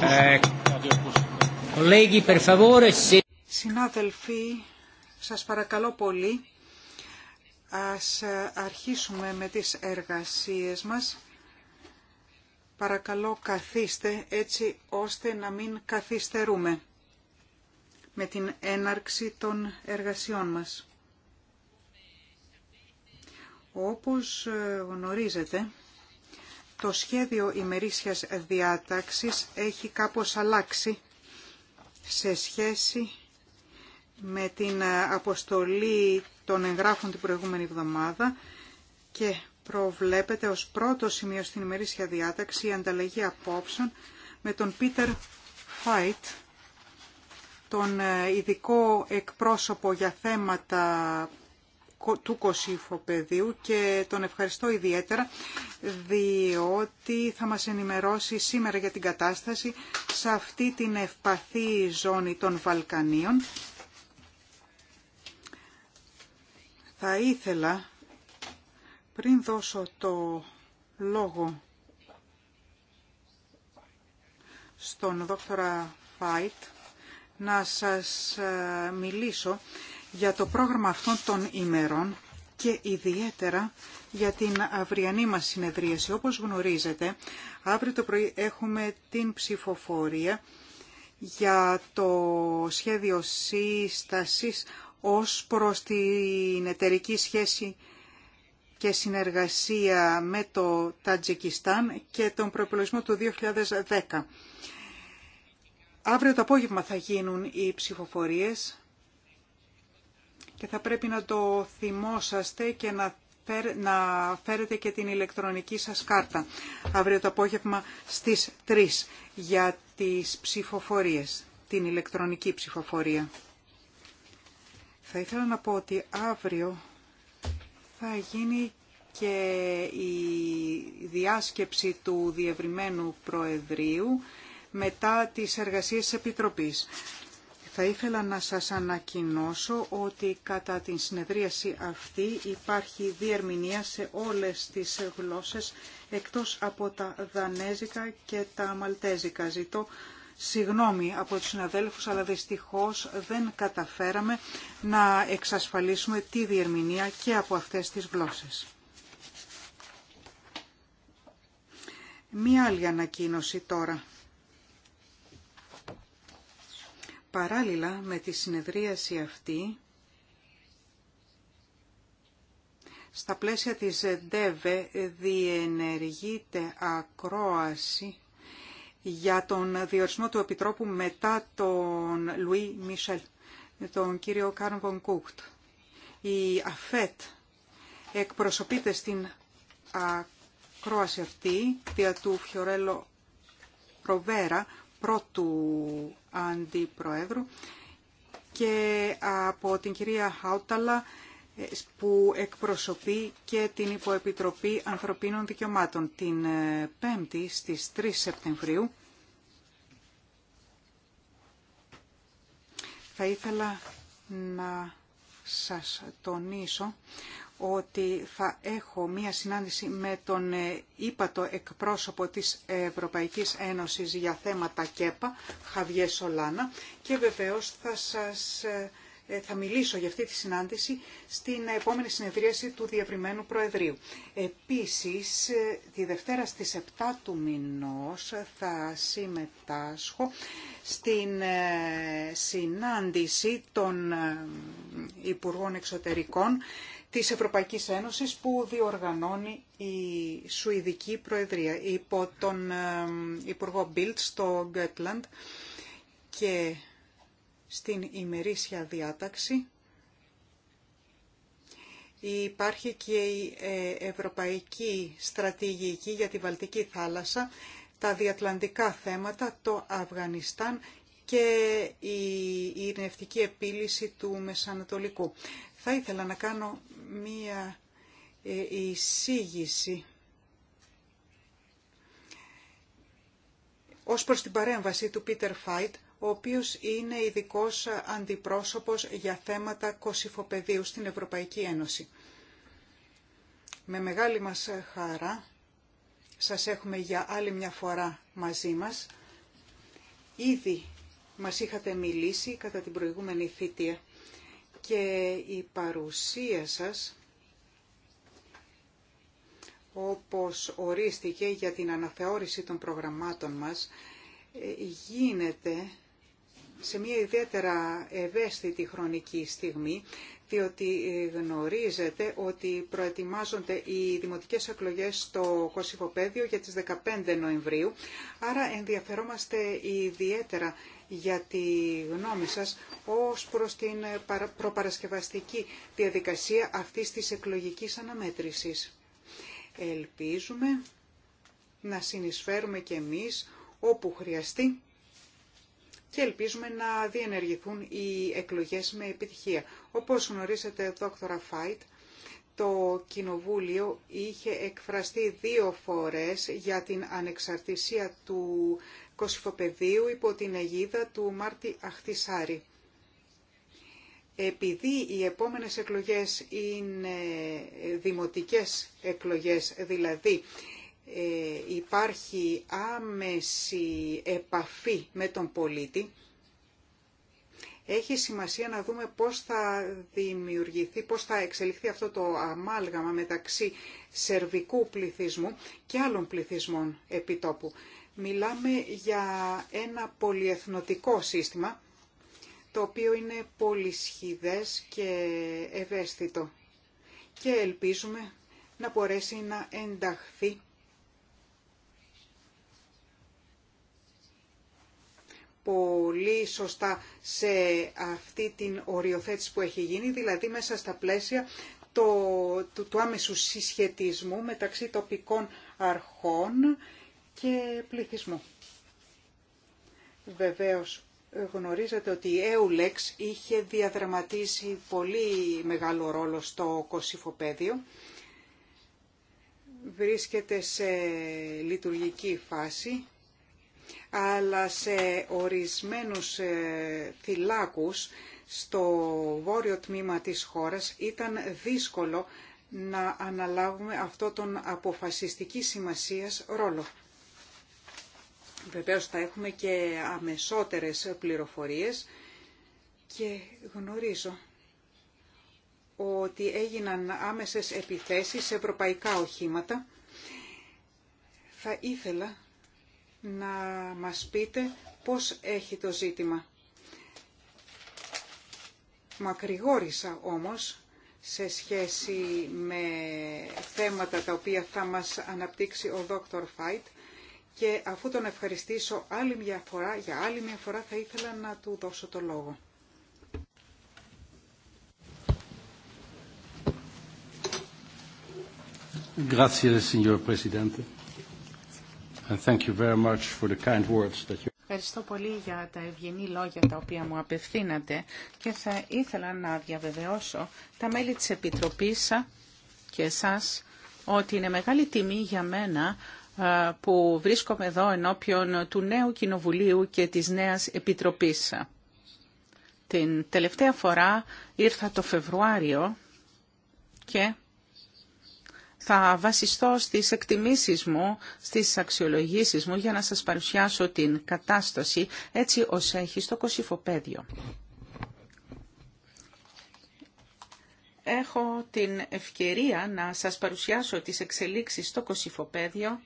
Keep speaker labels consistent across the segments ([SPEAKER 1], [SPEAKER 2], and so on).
[SPEAKER 1] Eh,
[SPEAKER 2] Συνάδελφοι, σας παρακαλώ πολύ, ας ε, αρχίσουμε με τις εργασίες μας. Παρακαλώ καθίστε έτσι ώστε να μην καθυστερούμε με την έναρξη των εργασιών μας. Όπως ε, γνωρίζετε, το σχέδιο ημερήσιας διάταξης έχει κάπως αλλάξει σε σχέση με την ε, αποστολή των εγγράφων την προηγούμενη εβδομάδα και προβλέπεται ως πρώτο σημείο στην ημερήσια διάταξη η ανταλλαγή απόψεων με τον Πίτερ Φάιτ, τον ε, ειδικό εκπρόσωπο για θέματα του πεδίου και τον ευχαριστώ ιδιαίτερα διότι θα μας ενημερώσει σήμερα για την κατάσταση σε αυτή την ευπαθή ζώνη των Βαλκανίων. Θα ήθελα πριν δώσω το λόγο στον δόκτορα Φάιτ να σας ε, μιλήσω για το πρόγραμμα αυτών των ημερών και ιδιαίτερα για την αυριανή μας συνεδρίαση. Όπως γνωρίζετε, αύριο το πρωί έχουμε την ψηφοφορία για το σχέδιο σύστασης ως προς την εταιρική σχέση και συνεργασία με το Τατζικιστάν και τον προπολογισμό του 2010. Αύριο το απόγευμα θα γίνουν οι ψηφοφορίες και θα πρέπει να το θυμόσαστε και να να φέρετε και την ηλεκτρονική σας κάρτα αύριο το απόγευμα στις 3 για τις ψηφοφορίες, την ηλεκτρονική ψηφοφορία. Θα ήθελα να πω ότι αύριο θα γίνει και η διάσκεψη του Διευρυμένου Προεδρίου μετά τις εργασίες της Επιτροπής. Θα ήθελα να σας ανακοινώσω ότι κατά την συνεδρίαση αυτή υπάρχει διερμηνία σε όλες τις γλώσσες εκτός από τα δανέζικα και τα μαλτέζικα. Ζητώ συγγνώμη από τους συναδέλφους, αλλά δυστυχώς δεν καταφέραμε να εξασφαλίσουμε τη διερμηνία και από αυτές τις γλώσσες. Μία άλλη ανακοίνωση τώρα. παράλληλα με τη συνεδρίαση αυτή, στα πλαίσια της ΔΕΒΕ διενεργείται ακρόαση για τον διορισμό του Επιτρόπου μετά τον Λουί Μισελ, τον κύριο Κάρνβον Κούκτ. Η ΑΦΕΤ εκπροσωπείται στην ακρόαση αυτή δια του Φιωρέλο Προβέρα, πρώτου Αντιπροέδρου και από την κυρία Χάουταλα ε, που εκπροσωπεί και την Υποεπιτροπή Ανθρωπίνων Δικαιωμάτων την 5η ε, στις 3 Σεπτεμβρίου. Θα ήθελα να σας τονίσω ότι θα έχω μία συνάντηση με τον ε, ύπατο εκπρόσωπο της Ευρωπαϊκής Ένωσης για θέματα ΚΕΠΑ, Χαβιέ Σολάνα, και βεβαίως θα σας ε, ε, θα μιλήσω για αυτή τη συνάντηση στην επόμενη συνεδρίαση του Διευρυμένου Προεδρείου. Επίσης, τη Δευτέρα στις 7 του μηνός θα συμμετάσχω στην συνάντηση των Υπουργών Εξωτερικών της Ευρωπαϊκής Ένωσης που διοργανώνει η Σουηδική Προεδρία υπό τον ε, Υπουργό Μπίλτ στο Γκέτλαντ και στην ημερήσια διάταξη υπάρχει και η ε, Ευρωπαϊκή Στρατηγική για τη Βαλτική Θάλασσα, τα διατλαντικά θέματα, το Αφγανιστάν και η ειρηνευτική επίλυση του Μεσανατολικού. Θα ήθελα να κάνω μία ε, εισήγηση ως προς την παρέμβαση του Πίτερ Φάιτ, ο οποίος είναι ειδικό αντιπρόσωπος για θέματα κοσυφοπεδίου στην Ευρωπαϊκή Ένωση. Με μεγάλη μας χαρά σας έχουμε για άλλη μια φορά μαζί μας. Ήδη μας είχατε μιλήσει κατά την προηγούμενη θητεία και η παρουσία σας όπως ορίστηκε για την αναθεώρηση των προγραμμάτων μας, ε, γίνεται σε μια ιδιαίτερα ευαίσθητη χρονική στιγμή διότι ε, γνωρίζετε ότι προετοιμάζονται οι δημοτικές εκλογές στο Κωσυφοπέδιο για τις 15 Νοεμβρίου, άρα ενδιαφερόμαστε ιδιαίτερα για τη γνώμη σας ως προς την προπαρασκευαστική διαδικασία αυτής της εκλογικής αναμέτρησης. Ελπίζουμε να συνεισφέρουμε και εμείς όπου χρειαστεί και ελπίζουμε να διενεργηθούν οι εκλογές με επιτυχία. Όπως γνωρίζετε, δόκτωρα Φάιτ, το Κοινοβούλιο είχε εκφραστεί δύο φορές για την ανεξαρτησία του Κωσυφοπεδίου υπό την αιγίδα του Μάρτι Αχτισάρη. Επειδή οι επόμενες εκλογές είναι δημοτικές εκλογές, δηλαδή ε, υπάρχει άμεση επαφή με τον πολίτη, έχει σημασία να δούμε πώς θα δημιουργηθεί, πώς θα εξελιχθεί αυτό το αμάλγαμα μεταξύ σερβικού πληθυσμού και άλλων πληθυσμών επιτόπου. Μιλάμε για ένα πολυεθνοτικό σύστημα, το οποίο είναι πολυσχηδές και ευαίσθητο και ελπίζουμε να μπορέσει να ενταχθεί πολύ σωστά σε αυτή την οριοθέτηση που έχει γίνει, δηλαδή μέσα στα πλαίσια το, του, άμεσου συσχετισμού μεταξύ τοπικών αρχών και πληθυσμού. Βεβαίως γνωρίζετε ότι η EULEX είχε διαδραματίσει πολύ μεγάλο ρόλο στο κοσυφοπέδιο. Βρίσκεται σε λειτουργική φάση αλλά σε ορισμένους θυλάκους ε, στο βόρειο τμήμα της χώρας ήταν δύσκολο να αναλάβουμε αυτό τον αποφασιστική σημασίας ρόλο. Βεβαίως θα έχουμε και αμεσότερες πληροφορίες και γνωρίζω ότι έγιναν άμεσες επιθέσεις σε ευρωπαϊκά οχήματα. Θα ήθελα να μας πείτε πώς έχει το ζήτημα. Μακρηγόρησα όμως σε σχέση με θέματα τα οποία θα μας αναπτύξει ο Δόκτωρ Φάιτ και αφού τον ευχαριστήσω άλλη μια φορά, για άλλη μια φορά θα ήθελα να του δώσω το λόγο.
[SPEAKER 3] Grazie, signor presidente.
[SPEAKER 4] Ευχαριστώ πολύ για τα ευγενή λόγια τα οποία μου απευθύνατε και θα ήθελα να διαβεβαιώσω τα μέλη της Επιτροπής και εσάς ότι είναι μεγάλη τιμή για μένα που βρίσκομαι εδώ ενώπιον του νέου Κοινοβουλίου και της νέας Επιτροπής. Την τελευταία φορά ήρθα το Φεβρουάριο και θα βασιστώ στις εκτιμήσεις μου, στις αξιολογήσεις μου για να σας παρουσιάσω την κατάσταση έτσι ως έχει στο κοσυφοπέδιο. Έχω την ευκαιρία να σας παρουσιάσω τις εξελίξεις στο κοσυφοπέδιο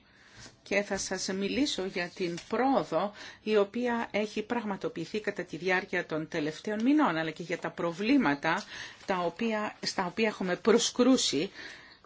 [SPEAKER 4] και θα σας μιλήσω για την πρόοδο η οποία έχει πραγματοποιηθεί κατά τη διάρκεια των τελευταίων μηνών αλλά και για τα προβλήματα τα οποία, στα οποία έχουμε προσκρούσει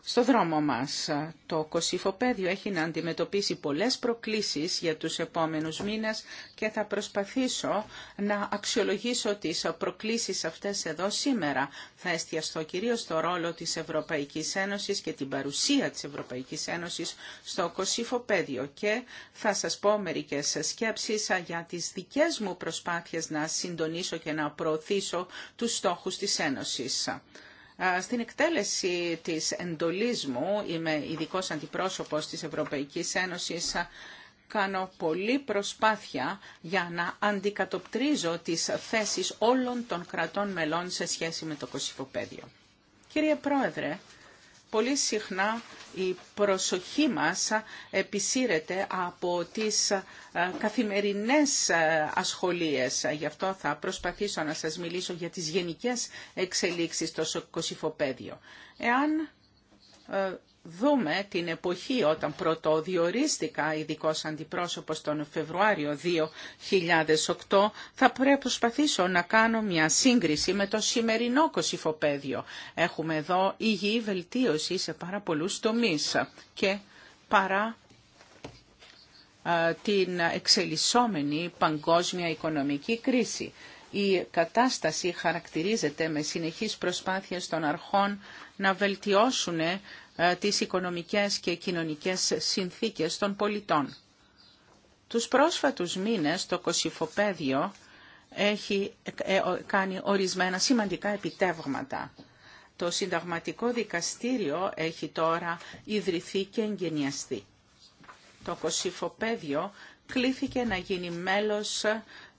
[SPEAKER 4] στο δρόμο μας. Το κοσυφοπέδιο έχει να αντιμετωπίσει πολλές προκλήσεις για τους επόμενους μήνες και θα προσπαθήσω να αξιολογήσω τις προκλήσεις αυτές εδώ σήμερα. Θα εστιαστώ κυρίως στο ρόλο της Ευρωπαϊκής Ένωσης και την παρουσία της Ευρωπαϊκής Ένωσης στο κοσυφοπέδιο και θα σας πω μερικές σκέψεις για τις δικές μου προσπάθειες να συντονίσω και να προωθήσω τους στόχους της Ένωσης στην εκτέλεση της εντολής μου, είμαι ειδικό αντιπρόσωπος της Ευρωπαϊκής Ένωσης, κάνω πολλή προσπάθεια για να αντικατοπτρίζω τις θέσεις όλων των κρατών μελών σε σχέση με το Κωσυφοπαίδιο. Κύριε Πρόεδρε, πολύ συχνά η προσοχή μας επισύρεται από τις ε, καθημερινές ε, ασχολίες. Γι' αυτό θα προσπαθήσω να σας μιλήσω για τις γενικές εξελίξεις στο κοσυφοπαίδιο. Εάν ε, δούμε την εποχή όταν πρωτοδιορίστηκα ειδικό αντιπρόσωπος τον Φεβρουάριο 2008, θα πρέπει να προσπαθήσω να κάνω μια σύγκριση με το σημερινό κοσυφοπέδιο. Έχουμε εδώ υγιή βελτίωση σε πάρα πολλούς τομείς και παρά ε, την εξελισσόμενη παγκόσμια οικονομική κρίση. Η κατάσταση χαρακτηρίζεται με συνεχείς προσπάθειες των αρχών να βελτιώσουν ε, τις οικονομικές και κοινωνικές συνθήκες των πολιτών. Τους πρόσφατους μήνες το Κωσυφοπαίδιο έχει ε, κάνει ορισμένα σημαντικά επιτεύγματα. Το Συνταγματικό Δικαστήριο έχει τώρα ιδρυθεί και εγγενιαστεί. Το Κωσυφοπαίδιο κλήθηκε να γίνει μέλος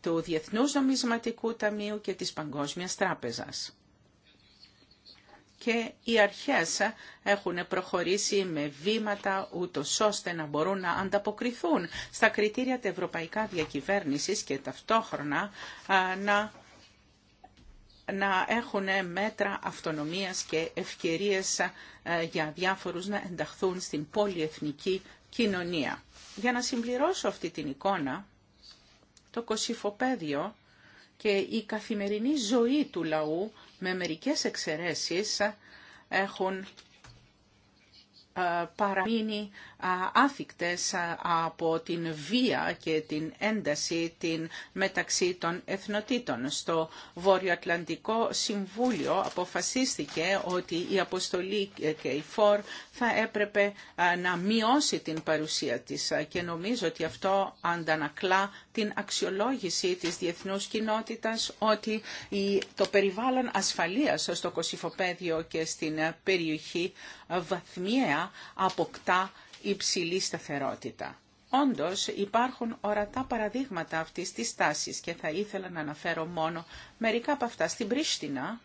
[SPEAKER 4] του Διεθνούς Νομισματικού Ταμείου και της Παγκόσμιας Τράπεζας και οι αρχές έχουν προχωρήσει με βήματα ούτω ώστε να μπορούν να ανταποκριθούν στα κριτήρια της ευρωπαϊκά διακυβέρνησης και ταυτόχρονα να να έχουν μέτρα αυτονομίας και ευκαιρίες για διάφορους να ενταχθούν στην πολυεθνική κοινωνία. Για να συμπληρώσω αυτή την εικόνα, το κοσυφοπέδιο και η καθημερινή ζωή του λαού με μερικές εξαιρέσεις έχουν ε, παραμείνει άφικτες από την βία και την ένταση την μεταξύ των εθνοτήτων. Στο Βόρειο-Ατλαντικό Συμβούλιο αποφασίστηκε ότι η αποστολή και η ΦΟΡ θα έπρεπε να μειώσει την παρουσία της και νομίζω ότι αυτό αντανακλά την αξιολόγηση της διεθνούς κοινότητας ότι το περιβάλλον ασφαλείας στο Κωσυφοπαίδιο και στην περιοχή βαθμιαία αποκτά υψηλή σταθερότητα. Όντως υπάρχουν ορατά παραδείγματα αυτής της τάσης και θα ήθελα να αναφέρω μόνο μερικά από αυτά. Στην Πρίστινα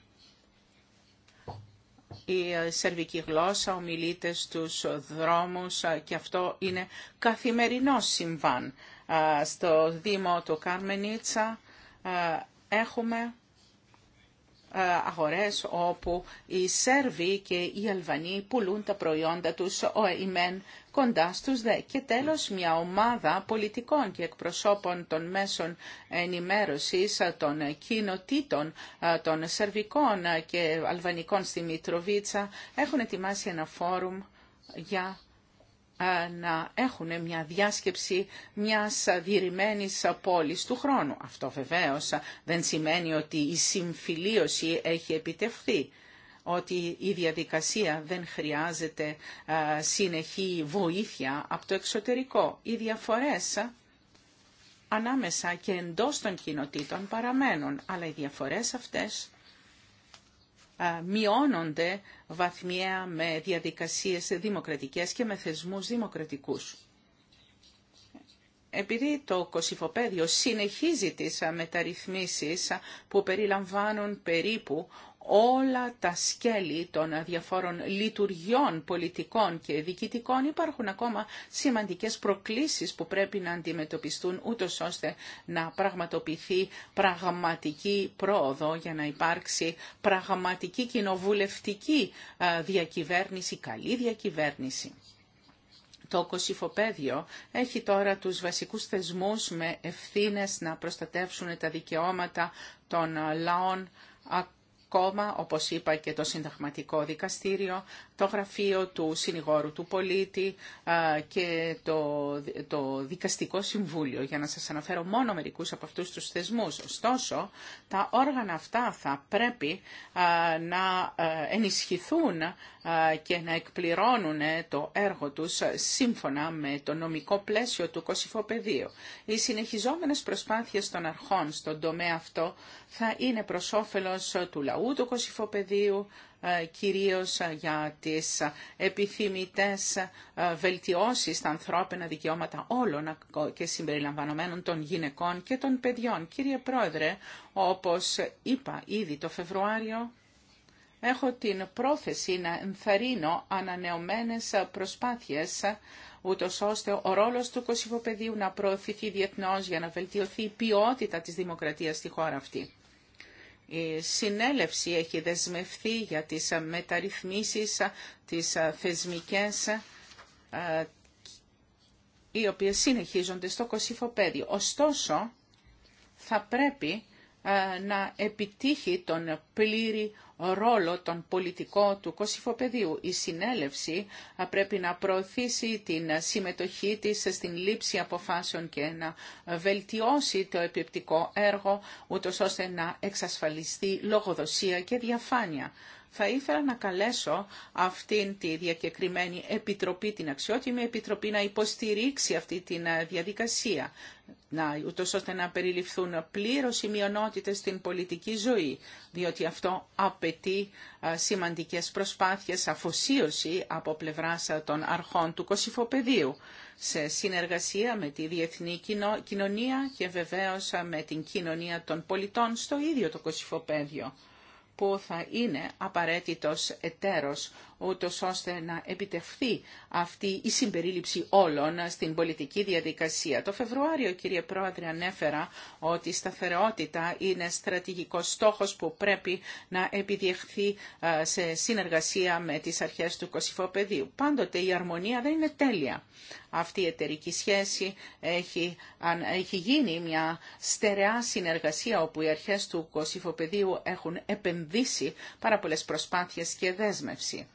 [SPEAKER 4] η σερβική γλώσσα ομιλείται στους δρόμους και αυτό είναι καθημερινό συμβάν. Στο Δήμο του Καρμενίτσα έχουμε αγορές όπου οι Σέρβοι και οι Αλβανοί πουλούν τα προϊόντα τους ο κοντά δε. Και τέλος μια ομάδα πολιτικών και εκπροσώπων των μέσων ενημέρωσης των κοινοτήτων των Σερβικών και Αλβανικών στη Μητροβίτσα έχουν ετοιμάσει ένα φόρουμ για ε, να έχουν μια διάσκεψη μιας διηρημένης πόλης του χρόνου. Αυτό βεβαίως δεν σημαίνει ότι η συμφιλίωση έχει επιτευχθεί ότι η διαδικασία δεν χρειάζεται συνεχή βοήθεια από το εξωτερικό. Οι διαφορές ανάμεσα και εντός των κοινοτήτων παραμένουν, αλλά οι διαφορές αυτές μειώνονται βαθμιαία με διαδικασίες δημοκρατικές και με θεσμούς δημοκρατικούς. Επειδή το κοσυφοπέδιο συνεχίζει τις μεταρρυθμίσεις που περιλαμβάνουν περίπου όλα τα σκέλη των διαφόρων λειτουργιών πολιτικών και διοικητικών υπάρχουν ακόμα σημαντικές προκλήσεις που πρέπει να αντιμετωπιστούν ούτω ώστε να πραγματοποιηθεί πραγματική πρόοδο για να υπάρξει πραγματική κοινοβουλευτική ε, διακυβέρνηση, καλή διακυβέρνηση. Το κοσυφοπέδιο έχει τώρα τους βασικούς θεσμούς με ευθύνες να προστατεύσουν τα δικαιώματα των λαών κόμμα, όπως είπα και το Συνταγματικό Δικαστήριο, το γραφείο του συνηγόρου του πολίτη και το, το δικαστικό συμβούλιο, για να σας αναφέρω μόνο μερικούς από αυτούς τους θεσμούς. Ωστόσο, τα όργανα αυτά θα πρέπει να ε, ενισχυθούν και να εκπληρώνουν ε, το έργο τους ε, σύμφωνα με το νομικό πλαίσιο του κοσυφοπεδίου. Οι συνεχιζόμενες προσπάθειες των αρχών στον τομέα αυτό θα είναι προς του λαού του Κωσυφοπεδίου, ε, κυρίως ε, για τις ε, επιθυμητές βελτιώσεις στα ανθρώπινα δικαιώματα όλων και συμπεριλαμβανομένων των γυναικών και των παιδιών. Κύριε Πρόεδρε, όπως είπα ήδη το Φεβρουάριο, έχω την πρόθεση να ενθαρρύνω ανανεωμένες προσπάθειες ούτω ώστε ο ρόλος του Κωσυφοπεδίου να προωθηθεί διεθνώς για να βελτιωθεί η ποιότητα της δημοκρατίας στη χώρα αυτή. Η συνέλευση έχει δεσμευθεί για τις μεταρρυθμίσεις, τις θεσμικές, ε, οι οποίες συνεχίζονται στο κοσυφοπέδιο. Ωστόσο, θα πρέπει ε, να επιτύχει τον πλήρη ρόλο τον πολιτικό του κοσυφοπεδίου. Η συνέλευση πρέπει να προωθήσει την συμμετοχή της στην λήψη αποφάσεων και να βελτιώσει το επιπτικό έργο, ούτως ώστε να εξασφαλιστεί λογοδοσία και διαφάνεια. Θα ήθελα να καλέσω αυτήν τη διακεκριμένη επιτροπή, την αξιότιμη επιτροπή, να υποστηρίξει αυτή τη ε, διαδικασία, να, ούτως ώστε να περιληφθούν πλήρως οι μειονότητες στην πολιτική ζωή, διότι αυτό απαιτεί ε, σημαντικές προσπάθειες αφοσίωση από πλευράς ε, των αρχών του κοσυφοπεδίου σε συνεργασία με τη διεθνή κοινωνία και βεβαίως με την κοινωνία των πολιτών στο ίδιο το Κωσυφοπέδιο που θα είναι απαραίτητος εταίρος ούτως ώστε να επιτευχθεί αυτή η συμπερίληψη όλων στην πολιτική διαδικασία. Το Φεβρουάριο, κύριε Πρόεδρε, ανέφερα ότι η σταθερότητα είναι στρατηγικός στόχος που πρέπει να επιδιεχθεί ε, σε συνεργασία με τις αρχές του Κωσυφοπεδίου. Πάντοτε η αρμονία δεν είναι τέλεια. Αυτή η εταιρική σχέση έχει, έχει γίνει μια στερεά συνεργασία όπου οι αρχές του Κωσυφοπεδίου έχουν επενδύσει πάρα πολλές προσπάθειες και δέσμευση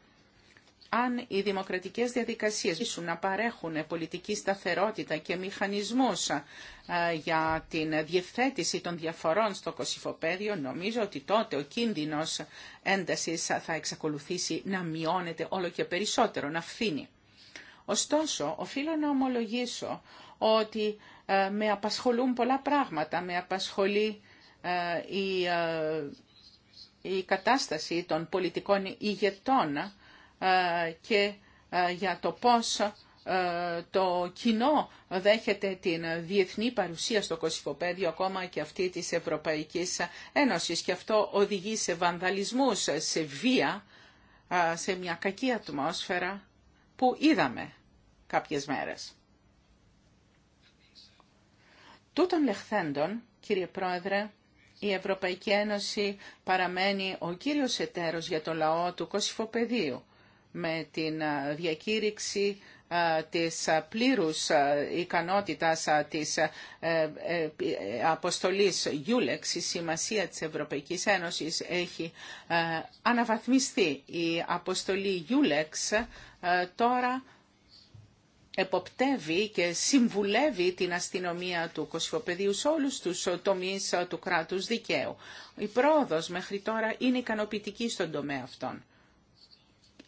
[SPEAKER 4] αν οι δημοκρατικές διαδικασίες ήσουν να παρέχουν πολιτική σταθερότητα και μηχανισμούς για την διευθέτηση των διαφορών στο κοσυφοπέδιο, νομίζω ότι τότε ο κίνδυνος έντασης θα εξακολουθήσει να μειώνεται όλο και περισσότερο, να φθήνει. Ωστόσο, οφείλω να ομολογήσω ότι ε, με απασχολούν πολλά πράγματα. Με απασχολεί ε, η, ε, η κατάσταση των πολιτικών ηγετών ε, και ε, για το πώς ε, το κοινό δέχεται την διεθνή παρουσία στο Κωσυφοπέδιο ακόμα και αυτή της Ευρωπαϊκής Ένωσης και αυτό οδηγεί σε βανδαλισμούς, σε βία, σε μια κακή ατμόσφαιρα που είδαμε κάποιες μέρες. Τούτων λεχθέντων, κύριε Πρόεδρε, η Ευρωπαϊκή Ένωση παραμένει ο κύριος εταίρος για το λαό του Κωσυφοπεδίου με την διακήρυξη της πλήρους ικανότητας της αποστολής Γιούλεξ, η σημασία της Ευρωπαϊκής Ένωσης έχει αναβαθμιστεί. Η αποστολή Γιούλεξ τώρα εποπτεύει και συμβουλεύει την αστυνομία του Κωσυφοπεδίου σε όλους τους τομείς του κράτους δικαίου. Η πρόοδος μέχρι τώρα είναι ικανοποιητική στον τομέα αυτόν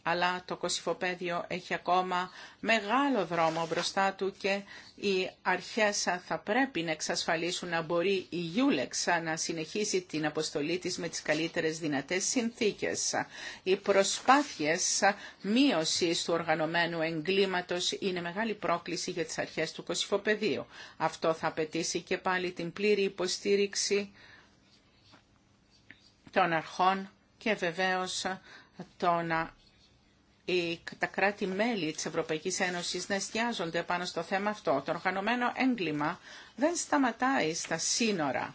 [SPEAKER 4] αλλά το κοσυφοπέδιο έχει ακόμα μεγάλο δρόμο μπροστά του και οι αρχές θα πρέπει να εξασφαλίσουν να μπορεί η Γιούλεξ να συνεχίσει την αποστολή της με τις καλύτερες δυνατές συνθήκες. Οι προσπάθειες μείωσης του οργανωμένου εγκλήματος είναι μεγάλη πρόκληση για τις αρχές του κοσυφοπεδίου. Αυτό θα απαιτήσει και πάλι την πλήρη υποστήριξη των αρχών και βεβαίως των τα κράτη-μέλη της Ευρωπαϊκής Ένωσης να εστιάζονται πάνω στο θέμα αυτό. Το οργανωμένο έγκλημα δεν σταματάει στα σύνορα.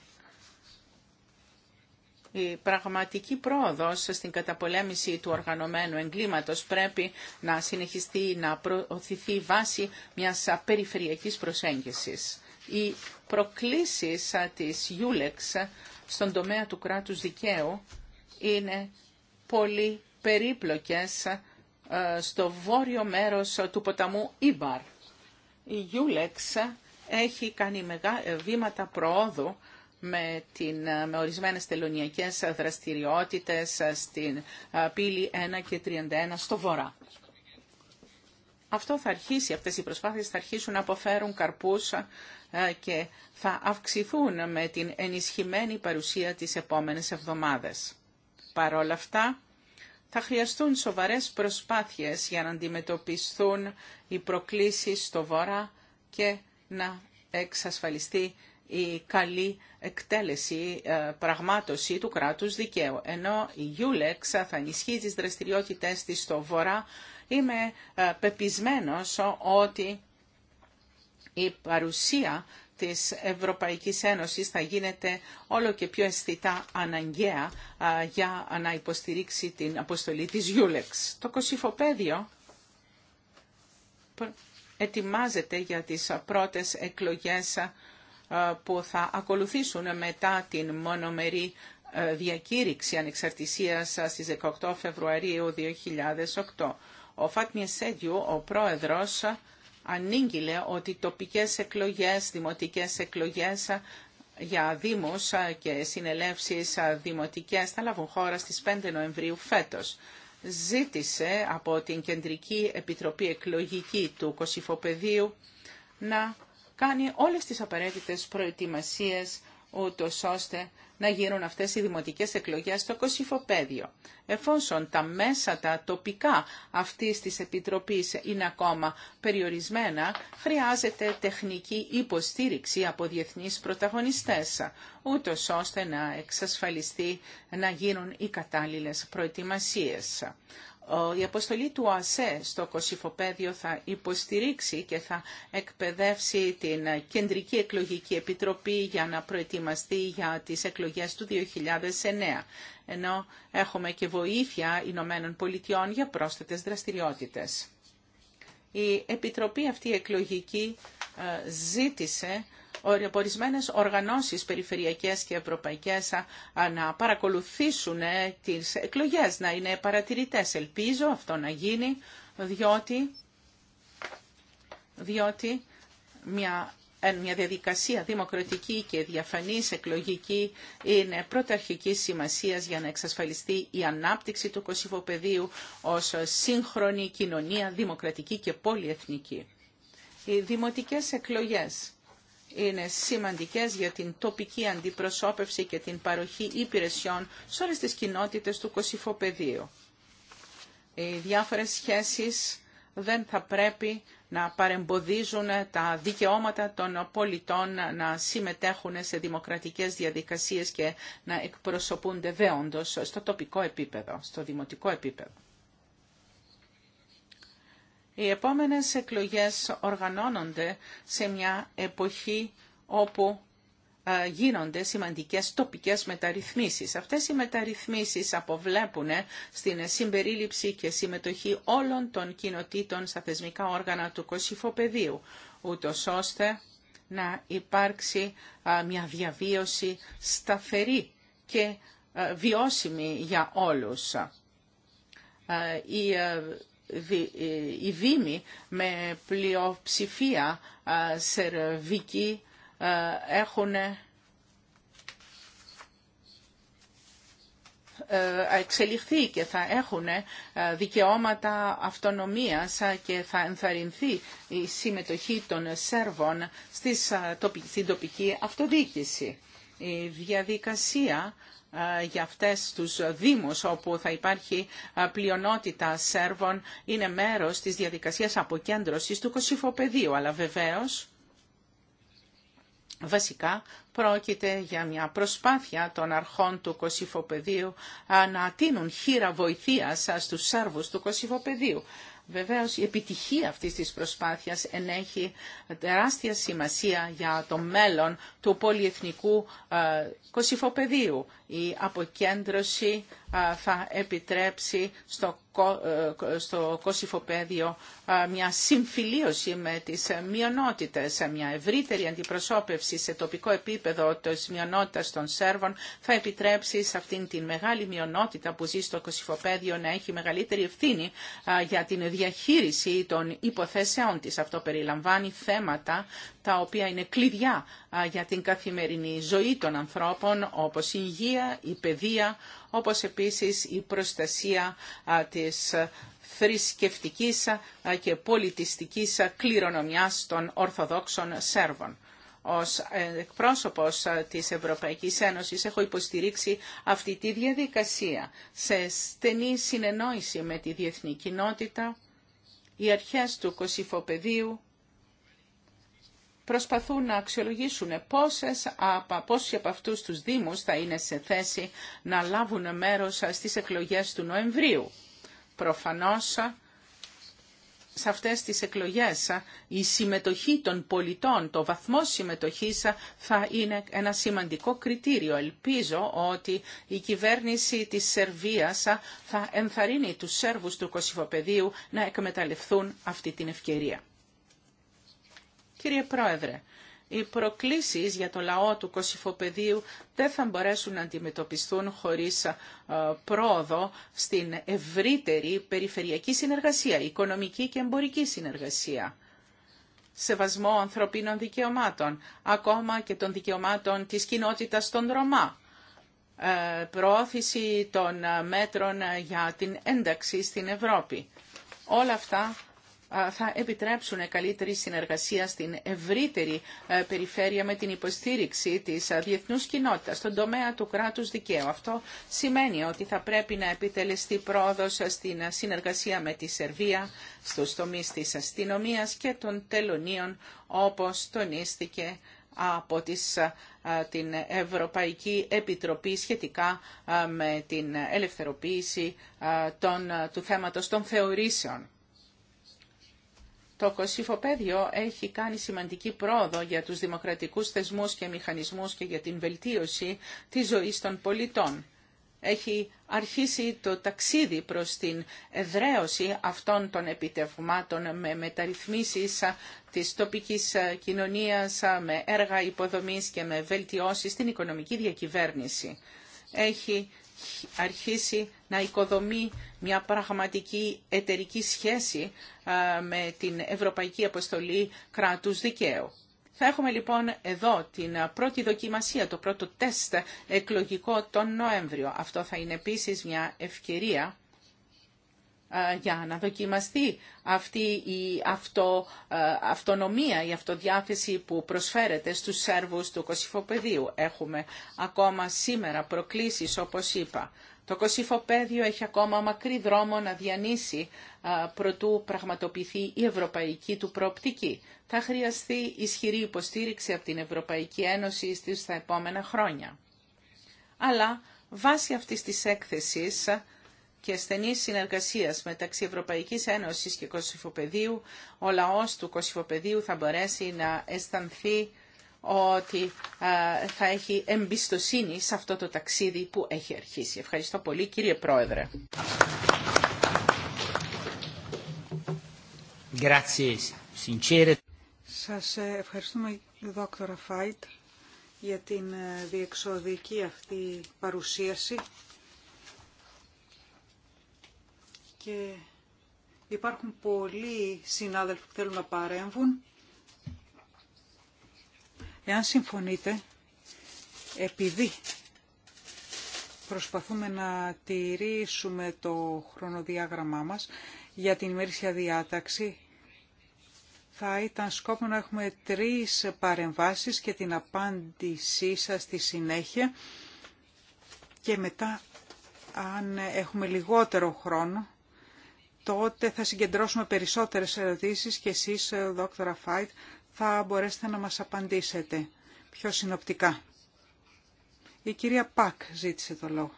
[SPEAKER 4] Η πραγματική πρόοδος στην καταπολέμηση του οργανωμένου εγκλήματος πρέπει να συνεχιστεί να προωθηθεί βάση μιας περιφερειακής προσέγγισης. Οι προκλήσεις της Ιούλεξ στον τομέα του κράτους δικαίου είναι πολύ περίπλοκες στο βόρειο μέρος του ποταμού Ήμπαρ. Η Γιούλεξ έχει κάνει ε, βήματα προόδου με, την, ε, με ορισμένες τελωνιακές δραστηριότητες ε, στην πύλη 1 και 31 στο βορρά. Αυτό θα αρχίσει, αυτές οι προσπάθειες θα αρχίσουν να αποφέρουν καρπούς και θα αυξηθούν με την ενισχυμένη παρουσία τις επόμενες εβδομάδες. Παρ' αυτά, θα χρειαστούν σοβαρές προσπάθειες για να αντιμετωπιστούν οι προκλήσεις στο Βορρά και να εξασφαλιστεί η καλή εκτέλεση, ε, πραγμάτωση του κράτους δικαίου. Ενώ η Ιούλεξ θα ενισχύει τις δραστηριότητες της στο Βορρά, είμαι ε, πεπισμένος ότι η παρουσία της Ευρωπαϊκής Ένωσης θα γίνεται όλο και πιο αισθητά αναγκαία για να υποστηρίξει την αποστολή της Γιούλεξ. Το κοσυφοπέδιο ετοιμάζεται για τις πρώτες εκλογές που θα ακολουθήσουν μετά την μονομερή ε, διακήρυξη ανεξαρτησίας στις 18 Φεβρουαρίου 2008. Ο Φάτμιε Σέντιου, ο πρόεδρος, ανήγγειλε ότι τοπικές εκλογές, δημοτικές εκλογές ε, για δήμους ε, και συνελεύσεις ε, δημοτικές θα λάβουν χώρα στις 5 Νοεμβρίου φέτος. Ζήτησε από την Κεντρική Επιτροπή Εκλογική του Κωσυφοπεδίου να κάνει όλες τις απαραίτητες προετοιμασίες ούτως ώστε να γίνουν αυτές οι δημοτικές εκλογές στο Κωσυφοπαίδιο. Εφόσον τα μέσα τα τοπικά αυτής της Επιτροπής είναι ακόμα περιορισμένα, χρειάζεται τεχνική υποστήριξη από διεθνείς πρωταγωνιστές, ούτω ώστε να εξασφαλιστεί να γίνουν οι κατάλληλες προετοιμασίες η αποστολή του ΟΑΣΕ στο Κωσυφοπέδιο θα υποστηρίξει και θα εκπαιδεύσει την Κεντρική Εκλογική Επιτροπή για να προετοιμαστεί για τις εκλογές του 2009, ενώ έχουμε και βοήθεια Ηνωμένων Πολιτειών για πρόσθετες δραστηριότητες. Η Επιτροπή αυτή εκλογική ε, ζήτησε ορισμένες οργανώσεις περιφερειακές και ευρωπαϊκές να παρακολουθήσουν ε, τις εκλογές, να είναι παρατηρητές. Ελπίζω αυτό να γίνει, διότι, διότι μια μια διαδικασία δημοκρατική και διαφανής εκλογική είναι πρωταρχική σημασίας για να εξασφαλιστεί η ανάπτυξη του κοσυφοπεδίου ως σύγχρονη κοινωνία δημοκρατική και πολυεθνική. Οι δημοτικές εκλογές είναι σημαντικές για την τοπική αντιπροσώπευση και την παροχή υπηρεσιών σε όλες τις κοινότητες του Κωσυφοπεδίου. Οι διάφορες σχέσεις δεν θα πρέπει να παρεμποδίζουν τα δικαιώματα των πολιτών να συμμετέχουν σε δημοκρατικές διαδικασίες και να εκπροσωπούνται δέοντος στο τοπικό επίπεδο, στο δημοτικό επίπεδο. Οι επόμενες εκλογές οργανώνονται σε μια εποχή όπου ε, γίνονται σημαντικές τοπικές μεταρρυθμίσεις. Αυτές οι μεταρρυθμίσεις αποβλέπουν ε, στην συμπερίληψη και συμμετοχή όλων των κοινοτήτων στα θεσμικά όργανα του κοσυφοπεδίου, ούτως ώστε να υπάρξει ε, μια διαβίωση σταθερή και βιώσιμη για όλους. Ε, η Δήμη με πλειοψηφία ε, σερβική ε, έχουν εξελιχθεί και θα έχουν δικαιώματα αυτονομίας και θα ενθαρρυνθεί η συμμετοχή των Σέρβων στην τοπική αυτοδιοίκηση. Η διαδικασία ε, για αυτές τους δήμους όπου θα υπάρχει ε, πλειονότητα Σέρβων είναι μέρος της διαδικασίας αποκέντρωσης του κοσυφοπεδίου. Αλλά βεβαίως Βασικά πρόκειται για μια προσπάθεια των αρχών του Κωσυφοπεδίου ε, να τίνουν χείρα βοηθείας στους Σέρβους του Κωσυφοπεδίου. Βεβαίως η επιτυχία αυτής της προσπάθειας ενέχει τεράστια σημασία για το μέλλον του πολυεθνικού Κωσυφοπεδίου η αποκέντρωση θα επιτρέψει στο, ε, στο κοσυφοπέδιο μια συμφιλίωση με τις μειονότητες, μια ευρύτερη αντιπροσώπευση σε τοπικό επίπεδο της μειονότητας των Σέρβων θα επιτρέψει σε αυτήν την μεγάλη μειονότητα που ζει στο κοσυφοπέδιο να έχει μεγαλύτερη ευθύνη για την διαχείριση των υποθέσεών της. Αυτό περιλαμβάνει θέματα τα οποία είναι κλειδιά για την καθημερινή ζωή των ανθρώπων, όπως η υγεία, η παιδεία, όπως επίσης η προστασία της θρησκευτικής και πολιτιστικής κληρονομιάς των Ορθοδόξων Σέρβων ως ε, εκπρόσωπος της Ευρωπαϊκής Ένωσης έχω υποστηρίξει αυτή τη διαδικασία σε στενή συνεννόηση με τη διεθνή κοινότητα, οι αρχές του Κωσυφοπεδίου προσπαθούν να αξιολογήσουν πόσες από, πόσοι από αυτούς τους Δήμους θα είναι σε θέση να λάβουν μέρος στις εκλογές του Νοεμβρίου. Προφανώς σε αυτές τις εκλογές η συμμετοχή των πολιτών, το βαθμό συμμετοχής θα είναι ένα σημαντικό κριτήριο. Ελπίζω ότι η κυβέρνηση της Σερβίας θα ενθαρρύνει τους Σέρβους του Κωσυφοπεδίου να εκμεταλλευτούν αυτή την ευκαιρία. Κύριε Πρόεδρε, οι προκλήσεις για το λαό του Κωσυφοπεδίου δεν θα μπορέσουν να αντιμετωπιστούν χωρίς πρόοδο στην ευρύτερη περιφερειακή συνεργασία, οικονομική και εμπορική συνεργασία. Σεβασμό ανθρωπίνων δικαιωμάτων, ακόμα και των δικαιωμάτων της κοινότητας των Ρωμά. Ε, προώθηση των μέτρων για την ένταξη στην Ευρώπη. Όλα αυτά θα επιτρέψουν καλύτερη συνεργασία στην ευρύτερη ε, περιφέρεια με την υποστήριξη της ε, διεθνούς κοινότητας στον τομέα του κράτους δικαίου. Αυτό σημαίνει ότι θα πρέπει να επιτελεστεί πρόοδος ε, στην συνεργασία με τη Σερβία, στους τομείς της αστυνομίας και των τελωνίων, όπως τονίστηκε από τις, την Ευρωπαϊκή Επιτροπή σχετικά με την ελευθεροποίηση των, του θέματος των θεωρήσεων. Το κοσυφοπέδιο έχει κάνει σημαντική πρόοδο για τους δημοκρατικούς θεσμούς και μηχανισμούς και για την βελτίωση της ζωής των πολιτών. Έχει αρχίσει το ταξίδι προς την εδραίωση αυτών των επιτευγμάτων με μεταρρυθμίσεις της τοπικής κοινωνίας, με έργα υποδομής και με βελτιώσεις στην οικονομική διακυβέρνηση. Έχει αρχίσει να οικοδομεί μια πραγματική εταιρική σχέση ε, με την Ευρωπαϊκή Αποστολή Κράτους Δικαίου. Θα έχουμε λοιπόν εδώ την πρώτη δοκιμασία, το πρώτο τεστ εκλογικό τον Νοέμβριο. Αυτό θα είναι επίσης μια ευκαιρία ε, για να δοκιμαστεί αυτή η αυτο, ε, αυτονομία, η αυτοδιάθεση που προσφέρεται στους Σέρβους του Κωσυφοπεδίου. Έχουμε ακόμα σήμερα προκλήσεις, όπως είπα. Το κοσυφοπέδιο έχει ακόμα μακρύ δρόμο να διανύσει προτού πραγματοποιηθεί η ευρωπαϊκή του προοπτική. Θα χρειαστεί ισχυρή υποστήριξη από την Ευρωπαϊκή Ένωση στις τα επόμενα χρόνια. Αλλά βάσει αυτής της έκθεσης και στενής συνεργασίας μεταξύ Ευρωπαϊκής Ένωσης και Κωσυφοπεδίου, ο λαός του Κωσυφοπεδίου θα μπορέσει να αισθανθεί ότι ε, θα έχει εμπιστοσύνη σε αυτό το ταξίδι που έχει αρχίσει. Ευχαριστώ πολύ κύριε Πρόεδρε.
[SPEAKER 2] Σας ε, ευχαριστούμε δόκτωρα Φάιτ για την ε, διεξοδική αυτή παρουσίαση και υπάρχουν πολλοί συνάδελφοι που θέλουν να παρέμβουν Εάν συμφωνείτε, επειδή προσπαθούμε να τηρήσουμε το χρονοδιάγραμμά μας για την ημερήσια διάταξη, θα ήταν σκόπο να έχουμε τρεις παρεμβάσεις και την απάντησή σας στη συνέχεια και μετά αν έχουμε λιγότερο χρόνο τότε θα συγκεντρώσουμε περισσότερες ερωτήσεις και εσείς, ε, δόκτωρα Φάιτ, θα μπορέσετε να μας απαντήσετε πιο συνοπτικά. Η κυρία Πακ ζήτησε το λόγο.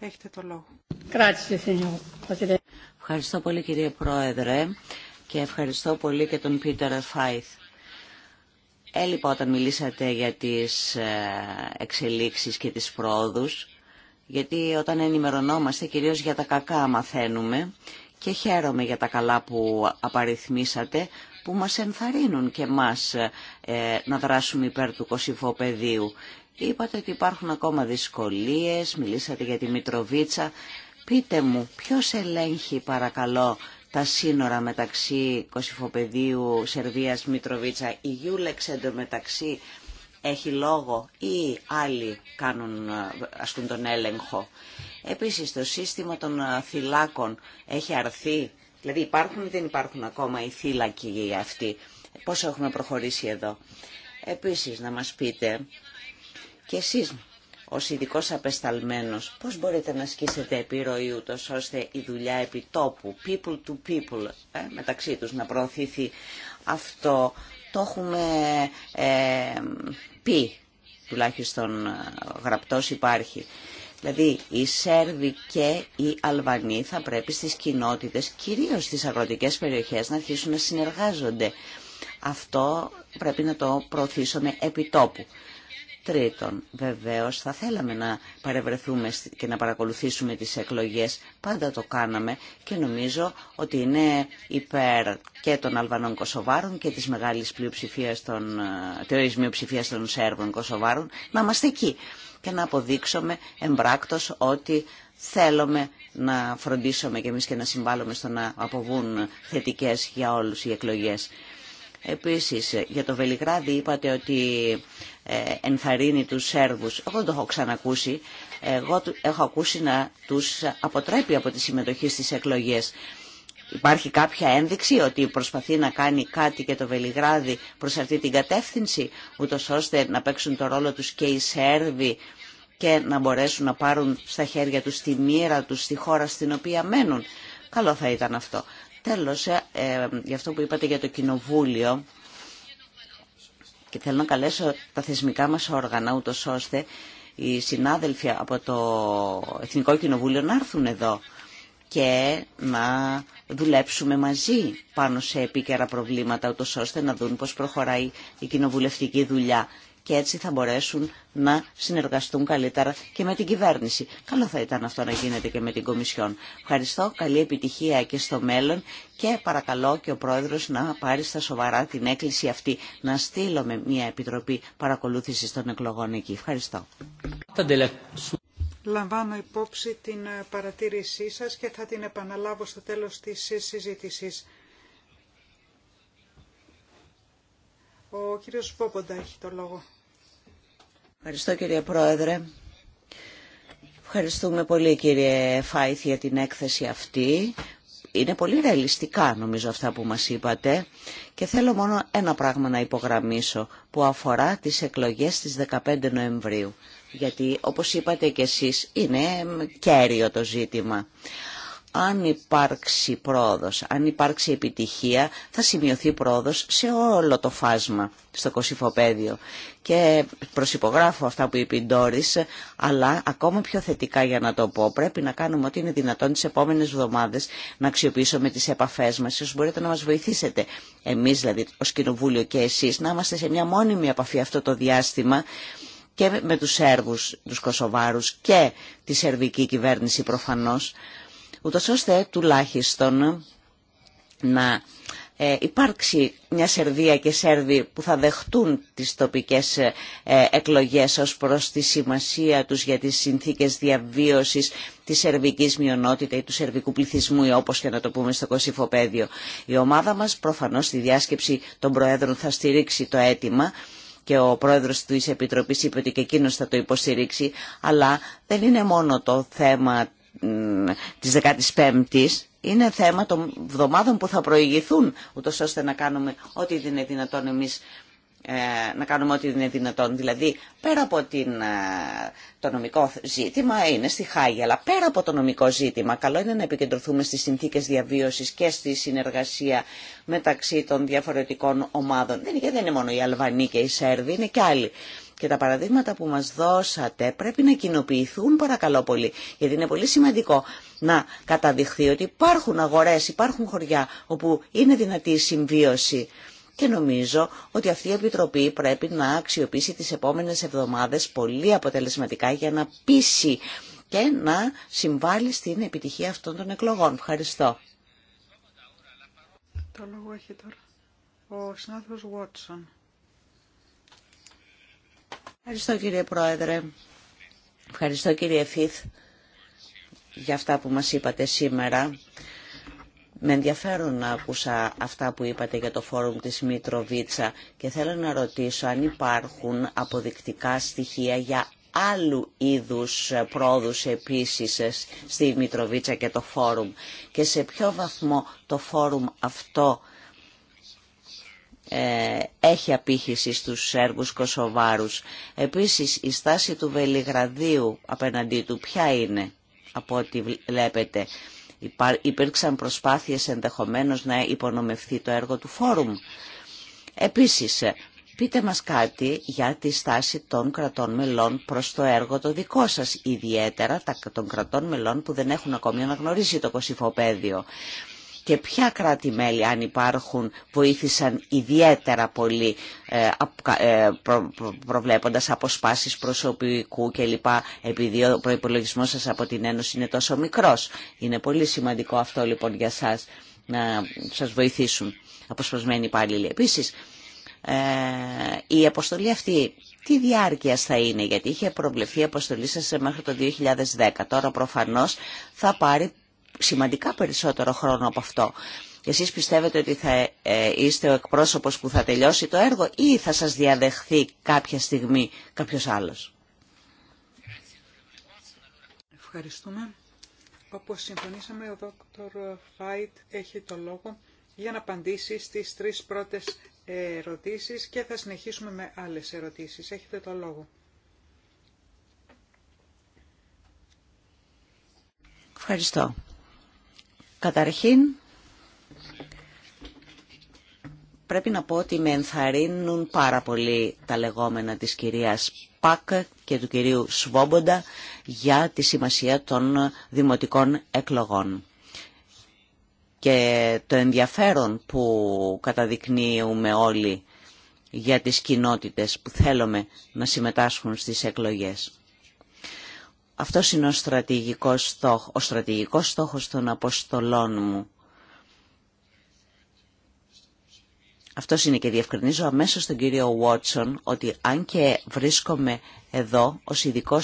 [SPEAKER 2] Έχετε το λόγο.
[SPEAKER 5] Ευχαριστώ πολύ κύριε Πρόεδρε και ευχαριστώ πολύ και τον Πίτερ Φάιθ. Έλειπα όταν μιλήσατε για τις ε, εξελίξεις και τις πρόοδους, γιατί όταν ενημερωνόμαστε κυρίως για τα κακά μαθαίνουμε και χαίρομαι για τα καλά που απαριθμίσατε, που μας ενθαρρύνουν και μας ε, να δράσουμε υπέρ του κοσυφοπεδίου. Είπατε ότι υπάρχουν ακόμα δυσκολίες, μιλήσατε για τη Μητροβίτσα. Πείτε μου, ποιος ελέγχει παρακαλώ τα σύνορα μεταξύ Κωσυφοπεδίου, Σερβίας, Μητροβίτσα, η Γιούλεξ μεταξύ, έχει λόγο ή άλλοι κάνουν, ε, ασκούν τον έλεγχο. Επίσης το σύστημα των θυλάκων ε, έχει αρθεί Δηλαδή υπάρχουν ή δεν υπάρχουν ακόμα οι θύλακοι αυτοί. πώς έχουμε προχωρήσει εδώ. Επίσης να μας πείτε και εσείς ως ειδικό απεσταλμένος πώς μπορείτε να ασκήσετε επιρροή ούτως ώστε η δουλειά επιτόπου, people to people, ε, μεταξύ τους να προωθήθει αυτό. Το έχουμε ε, πει, τουλάχιστον ε, γραπτός υπάρχει. Δηλαδή οι Σέρβοι και οι Αλβανοί θα πρέπει στις κοινότητες, κυρίως στις αγροτικές περιοχές, να αρχίσουν να συνεργάζονται. Αυτό πρέπει να το προωθήσουμε επί τόπου. Τρίτον, βεβαίως θα θέλαμε να παρευρεθούμε και να παρακολουθήσουμε τις εκλογές. Πάντα το κάναμε και νομίζω ότι είναι υπέρ και των Αλβανών Κωσοβάρων και της μεγάλης πλειοψηφίας των, ε, των Σέρβων Κωσοβάρων να είμαστε εκεί και να αποδείξουμε εμπράκτος ότι θέλουμε να φροντίσουμε και εμείς και να συμβάλλουμε στο να αποβούν θετικές για όλους οι εκλογές. Επίσης, για το Βελιγράδι είπατε ότι ε, ενθαρρύνει τους Σέρβους. Εγώ δεν το έχω ξανακούσει. Εγώ έχω ακούσει να τους αποτρέπει από τη συμμετοχή στις εκλογές. Υπάρχει κάποια ένδειξη ότι προσπαθεί να κάνει κάτι και το Βελιγράδι προς αυτή την κατεύθυνση, ούτως ώστε να παίξουν το ρόλο τους και οι Σέρβοι και να μπορέσουν να πάρουν στα χέρια τους τη μοίρα τους στη χώρα στην οποία μένουν. Καλό θα ήταν αυτό. Τέλος, ε, ε, για αυτό που είπατε για το Κοινοβούλιο, και θέλω να καλέσω τα θεσμικά μας όργανα, ούτως ώστε οι συνάδελφοι από το Εθνικό Κοινοβούλιο να έρθουν εδώ και να δουλέψουμε μαζί πάνω σε επίκαιρα προβλήματα, ούτως ώστε να δουν πώς προχωράει η κοινοβουλευτική δουλειά και έτσι θα μπορέσουν να συνεργαστούν καλύτερα και με την κυβέρνηση. Καλό θα ήταν αυτό να γίνεται και με την Κομισιόν. Ευχαριστώ, καλή επιτυχία και στο μέλλον και παρακαλώ και ο Πρόεδρος να πάρει στα σοβαρά την έκκληση αυτή να στείλουμε μια επιτροπή παρακολούθησης των εκλογών εκεί. Ευχαριστώ.
[SPEAKER 2] Λαμβάνω υπόψη την ε, παρατήρησή σας και θα την επαναλάβω στο τέλος της συζήτησης. Ο κύριος Βόποντα έχει το λόγο.
[SPEAKER 5] Ευχαριστώ κύριε Πρόεδρε. Ευχαριστούμε πολύ κύριε Φάιθ για την έκθεση αυτή. Είναι πολύ ρεαλιστικά νομίζω αυτά που μας είπατε και θέλω μόνο ένα πράγμα να υπογραμμίσω που αφορά τις εκλογές της 15 Νοεμβρίου γιατί όπως είπατε και εσείς είναι κέριο το ζήτημα. Αν υπάρξει πρόοδος, αν υπάρξει επιτυχία, θα σημειωθεί πρόοδος σε όλο το φάσμα στο κοσυφοπέδιο. Και προσυπογράφω αυτά που είπε η Ντόρις, αλλά ακόμα πιο θετικά για να το πω, πρέπει να κάνουμε ό,τι είναι δυνατόν τις επόμενες εβδομάδες να αξιοποιήσουμε τις επαφές μας. Ίσως μπορείτε να μας βοηθήσετε, εμείς δηλαδή ως Κοινοβούλιο και εσείς, να είμαστε σε μια μόνιμη επαφή αυτό το διάστημα, και με τους Σέρβους, τους Κωσοβάρους και τη Σερβική κυβέρνηση προφανώς, ούτως ώστε τουλάχιστον να ε, υπάρξει μια Σερβία και Σέρβοι που θα δεχτούν τις τοπικές ε, εκλογές ως προς τη σημασία τους για τις συνθήκες διαβίωσης της σερβικής μειονότητα ή του σερβικού πληθυσμού ή όπως και να το πούμε στο Πέδιο. Η ομάδα μας προφανώς στη διάσκεψη των Προέδρων θα στηρίξει το αίτημα και ο πρόεδρος της Επιτροπής είπε ότι και εκείνος θα το υποστηρίξει, αλλά δεν είναι μόνο το θέμα της 15ης, είναι θέμα των εβδομάδων που θα προηγηθούν, ούτως ώστε να κάνουμε ό,τι είναι δυνατόν εμείς ε, να κάνουμε ό,τι είναι δυνατόν. Δηλαδή, πέρα από την, ε, το νομικό ζήτημα, είναι στη Χάγη, αλλά πέρα από το νομικό ζήτημα, καλό είναι να επικεντρωθούμε στις συνθήκες διαβίωσης και στη συνεργασία μεταξύ των διαφορετικών ομάδων. Δεν, δεν είναι μόνο οι Αλβανοί και οι Σέρβοι, είναι και άλλοι. Και τα παραδείγματα που μας δώσατε πρέπει να κοινοποιηθούν παρακαλώ πολύ, γιατί είναι πολύ σημαντικό να καταδειχθεί ότι υπάρχουν αγορές, υπάρχουν χωριά όπου είναι δυνατή η συμβίωση και νομίζω ότι αυτή η Επιτροπή πρέπει να αξιοποιήσει τις επόμενες εβδομάδες πολύ αποτελεσματικά για να πείσει και να συμβάλλει στην επιτυχία αυτών των εκλογών. Ευχαριστώ.
[SPEAKER 2] Το λόγο έχει τώρα ο συνάδελφος Βότσον.
[SPEAKER 5] Ευχαριστώ κύριε Πρόεδρε. Ευχαριστώ κύριε Φίθ για αυτά που μας είπατε σήμερα. Με ενδιαφέρον να άκουσα αυτά που είπατε για το φόρουμ της Μητροβίτσα και θέλω να ρωτήσω αν υπάρχουν αποδεικτικά στοιχεία για άλλου είδους πρόοδους επίσης στη Μητροβίτσα και το φόρουμ και σε ποιο βαθμό το φόρουμ αυτό ε, έχει απήχηση στους Σέρβους Κωσοβάρους. Επίσης η στάση του Βελιγραδίου απέναντί του ποια είναι από ό,τι βλέπετε. Υπήρξαν προσπάθειες ενδεχομένως να υπονομευθεί το έργο του φόρουμ. Επίσης, πείτε μας κάτι για τη στάση των κρατών μελών προς το έργο το δικό σας, ιδιαίτερα των κρατών μελών που δεν έχουν ακόμη αναγνωρίσει το κοσυφοπαίδιο και ποια κράτη-μέλη αν υπάρχουν βοήθησαν ιδιαίτερα πολύ ε, ε, προβλέποντας αποσπάσεις προσωπικού κλπ. Επειδή ο προϋπολογισμός σας από την Ένωση είναι τόσο μικρός. Είναι πολύ σημαντικό αυτό λοιπόν για σας να σας βοηθήσουν αποσπασμένοι υπάλληλοι. Επίσης, ε, η αποστολή αυτή τι διάρκεια θα είναι, γιατί είχε προβλεφθεί η αποστολή σας μέχρι το 2010. Τώρα προφανώς θα πάρει σημαντικά περισσότερο χρόνο από αυτό. Εσείς πιστεύετε ότι θα ε, είστε ο εκπρόσωπος που θα τελειώσει το έργο ή θα σας διαδεχθεί κάποια στιγμή κάποιος άλλος.
[SPEAKER 2] Ευχαριστούμε. Όπως συμφωνήσαμε, ο Δόκτωρ Φάιτ έχει το λόγο για να απαντήσει στις τρεις πρώτες ερωτήσεις και θα συνεχίσουμε με άλλες ερωτήσεις. Έχετε το λόγο.
[SPEAKER 5] Ευχαριστώ. Καταρχήν, πρέπει να πω ότι με ενθαρρύνουν πάρα πολύ τα λεγόμενα της κυρίας Πακ και του κυρίου Σβόμποντα για τη σημασία των δημοτικών εκλογών. Και το ενδιαφέρον που καταδεικνύουμε όλοι για τις κοινότητες που θέλουμε να συμμετάσχουν στις εκλογές. Αυτό είναι ο στρατηγικός στόχος, ο στρατηγικός στόχος των αποστολών μου. Αυτό είναι και διευκρινίζω αμέσως τον κύριο Βότσον ότι αν και βρίσκομαι εδώ ως ειδικό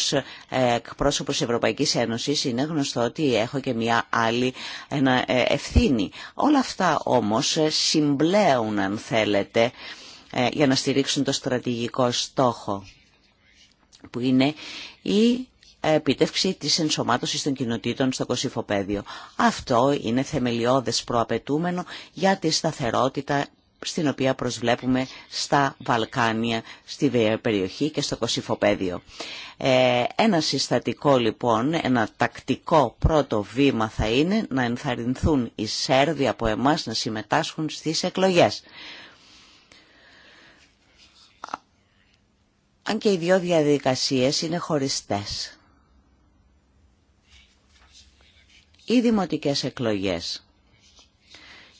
[SPEAKER 5] ε, εκπρόσωπος Ευρωπαϊκής Ένωσης είναι γνωστό ότι έχω και μια άλλη ένα, ε, ευθύνη. Όλα αυτά όμως ε, συμπλέουν αν θέλετε για να στηρίξουν το στρατηγικό στόχο που είναι η επίτευξη της ενσωμάτωσης των κοινοτήτων στο κοσυφοπαίδιο. Αυτό είναι θεμελιώδες προαπαιτούμενο για τη σταθερότητα στην οποία προσβλέπουμε στα Βαλκάνια, στη περιοχή και στο Κωσυφοπαίδιο. Ε, ένα συστατικό λοιπόν, ένα τακτικό πρώτο βήμα θα είναι να ενθαρρυνθούν οι Σέρβοι από εμάς να συμμετάσχουν στις εκλογές. Αν και οι δύο διαδικασίες είναι χωριστές. οι δημοτικές εκλογές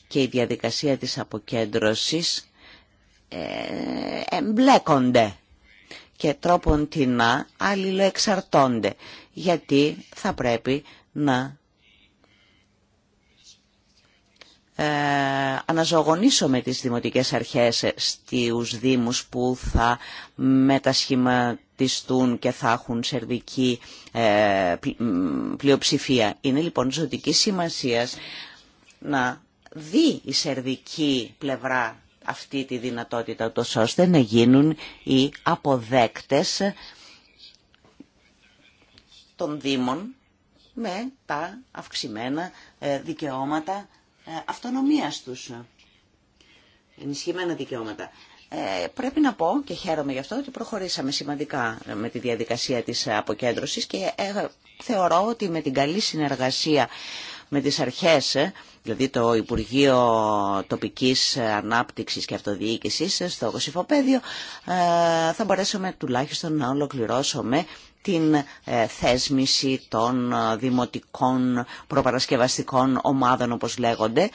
[SPEAKER 5] και η διαδικασία της αποκέντρωσης ε, εμπλέκονται και τρόπον να αλληλοεξαρτώνται γιατί θα πρέπει να Ε, με τις δημοτικές αρχές στους δήμους που θα μετασχηματιστούν και θα έχουν σερβική ε, πλειοψηφία. Είναι λοιπόν ζωτική σημασία να δει η σερβική πλευρά αυτή τη δυνατότητα, τόσο ώστε να γίνουν οι αποδέκτες των Δήμων με τα αυξημένα ε, δικαιώματα ε, αυτονομίας τους. Ενισχυμένα δικαιώματα. Ε, πρέπει να πω και χαίρομαι γι' αυτό ότι προχωρήσαμε σημαντικά με τη διαδικασία της αποκέντρωσης και ε, θεωρώ ότι με την καλή συνεργασία με τις αρχές, ε, δηλαδή το Υπουργείο Τοπικής Ανάπτυξης και Αυτοδιοίκησης στο Κωσυφοπαίδιο, θα μπορέσουμε τουλάχιστον να ολοκληρώσουμε την ε, θέσμηση των ε, δημοτικών προπαρασκευαστικών ομάδων όπως λέγονται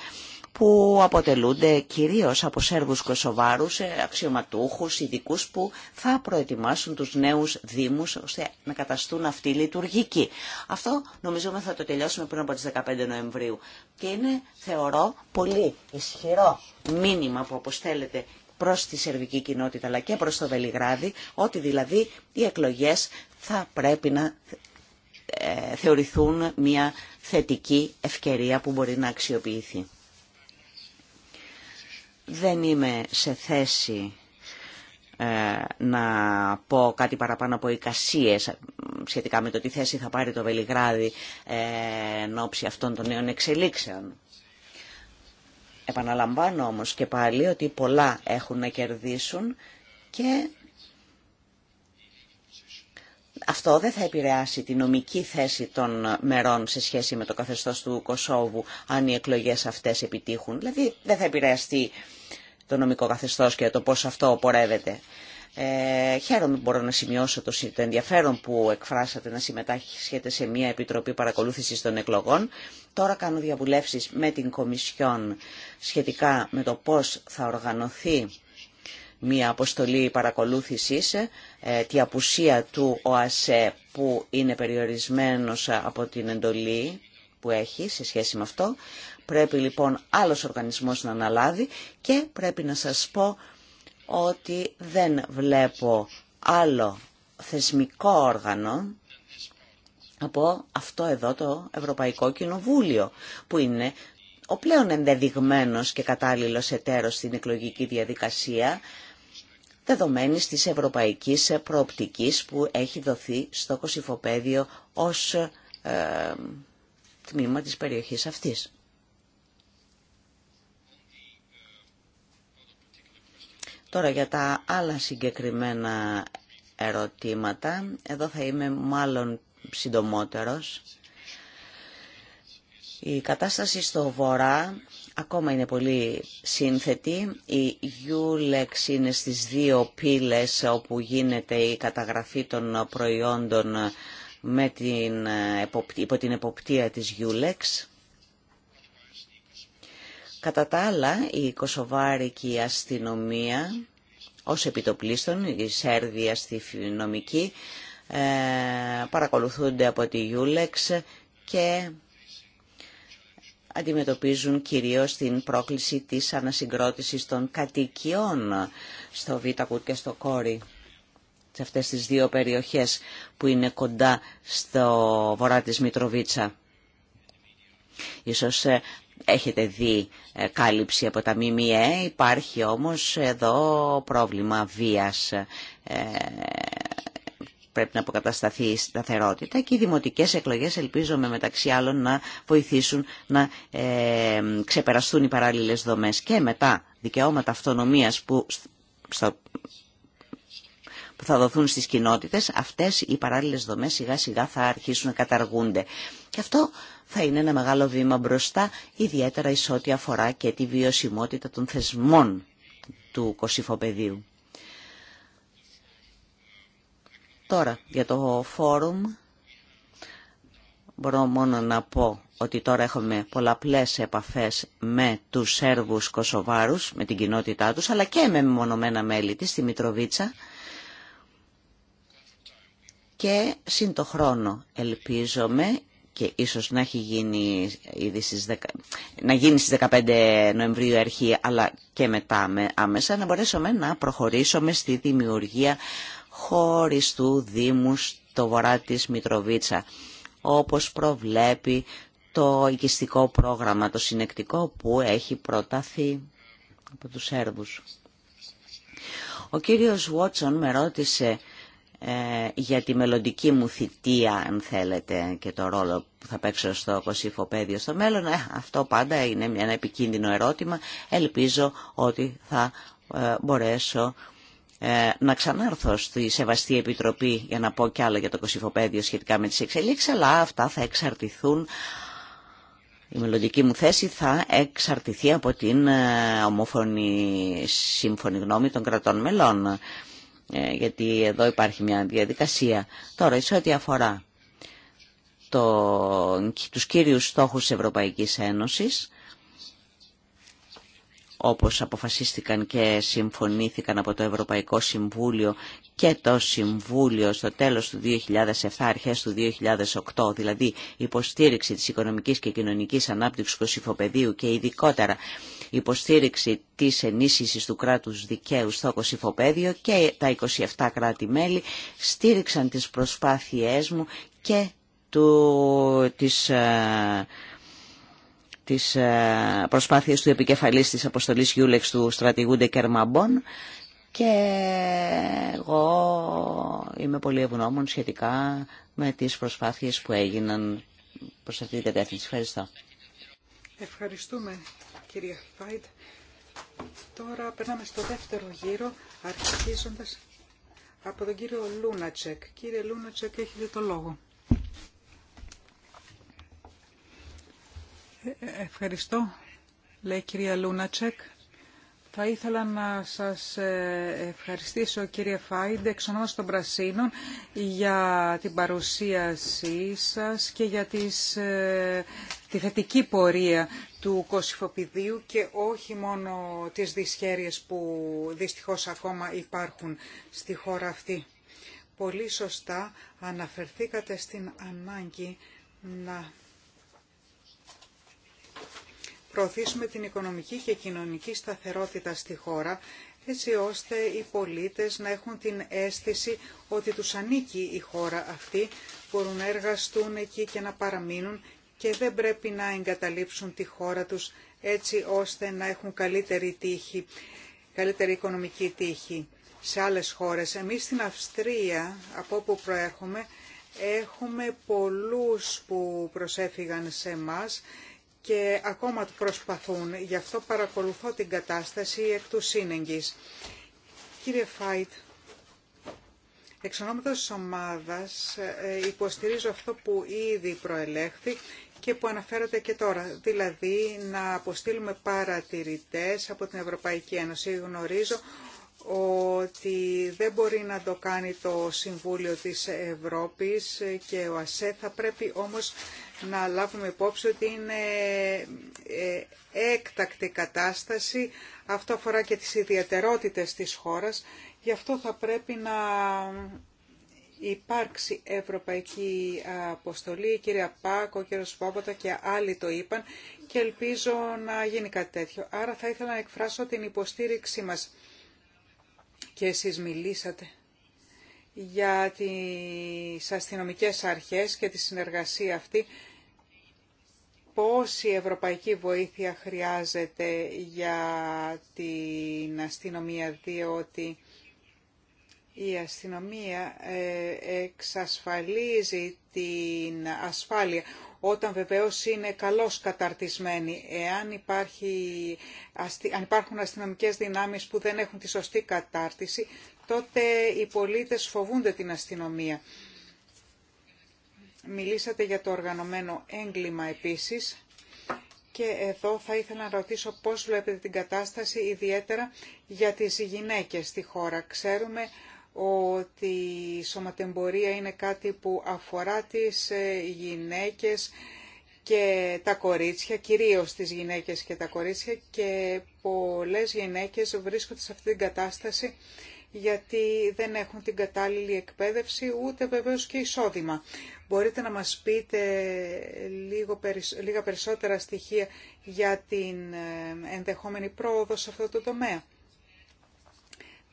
[SPEAKER 5] που αποτελούνται κυρίως από Σέρβους κοσοβάρους, ε, αξιωματούχους, ειδικού που θα προετοιμάσουν τους νέους δήμους ώστε να καταστούν αυτοί λειτουργικοί. Αυτό νομίζω θα το τελειώσουμε πριν από τις 15 Νοεμβρίου. Και είναι, θεωρώ, πολύ ισχυρό μήνυμα που αποστέλλεται προς τη σερβική κοινότητα αλλά και προς το Βελιγράδι, ότι δηλαδή οι εκλογές θα πρέπει να ε, θεωρηθούν μια θετική ευκαιρία που μπορεί να αξιοποιηθεί. Δεν είμαι σε θέση ε, να πω κάτι παραπάνω από εικασίες ε, σχετικά με το τι θέση θα πάρει το Βελιγράδι εν ώψη αυτών των νέων εξελίξεων. Επαναλαμβάνω όμως και πάλι ότι πολλά έχουν να κερδίσουν και αυτό δεν θα επηρεάσει τη νομική θέση των μερών σε σχέση με το καθεστώς του Κωσόβου αν οι εκλογές αυτές επιτύχουν. Δηλαδή δεν θα επηρεαστεί το νομικό καθεστώς και το πώς αυτό πορεύεται. Ε, χαίρομαι που μπορώ να σημειώσω το, το ενδιαφέρον που εκφράσατε να συμμετάσχετε σε μια επιτροπή παρακολούθησης των εκλογών. Τώρα κάνω διαβουλεύσεις με την Κομισιόν σχετικά με το πώς θα οργανωθεί μια αποστολή παρακολούθησης, ε, τη απουσία του ΟΑΣΕ που είναι περιορισμένος ε, από την εντολή που έχει σε σχέση με αυτό. Πρέπει λοιπόν άλλος οργανισμός να αναλάβει και πρέπει να σας πω ότι δεν βλέπω άλλο θεσμικό όργανο από αυτό εδώ το Ευρωπαϊκό Κοινοβούλιο, που είναι ο πλέον ενδεδειγμένος και κατάλληλος εταίρος στην εκλογική διαδικασία, δεδομένης της ευρωπαϊκής προοπτικής που έχει δοθεί στο Κωσυφοπαίδιο ως ε, τμήμα της περιοχής αυτής. Τώρα για τα άλλα συγκεκριμένα ερωτήματα, εδώ θα είμαι μάλλον συντομότερος. Η κατάσταση στο Βορρά ακόμα είναι πολύ σύνθετη. Η Ulex είναι στις δύο πύλες όπου γίνεται η καταγραφή των προϊόντων με την, υπό την εποπτεία της Ulex. Κατά τα άλλα, η κοσοβάρικη αστυνομία, ως επιτοπλίστων, η Σέρβια στη νομική, ε, παρακολουθούνται από τη Ulex και αντιμετωπίζουν κυρίως την πρόκληση της ανασυγκρότησης των κατοικιών στο Βίτακουτ και στο Κόρι σε αυτές τις δύο περιοχές που είναι κοντά στο βορρά της Μητροβίτσα. Ίσως ε, έχετε δει ε, κάλυψη από τα ΜΜΕ, υπάρχει όμως εδώ πρόβλημα βίας ε, πρέπει να αποκατασταθεί η σταθερότητα και οι δημοτικές εκλογές ελπίζομαι μεταξύ άλλων να βοηθήσουν να ε, ξεπεραστούν οι παράλληλες δομές και μετά δικαιώματα αυτονομίας που, που θα δοθούν στις κοινότητες, αυτές οι παράλληλες δομές σιγά σιγά θα αρχίσουν να καταργούνται. Και αυτό θα είναι ένα μεγάλο βήμα μπροστά, ιδιαίτερα εις ό,τι αφορά και τη βιωσιμότητα των θεσμών του κοσυφοπεδίου. Τώρα, για το φόρουμ, μπορώ μόνο να πω ότι τώρα έχουμε πολλαπλές επαφές με τους Σέρβους Κωσοβάρους, με την κοινότητά τους, αλλά και με μονομένα μέλη της, στη Μητροβίτσα. Και σύν το χρόνο ελπίζομαι και ίσως να έχει γίνει ήδη 10, να γίνει στις 15 Νοεμβρίου αρχή αλλά και μετά με, άμεσα να μπορέσουμε να προχωρήσουμε στη δημιουργία του Δήμου στο βορρά της Μητροβίτσα, όπως προβλέπει το οικιστικό πρόγραμμα, το συνεκτικό που έχει προταθεί από τους Σέρβους. Ο κύριος Βότσον με ρώτησε ε, για τη μελλοντική μου θητεία, αν θέλετε, και το ρόλο που θα παίξω στο Πέδιο στο μέλλον. Ε, αυτό πάντα είναι ένα επικίνδυνο ερώτημα. Ελπίζω ότι θα ε, μπορέσω ε, να ξανάρθω στη Σεβαστή Επιτροπή για να πω κι άλλο για το κοσυφοπαίδιο σχετικά με τις εξελίξεις, αλλά αυτά θα εξαρτηθούν η μελλοντική μου θέση θα εξαρτηθεί από την ε, ομόφωνη σύμφωνη γνώμη των κρατών μελών. Ε, γιατί εδώ υπάρχει μια διαδικασία. Τώρα, σε ό,τι αφορά το, τους κύριους στόχους της Ευρωπαϊκής Ένωσης, όπως αποφασίστηκαν και συμφωνήθηκαν από το Ευρωπαϊκό Συμβούλιο και το Συμβούλιο στο τέλος του 2007, αρχές του 2008, δηλαδή υποστήριξη της οικονομικής και κοινωνικής ανάπτυξης Κωσυφοπεδίου και ειδικότερα υποστήριξη της ενίσχυσης του κράτους δικαίου στο κοσυφοπέδιο και τα 27 κράτη-μέλη στήριξαν τις προσπάθειές μου και του, της, ε, τις ε, προσπάθειες του επικεφαλής της αποστολής Γιούλεξ του στρατηγού Ντεκερμαμπών και εγώ είμαι πολύ ευγνώμων σχετικά με τις προσπάθειες που έγιναν προς αυτή την κατεύθυνση. Ευχαριστώ.
[SPEAKER 2] Ευχαριστούμε κυρία Φάιντ. Τώρα περνάμε στο δεύτερο γύρο αρχίζοντας από τον κύριο Λούνατσεκ. Κύριε Λούνατσεκ έχετε το λόγο. Ευχαριστώ, λέει η κυρία Λούνατσεκ. Θα ήθελα να σας ε, ευχαριστήσω κύριε Φάιντ εξ ονόμας των Πρασίνων για την παρουσίασή σας και για ε, τη θετική πορεία του κοσυφοπηδίου και όχι μόνο τις δυσχέρειες που δυστυχώς ακόμα υπάρχουν στη χώρα αυτή. Πολύ σωστά αναφερθήκατε στην ανάγκη να προωθήσουμε την οικονομική και κοινωνική σταθερότητα στη χώρα, έτσι ώστε οι πολίτες να έχουν την αίσθηση ότι τους ανήκει η χώρα αυτή, μπορούν να εργαστούν εκεί και να παραμείνουν και δεν πρέπει να εγκαταλείψουν τη χώρα τους έτσι ώστε να έχουν καλύτερη τύχη, καλύτερη οικονομική τύχη σε άλλες χώρες. Εμείς στην Αυστρία, από όπου προέρχομαι, έχουμε πολλούς που προσέφυγαν σε μας και ακόμα προσπαθούν. Γι' αυτό παρακολουθώ την κατάσταση εκ του σύνεγγης. Κύριε Φάιτ, εξ ονόματος της ομάδας ε, υποστηρίζω αυτό που ήδη προελέχθη και που αναφέρατε και τώρα, δηλαδή να αποστείλουμε παρατηρητές από την Ευρωπαϊκή Ένωση. Γνωρίζω ότι δεν μπορεί να το κάνει το Συμβούλιο της Ευρώπης και ο ΑΣΕ θα πρέπει όμως να λάβουμε υπόψη ότι είναι ε, έκτακτη κατάσταση. Αυτό αφορά και τις ιδιαιτερότητες της χώρας. Γι' αυτό θα πρέπει να υπάρξει ευρωπαϊκή αποστολή. Η κυρία Πάκο, ο κύριος Φόμποτα και άλλοι το είπαν και ελπίζω να γίνει κάτι τέτοιο. Άρα θα ήθελα να εκφράσω την υποστήριξή μας και εσείς μιλήσατε για τις αστυνομικές αρχές και τη συνεργασία αυτή. Πόση ευρωπαϊκή βοήθεια χρειάζεται για την αστυνομία, διότι η αστυνομία ε, εξασφαλίζει την ασφάλεια, όταν βεβαίως είναι καλώς καταρτισμένοι. Εάν υπάρχει, αν υπάρχουν αστυνομικές δυνάμεις που δεν έχουν τη σωστή κατάρτιση, τότε οι πολίτες φοβούνται την αστυνομία. Μιλήσατε για το οργανωμένο έγκλημα επίσης και εδώ θα ήθελα να ρωτήσω πώς βλέπετε την κατάσταση ιδιαίτερα για τις γυναίκες στη χώρα. Ξέρουμε ότι η σωματεμπορία είναι κάτι που αφορά τις ε, γυναίκες και τα κορίτσια, κυρίως τις γυναίκες και τα κορίτσια και πολλές γυναίκες βρίσκονται σε αυτή την κατάσταση γιατί δεν έχουν την κατάλληλη εκπαίδευση ούτε βεβαίως και εισόδημα. Μπορείτε να μας πείτε λίγο λίγα περισσότερα στοιχεία για την ε, ενδεχόμενη πρόοδο σε αυτό το τομέα.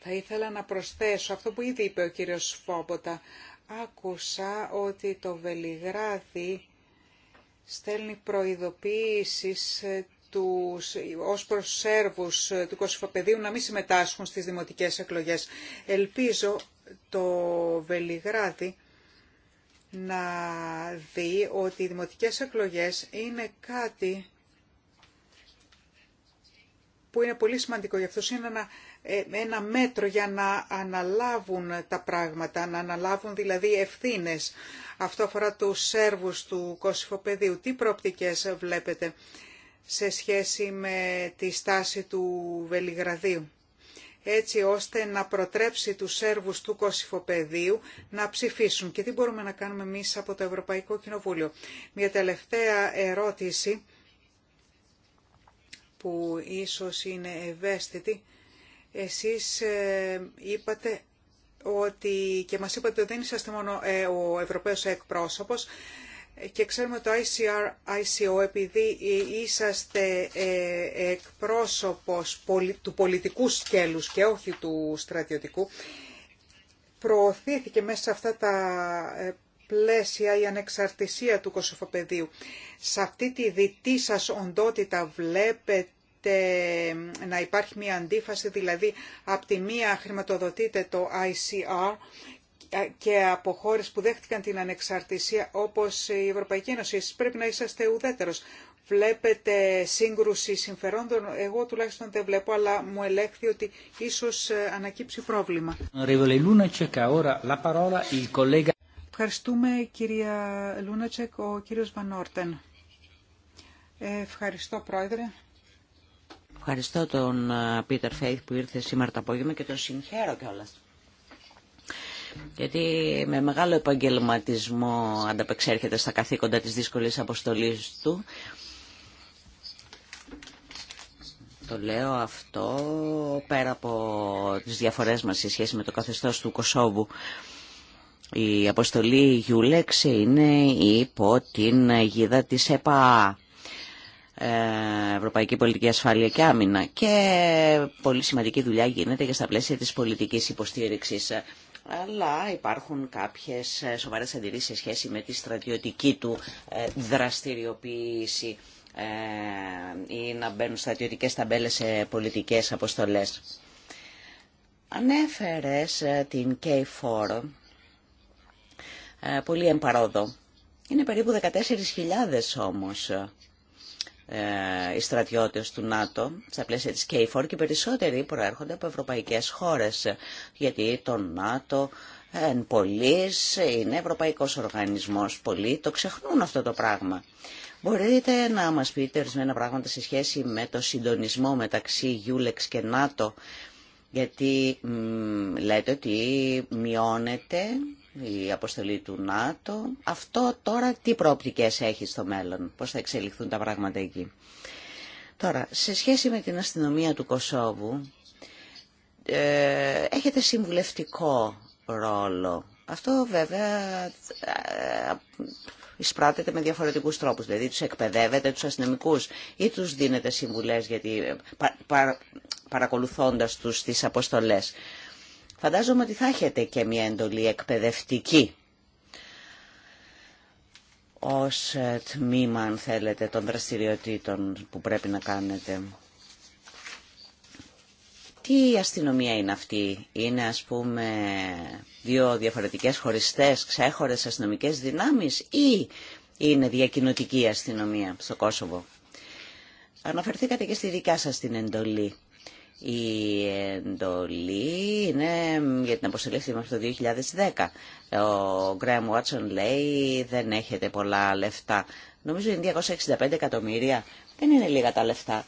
[SPEAKER 2] Θα ήθελα να προσθέσω αυτό που ήδη είπε ο κύριος Φόμποτα. Άκουσα ότι το Βελιγράδι στέλνει προειδοποίησεις ε, τους, ως προς ε, του Κωσυφοπεδίου να μην συμμετάσχουν στις δημοτικές εκλογές. Ελπίζω το Βελιγράδι να δει ότι οι δημοτικές εκλογές είναι κάτι που είναι πολύ σημαντικό για αυτούς, είναι ένα ε, ένα μέτρο για να αναλάβουν τα πράγματα, να αναλάβουν δηλαδή ευθύνες. Αυτό αφορά του Σέρβους του Κωσυφοπεδίου. Τι προοπτικές βλέπετε σε σχέση με τη στάση του Βελιγραδίου έτσι ώστε να προτρέψει τους Σέρβους του Κωσυφοπεδίου να ψηφίσουν. Και τι μπορούμε να κάνουμε εμείς από το Ευρωπαϊκό Κοινοβούλιο. Μια τελευταία ερώτηση που ίσως είναι ευαίσθητη εσείς ε, είπατε ότι και μας είπατε ότι δεν είσαστε μόνο ε, ο Ευρωπαίος εκπρόσωπος και ξέρουμε το ICR, ICO, επειδή ε, είσαστε εκπρόσωπος του πολιτικού σκέλους και όχι του στρατιωτικού, προωθήθηκε μέσα σε αυτά τα πλαίσια η ανεξαρτησία του Κωσοφοπεδίου. Σε αυτή τη δυτή σας οντότητα βλέπετε να υπάρχει μια αντίφαση, δηλαδή από τη μία χρηματοδοτείται το ICR και από χώρε που δέχτηκαν την ανεξαρτησία όπως η Ευρωπαϊκή Ένωση. Εσείς πρέπει να είσαστε ουδέτερος. Βλέπετε σύγκρουση συμφερόντων, εγώ τουλάχιστον δεν βλέπω, αλλά μου ελέγχθη ότι ίσως ε, ανακύψει πρόβλημα. Ευχαριστούμε κυρία Λούνατσεκ, ο κύριος Βανόρτεν. Ευχαριστώ πρόεδρε.
[SPEAKER 5] Ευχαριστώ τον Πίτερ Φέιθ που ήρθε σήμερα το απόγευμα και τον συγχαίρω κιόλα. Γιατί με μεγάλο επαγγελματισμό ανταπεξέρχεται στα καθήκοντα της δύσκολης αποστολής του. Το λέω αυτό πέρα από τις διαφορές μας σε σχέση με το καθεστώς του Κωσόβου. Η αποστολή Γιούλεξ είναι υπό την γίδα της ΕΠΑ ε, ευρωπαϊκή Πολιτική Ασφάλεια και Άμυνα και πολύ σημαντική δουλειά γίνεται και στα πλαίσια της πολιτικής υποστήριξης. Αλλά υπάρχουν κάποιες ε, σοβαρές αντιρρήσεις σε σχέση με τη στρατιωτική του ε, δραστηριοποίηση ή να μπαίνουν στρατιωτικές ταμπέλες σε πολιτικές αποστολές. Ανέφερες την K4 πολύ εμπαρόδο. Είναι περίπου 14.000 όμως ε, οι στρατιώτες του ΝΑΤΟ στα πλαίσια της ΚΕΙΦΟΡ και περισσότεροι προέρχονται από ευρωπαϊκές χώρες γιατί το ΝΑΤΟ εν είναι ευρωπαϊκός οργανισμός πολλοί το ξεχνούν αυτό το πράγμα Μπορείτε να μας πείτε ορισμένα πράγματα σε σχέση με το συντονισμό μεταξύ Γιούλεξ και ΝΑΤΟ γιατί λέτε ότι μειώνεται η αποστολή του ΝΑΤΟ. Αυτό τώρα τι προοπτικές έχει στο μέλλον, πώς θα εξελιχθούν τα πράγματα εκεί. Τώρα, σε σχέση με την αστυνομία του Κωσόβου, ε, έχετε συμβουλευτικό ρόλο. Αυτό βέβαια ε, εισπράτεται με διαφορετικούς τρόπους. Δηλαδή τους εκπαιδεύετε τους αστυνομικούς ή τους δίνετε συμβουλές γιατί, ε, πα, παρακολουθώντας τους τις αποστολές. Φαντάζομαι ότι θα έχετε και μια εντολή εκπαιδευτική ως ε, τμήμα, αν θέλετε, των δραστηριοτήτων που πρέπει να κάνετε. Τι αστυνομία είναι αυτή. Είναι, ας πούμε, δύο διαφορετικές χωριστές, ξέχωρες αστυνομικές δυνάμεις ή είναι διακοινωτική αστυνομία στο Κόσοβο. Αναφερθήκατε και στη δικιά σας την εντολή. Η εντολή είναι για την αποστολή μέχρι το 2010. Ο Γκρέμ Βάτσον λέει δεν έχετε πολλά λεφτά. Νομίζω είναι 265 εκατομμύρια. Δεν είναι λίγα τα λεφτά.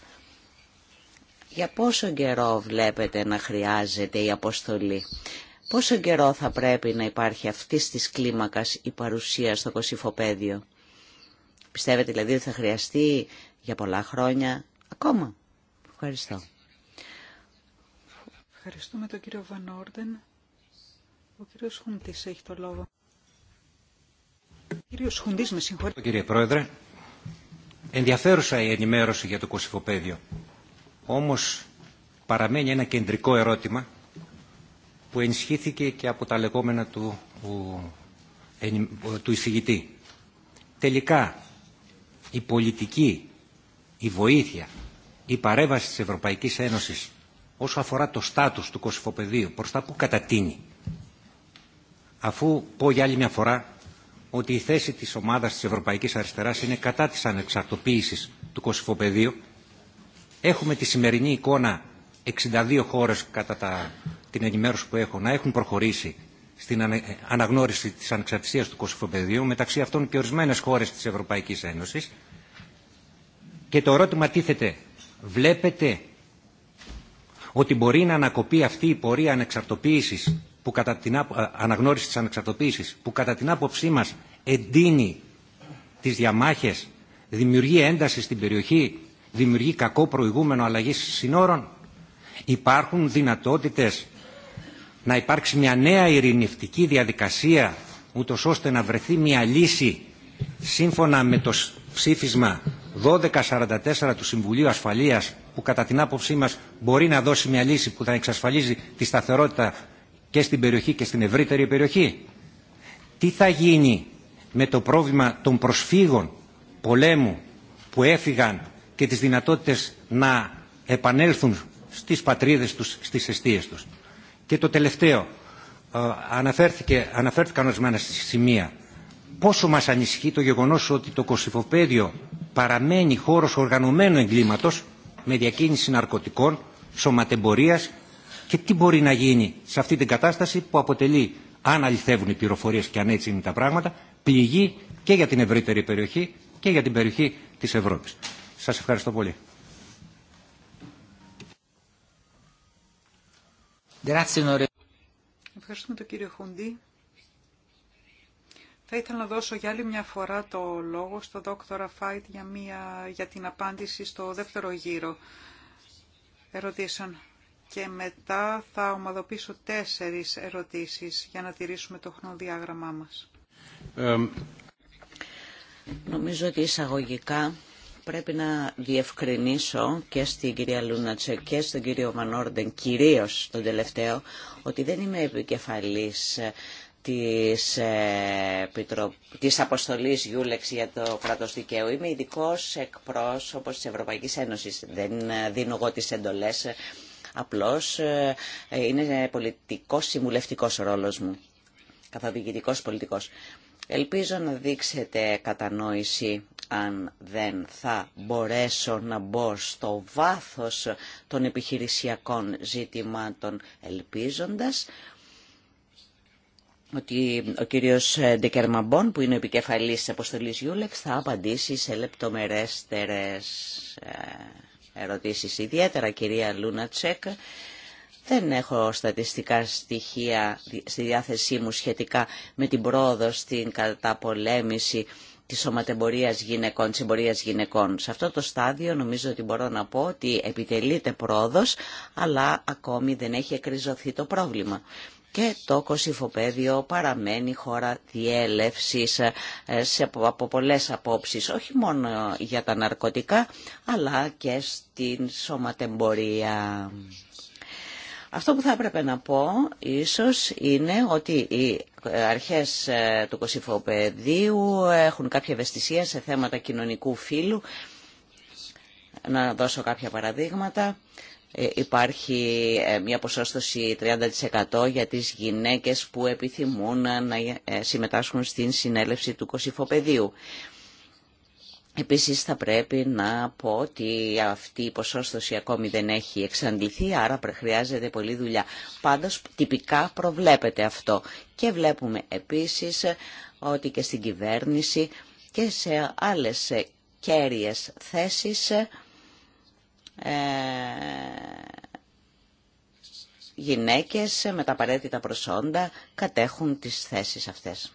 [SPEAKER 5] Για πόσο καιρό βλέπετε να χρειάζεται η αποστολή. Πόσο καιρό θα πρέπει να υπάρχει αυτή της κλίμακας η παρουσία στο κοσυφοπέδιο; Πιστεύετε δηλαδή ότι θα χρειαστεί για πολλά χρόνια ακόμα. Ευχαριστώ.
[SPEAKER 2] Ευχαριστούμε τον κύριο Βανόρντεν. Ο κύριος Χουντής έχει το λόγο. Κύριος Χουντής, με συγχωρείτε. Κύριε
[SPEAKER 3] Πρόεδρε, ενδιαφέρουσα η ενημέρωση για το κοσυφοπαίδιο. Όμως παραμένει ένα κεντρικό ερώτημα που ενισχύθηκε και από τα λεγόμενα του, του εισηγητή. Τελικά, η πολιτική, η βοήθεια, η παρέμβαση της Ευρωπαϊκής Ένωσης όσο αφορά το στάτους του Κωσυφοπεδίου, προς τα που κατατείνει. Αφού πω για άλλη μια φορά ότι η θέση της ομάδας της Ευρωπαϊκής Αριστεράς είναι κατά της ανεξαρτοποίησης του Κωσυφοπεδίου, έχουμε τη σημερινή εικόνα 62 χώρες κατά τα, την ενημέρωση που έχω να έχουν προχωρήσει στην αναγνώριση της ανεξαρτησίας του Κωσυφοπεδίου, μεταξύ αυτών και ορισμένες χώρες της Ευρωπαϊκής Ένωσης. Και το ερώτημα τίθεται, βλέπετε ότι μπορεί να ανακοπεί αυτή η πορεία ανεξαρτοποίησης που κατά την, ε, αναγνώριση της ανεξαρτοποίησης που κατά την άποψή μας εντείνει τις διαμάχες, δημιουργεί ένταση στην περιοχή, δημιουργεί κακό προηγούμενο αλλαγή συνόρων. Υπάρχουν δυνατότητες να υπάρξει μια νέα ειρηνευτική διαδικασία ούτως ώστε να βρεθεί μια λύση σύμφωνα με το ψήφισμα 1244 του Συμβουλίου Ασφαλείας που κατά την άποψή μας μπορεί να δώσει μια λύση που θα εξασφαλίζει τη σταθερότητα και στην περιοχή και στην ευρύτερη περιοχή. Τι θα γίνει με το πρόβλημα των προσφύγων πολέμου που έφυγαν και τις δυνατότητες να επανέλθουν στις πατρίδες τους, στις αιστείες τους. Και το τελευταίο, ε, αναφέρθηκε, αναφέρθηκαν ορισμένα σημεία πόσο μας ανησυχεί το γεγονός ότι το Κωσυφοπαίδιο παραμένει χώρος οργανωμένου εγκλήματος με διακίνηση ναρκωτικών, σωματεμπορίας και τι μπορεί να γίνει σε αυτή την κατάσταση που αποτελεί, αν αληθεύουν οι πληροφορίες και αν έτσι είναι τα πράγματα, πληγή και για την ευρύτερη περιοχή και για την περιοχή της Ευρώπης. Σας ευχαριστώ πολύ.
[SPEAKER 2] Ευχαριστούμε τον κύριο Χουντή. Θα ήθελα να δώσω για άλλη μια φορά το λόγο στον δόκτωρα Φάιτ για, μια, για την απάντηση στο δεύτερο γύρο ερωτήσεων. Και μετά θα ομαδοποιήσω τέσσερις ερωτήσεις για να τηρήσουμε το χρονοδιάγραμμά μας.
[SPEAKER 5] νομίζω ότι εισαγωγικά πρέπει να διευκρινίσω και στην κυρία Λούνατσε και στον κύριο Μανόρντεν, κυρίως τον τελευταίο, ότι δεν είμαι επικεφαλής της, ε, της αποστολής Γιούλεξ για το κράτος δικαίου. Είμαι ειδικό εκπρόσωπος της Ευρωπαϊκής Ένωσης. Δεν δίνω εγώ τις εντολές, ε, απλώς ε, είναι πολιτικός συμβουλευτικός ρόλος μου, καθοδηγητικός πολιτικός. Ελπίζω να δείξετε κατανόηση αν δεν θα μπορέσω να μπω στο βάθος των επιχειρησιακών ζήτηματων, ελπίζοντας ότι ο κύριος Ντεκερμαμπόν που είναι ο επικεφαλής της αποστολής Γιούλεξ, θα απαντήσει σε λεπτομερέστερες ε, ερωτήσεις. Ιδιαίτερα κυρία Λούνατσεκ. δεν έχω στατιστικά στοιχεία στη διάθεσή μου σχετικά με την πρόοδο στην καταπολέμηση τη σωματεμπορία γυναικών, τη εμπορία γυναικών. Σε αυτό το στάδιο νομίζω ότι μπορώ να πω ότι επιτελείται πρόοδο, αλλά ακόμη δεν έχει εκριζωθεί το πρόβλημα και το κοσυφοπέδιο παραμένει χώρα διέλευσης ε, σε, από πολλές απόψεις, όχι μόνο για τα ναρκωτικά, αλλά και στην σωματεμπορία. Αυτό που θα έπρεπε να πω ίσως είναι ότι οι ε, αρχές ε, του κοσυφοπεδίου έχουν κάποια ευαισθησία σε θέματα κοινωνικού φύλου. Να δώσω κάποια παραδείγματα. Ε, υπάρχει ε, μια ποσόστοση 30% για τις γυναίκες που επιθυμούν να ε, συμμετάσχουν στην συνέλευση του κοσυφοπεδίου. Επίσης θα πρέπει να πω ότι αυτή η ποσόστοση ακόμη δεν έχει εξαντληθεί, άρα χρειάζεται πολλή δουλειά. Πάντως τυπικά προβλέπεται αυτό και βλέπουμε επίσης ότι και στην κυβέρνηση και σε άλλες κέρυες θέσεις ε, γυναίκες με τα απαραίτητα προσόντα κατέχουν τις θέσεις αυτές.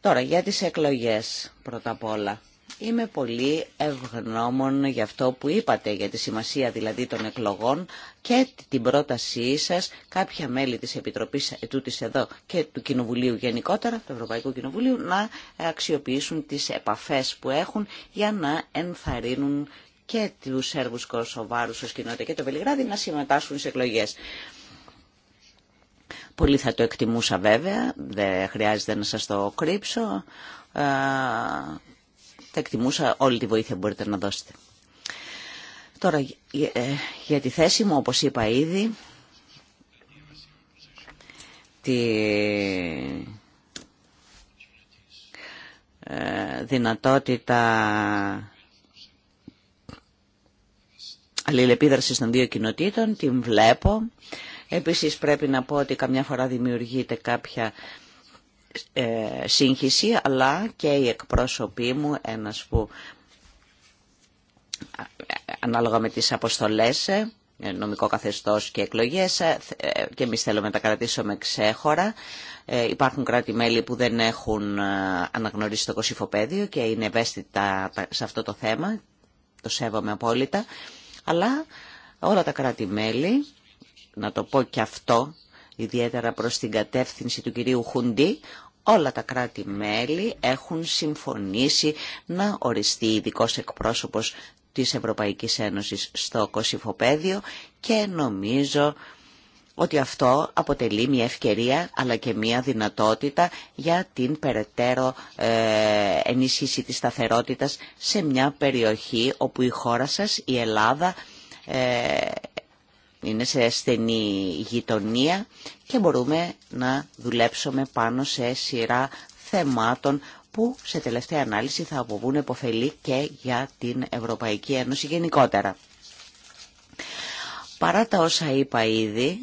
[SPEAKER 5] Τώρα για τις εκλογές πρώτα απ' όλα. Είμαι πολύ ευγνώμων για αυτό που είπατε, για τη σημασία δηλαδή των εκλογών και την πρότασή σας. Κάποια μέλη της Επιτροπής Ετούτης εδώ και του Κοινοβουλίου γενικότερα, του Ευρωπαϊκού Κοινοβουλίου, να αξιοποιήσουν τις επαφές που έχουν για να ενθαρρύνουν και τους Σέρβους Κοσοβάρους ως κοινότητα και το Βελιγράδι να συμμετάσχουν στις εκλογές. Πολύ θα το εκτιμούσα βέβαια, δεν χρειάζεται να σας το κρύψω θα εκτιμούσα όλη τη βοήθεια που μπορείτε να δώσετε. Τώρα, για ε, τη θέση μου, όπως είπα ήδη, τη ε, δυνατότητα αλληλεπίδρασης των δύο κοινοτήτων, την βλέπω. Επίσης πρέπει να πω ότι καμιά φορά δημιουργείται κάποια ε, σύγχυση αλλά και η εκπρόσωποι μου, ένας που ε, ανάλογα με τις αποστολές, ε, νομικό καθεστώς και εκλογές και εμείς θέλουμε να τα κρατήσουμε ξέχωρα. Υπάρχουν κράτη-μέλη που δεν έχουν αναγνωρίσει το κοσυφοπαίδιο και είναι ευαίσθητα σε αυτό το θέμα, το σέβομαι απόλυτα, αλλά όλα τα κράτη-μέλη, να το πω και αυτό, ιδιαίτερα προς την κατεύθυνση του κυρίου Χουντή, Όλα τα κράτη-μέλη έχουν συμφωνήσει να οριστεί ειδικό εκπρόσωπος της Ευρωπαϊκής Ένωσης στο Κωσυφοπαίδιο και νομίζω ότι αυτό αποτελεί μια ευκαιρία αλλά και μια δυνατότητα για την περαιτέρω ε, ενίσχυση της σταθερότητας σε μια περιοχή όπου η χώρα σας, η Ελλάδα, ε, είναι σε ασθενή γειτονία και μπορούμε να δουλέψουμε πάνω σε σειρά θεμάτων που σε τελευταία ανάλυση θα αποβούν επωφελή και για την Ευρωπαϊκή Ένωση γενικότερα. Παρά τα όσα είπα ήδη,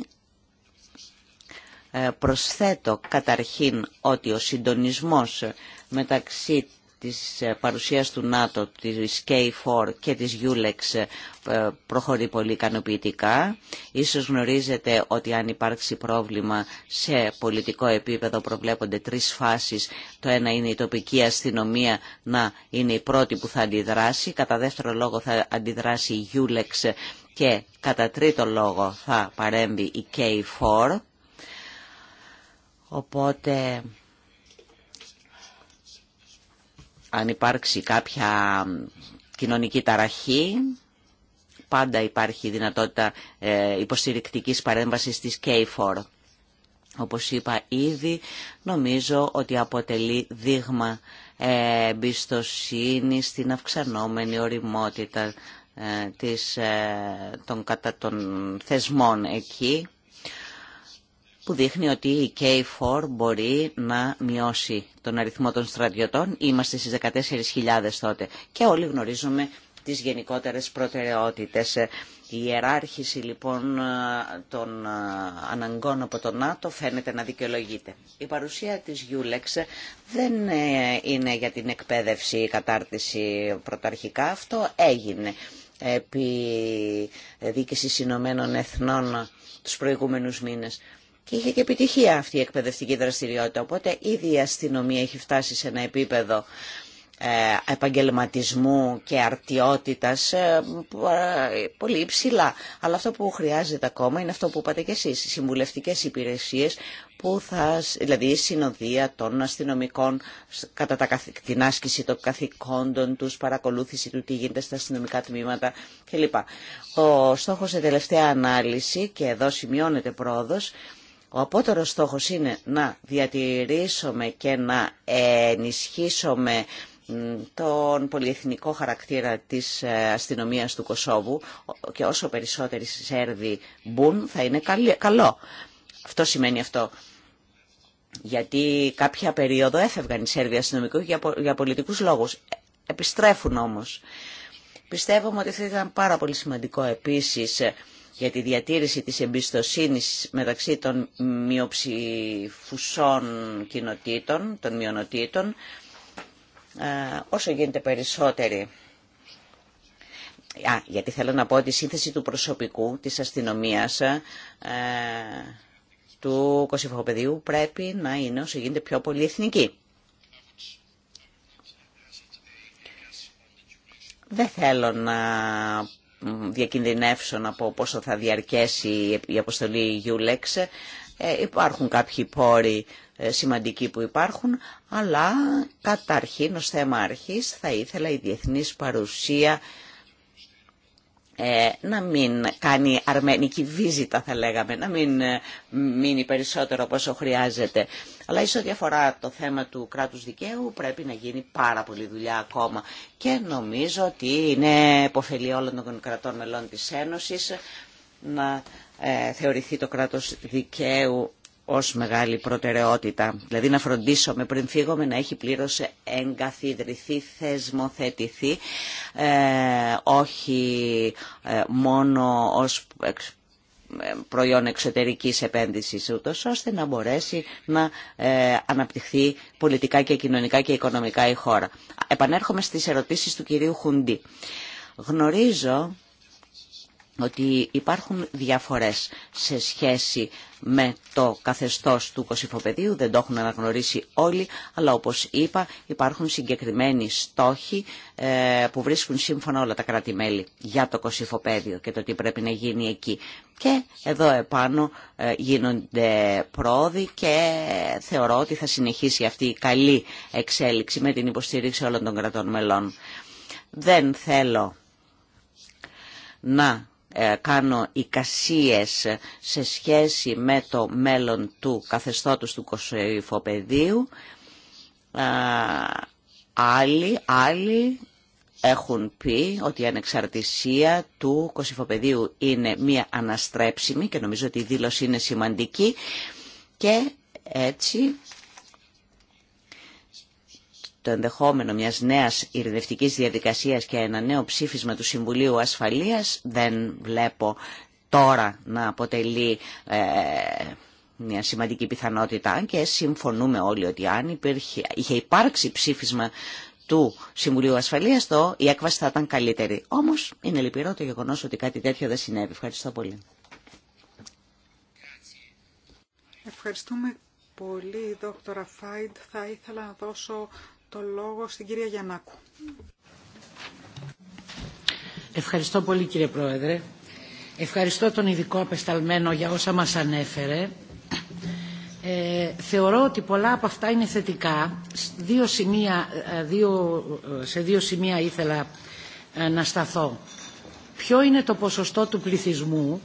[SPEAKER 5] ε, προσθέτω καταρχήν ότι ο συντονισμός μεταξύ της ε, παρουσίας του ΝΑΤΟ, της K4 και της ULEX ε, προχωρεί πολύ ικανοποιητικά. Ίσως γνωρίζετε ότι αν υπάρξει πρόβλημα σε πολιτικό επίπεδο προβλέπονται τρεις φάσεις. Το ένα είναι η τοπική αστυνομία να είναι η πρώτη που θα αντιδράσει. Κατά δεύτερο λόγο θα αντιδράσει η ULEX και κατά τρίτο λόγο θα παρέμβει η K4. Οπότε αν υπάρξει κάποια κοινωνική ταραχή, πάντα υπάρχει δυνατότητα ε, υποστηρικτικής παρέμβασης της K4. Όπως είπα ήδη, νομίζω ότι αποτελεί δείγμα ε, εμπιστοσύνη στην αυξανόμενη οριμότητα ε, της, των, των θεσμών εκεί που δείχνει ότι η K4 μπορεί να μειώσει τον αριθμό των στρατιωτών. Είμαστε στις 14.000 τότε και όλοι γνωρίζουμε τις γενικότερες προτεραιότητες. Η ιεράρχηση λοιπόν των αναγκών από τον ΝΑΤΟ φαίνεται να δικαιολογείται. Η παρουσία της Γιούλεξ δεν ε, είναι για την εκπαίδευση ή κατάρτιση πρωταρχικά. Αυτό έγινε επί δίκησης Ηνωμένων Εθνών τους προηγούμενους μήνες. Και είχε και επιτυχία αυτή η εκπαιδευτική δραστηριότητα. Οπότε ήδη η αστυνομία έχει φτάσει σε ένα επίπεδο ε, επαγγελματισμού και αρτιότητας ε, ε, πολύ υψηλά. Αλλά αυτό που χρειάζεται ακόμα είναι αυτό που είπατε και εσείς, συμβουλευτικές υπηρεσίες, που θα, δηλαδή η συνοδεία των αστυνομικών κατά τα, την άσκηση των καθηκόντων τους, παρακολούθηση του τι γίνεται στα αστυνομικά τμήματα κλπ. Ο στόχος σε τελευταία ανάλυση, και εδώ σημειώνεται πρόοδος, ο απότερος στόχος είναι να διατηρήσουμε και να ενισχύσουμε τον πολυεθνικό χαρακτήρα της ε, αστυνομίας του Κωσόβου και όσο περισσότεροι Σέρβοι μπουν θα είναι καλό. Αυτό σημαίνει αυτό. Γιατί κάποια περίοδο έφευγαν οι Σέρβοι αστυνομικοί για πολιτικούς λόγους. Επιστρέφουν όμως. Πιστεύουμε ότι θα ήταν πάρα πολύ σημαντικό επίσης ε, για τη διατήρηση της εμπιστοσύνης μεταξύ των μειοψηφουσών κοινοτήτων, των μειονοτήτων, ε, όσο γίνεται περισσότερη. γιατί θέλω να πω ότι η σύνθεση του προσωπικού της αστυνομίας ε, του Κωσυφοπεδίου πρέπει να είναι όσο γίνεται πιο πολυεθνική. Δεν θέλω να να από πόσο θα διαρκέσει η αποστολή Ulex. Ε, υπάρχουν κάποιοι πόροι ε, σημαντικοί που υπάρχουν, αλλά καταρχήν ως θέμα αρχής θα ήθελα η διεθνής παρουσία ε, να μην κάνει αρμενική βίζητα θα λέγαμε, να μην ε, μείνει περισσότερο όσο χρειάζεται. Αλλά ίσως διαφορά το θέμα του κράτους δικαίου πρέπει να γίνει πάρα πολλή δουλειά ακόμα και νομίζω ότι είναι υποφελή όλων των κρατών μελών της Ένωσης να ε, θεωρηθεί το κράτος δικαίου ως μεγάλη προτεραιότητα. Δηλαδή να φροντίσουμε πριν φύγουμε να έχει πλήρως εγκαθιδρυθεί, θεσμοθετηθεί, ε, όχι ε, μόνο ως ε, προϊόν εξωτερικής επένδυσης, ούτως ώστε να μπορέσει να αναπτυχθεί πολιτικά και κοινωνικά και οικονομικά η χώρα. Επανέρχομαι στις ερωτήσεις του κυρίου Χουντή. Γνωρίζω ότι υπάρχουν διαφορές σε σχέση με το καθεστώς του κοσυφοπεδίου, δεν το έχουν αναγνωρίσει όλοι, αλλά όπως είπα υπάρχουν συγκεκριμένοι στόχοι ε, που βρίσκουν σύμφωνα όλα τα κράτη-μέλη για το κοσυφοπέδιο και το τι πρέπει να γίνει εκεί. Και εδώ επάνω ε, γίνονται πρόοδοι και θεωρώ ότι θα συνεχίσει αυτή η καλή εξέλιξη με την υποστήριξη όλων των κρατών μελών. Δεν θέλω να ε, κάνω εικασίες σε σχέση με το μέλλον του καθεστώτος του κοσοϊφοπεδίου. Άλλοι, άλλοι έχουν πει ότι η ανεξαρτησία του κοσυφοπεδίου είναι μία αναστρέψιμη και νομίζω ότι η δήλωση είναι σημαντική και έτσι το ενδεχόμενο μιας νέας ειρηνευτικής διαδικασίας και ένα νέο ψήφισμα του Συμβουλίου Ασφαλείας δεν βλέπω τώρα να αποτελεί ε, μια σημαντική πιθανότητα, και συμφωνούμε όλοι ότι αν υπήρχε, είχε υπάρξει ψήφισμα του Συμβουλίου Ασφαλείας, το, η έκβαση θα ήταν καλύτερη. Όμως είναι λυπηρό το γεγονός ότι κάτι τέτοιο δεν συνέβη. Ευχαριστώ πολύ.
[SPEAKER 2] Ευχαριστούμε πολύ, δόκτωρα Φάιντ. Θα ήθελα να δώσω το λόγο στην κυρία Γιαννάκου.
[SPEAKER 6] Ευχαριστώ πολύ κύριε Πρόεδρε. Ευχαριστώ τον ειδικό απεσταλμένο για όσα μας ανέφερε. Ε, θεωρώ ότι πολλά από αυτά είναι θετικά. Δύο σημεία, ε, ε, σε δύο σημεία ήθελα ε, να σταθώ. Ποιο είναι το ποσοστό του πληθυσμού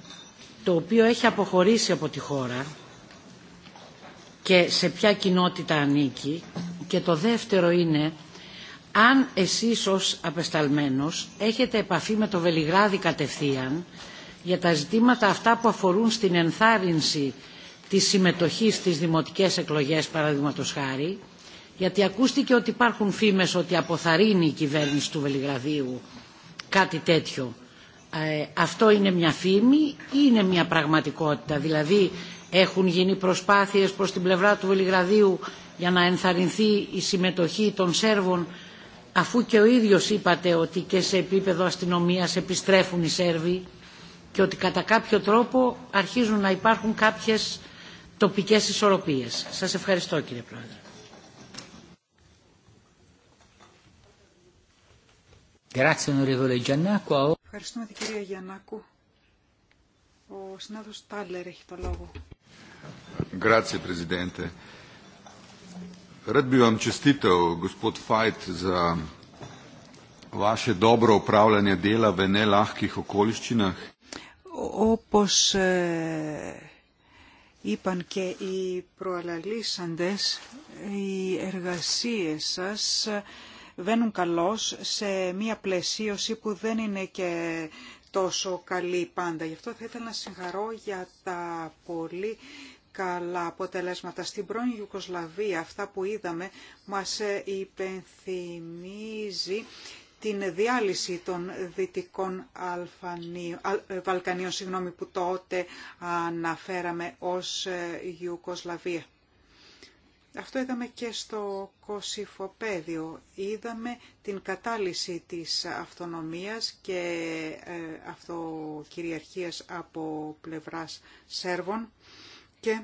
[SPEAKER 6] το οποίο έχει αποχωρήσει από τη χώρα και σε ποια κοινότητα ανήκει και το δεύτερο είναι αν εσείς ως απεσταλμένος έχετε επαφή με το Βελιγράδι κατευθείαν για τα ζητήματα αυτά που αφορούν στην ενθάρρυνση της συμμετοχής στις δημοτικές εκλογές παραδείγματο χάρη γιατί ακούστηκε ότι υπάρχουν φήμες ότι αποθαρρύνει η κυβέρνηση του Βελιγραδίου κάτι τέτοιο. Ε, αυτό είναι μια φήμη ή είναι μια πραγματικότητα. Δηλαδή έχουν γίνει προσπάθειες προς την πλευρά του Βελιγραδίου για να ενθαρρυνθεί η συμμετοχή των Σέρβων αφού και ο ίδιος είπατε ότι και σε επίπεδο αστυνομίας επιστρέφουν οι Σέρβοι και ότι κατά κάποιο τρόπο αρχίζουν να υπάρχουν κάποιες τοπικές ισορροπίες. Σας ευχαριστώ κύριε Πρόεδρε.
[SPEAKER 1] Ευχαριστούμε
[SPEAKER 2] την κυρία Γιαννάκου. Ο συνάδελφος Τάλλερ έχει το λόγο.
[SPEAKER 3] Rad bi vam čestitev, gospod Fajt, za vaše dobro upravljanje dela v nelahkih okoliščinah.
[SPEAKER 2] Όπως ε, είπαν και οι προαλλαλήσαντες, οι εργασίες σας βαίνουν καλώς σε μια πλαισίωση που δεν είναι και τόσο καλή πάντα. Γι' αυτό θα ήθελα να συγχαρώ για τα πολύ καλά αποτελέσματα. Στην πρώην Ιουκοσλαβία αυτά που είδαμε μας υπενθυμίζει την διάλυση των Δυτικών Αλφανίων, ε, Βαλκανίων που τότε αναφέραμε ως ε, Ιουκοσλαβία. Αυτό είδαμε και στο Κωσυφοπαίδιο. Είδαμε την κατάλυση της αυτονομίας και ε, αυτοκυριαρχίας από πλευράς Σέρβων και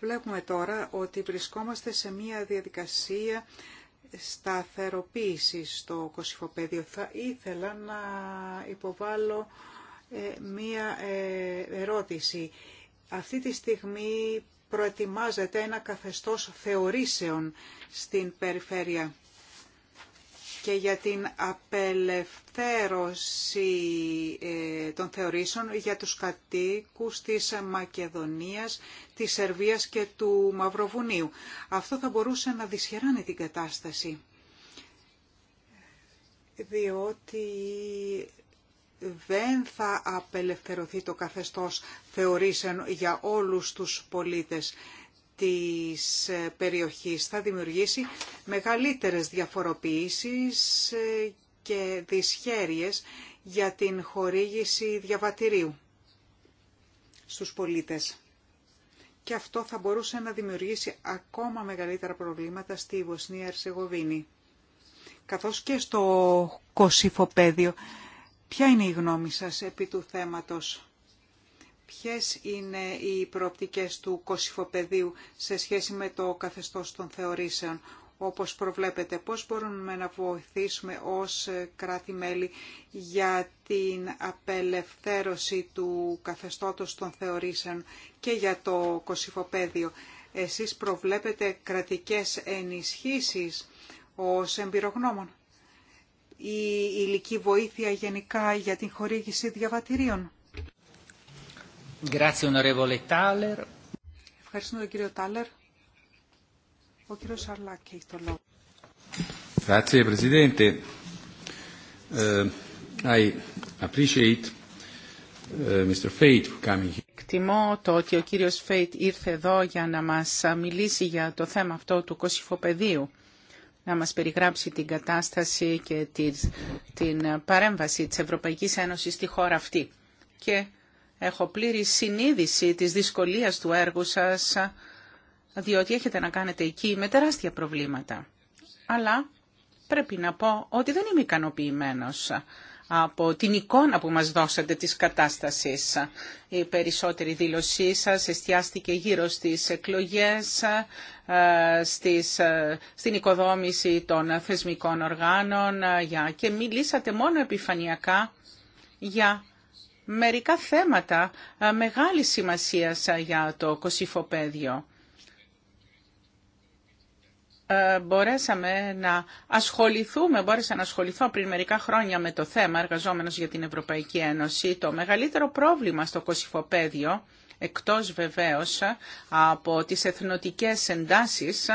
[SPEAKER 2] βλέπουμε τώρα ότι βρισκόμαστε σε μια διαδικασία σταθεροποίηση στο κοσυφοπέδιο. Θα ήθελα να υποβάλω ε, μία ε, ερώτηση. Αυτή τη στιγμή προετοιμάζεται ένα καθεστώς θεωρήσεων στην περιφέρεια και για την απελευθέρωση ε, των θεωρήσεων για τους κατοίκους της Μακεδονίας, της Σερβίας και του Μαυροβουνίου. Αυτό θα μπορούσε να δυσχεράνει την κατάσταση, διότι δεν θα απελευθερωθεί το καθεστώς θεωρήσεων για όλους τους πολίτες της ε, περιοχής θα δημιουργήσει μεγαλύτερες διαφοροποιήσεις ε, και δυσχέρειες για την χορήγηση διαβατηρίου στους πολίτες. Και αυτό θα μπορούσε να δημιουργήσει ακόμα μεγαλύτερα προβλήματα στη Βοσνία Ερσεγοβίνη. Καθώς και στο κοσυφοπέδιο. Ποια είναι η γνώμη σας επί του θέματος. Ποιες είναι οι προοπτικές του κοσυφοπεδίου σε σχέση με το καθεστώς των θεωρήσεων, όπως προβλέπετε. Πώς μπορούμε να βοηθήσουμε ως κράτη-μέλη για την απελευθέρωση του καθεστώτος των θεωρήσεων και για το κοσιφοπέδιο; Εσείς προβλέπετε κρατικές ενισχύσεις ως εμπειρογνώμων ή ηλική βοήθεια γενικά για την χορήγηση διαβατηρίων. Ευχαριστούμε τον κύριο Τάλερ. Ο κύριος Σαρλάκη έχει το λόγο.
[SPEAKER 1] Grazie
[SPEAKER 3] Presidente. Uh, I appreciate uh, ε, Mr. Fate coming here.
[SPEAKER 4] Εκτιμώ το ότι ο κύριος Φέιτ ήρθε εδώ για να μας μιλήσει για το θέμα αυτό του κοσυφοπεδίου, να μας περιγράψει την κατάσταση και την παρέμβαση της Ευρωπαϊκής Ένωσης στη χώρα αυτή. Και Έχω πλήρη συνείδηση της δυσκολίας του έργου σας, διότι έχετε να κάνετε εκεί με τεράστια προβλήματα. Αλλά πρέπει να πω ότι δεν είμαι ικανοποιημένο από την εικόνα που μας δώσατε της κατάστασης. Η περισσότερη δήλωσή σας εστιάστηκε γύρω στις εκλογές, ε, ε, στην οικοδόμηση των θεσμικών οργάνων ε, και μιλήσατε μόνο επιφανειακά για μερικά θέματα ε, μεγάλης σημασίας για το Κωσυφοπαίδιο. Ε, μπορέσαμε να ασχοληθούμε, μπόρεσα να ασχοληθώ πριν μερικά χρόνια με το θέμα εργαζόμενος για την Ευρωπαϊκή Ένωση. Το μεγαλύτερο πρόβλημα στο Κωσυφοπαίδιο, εκτός βεβαίως από τις εθνοτικές εντάσεις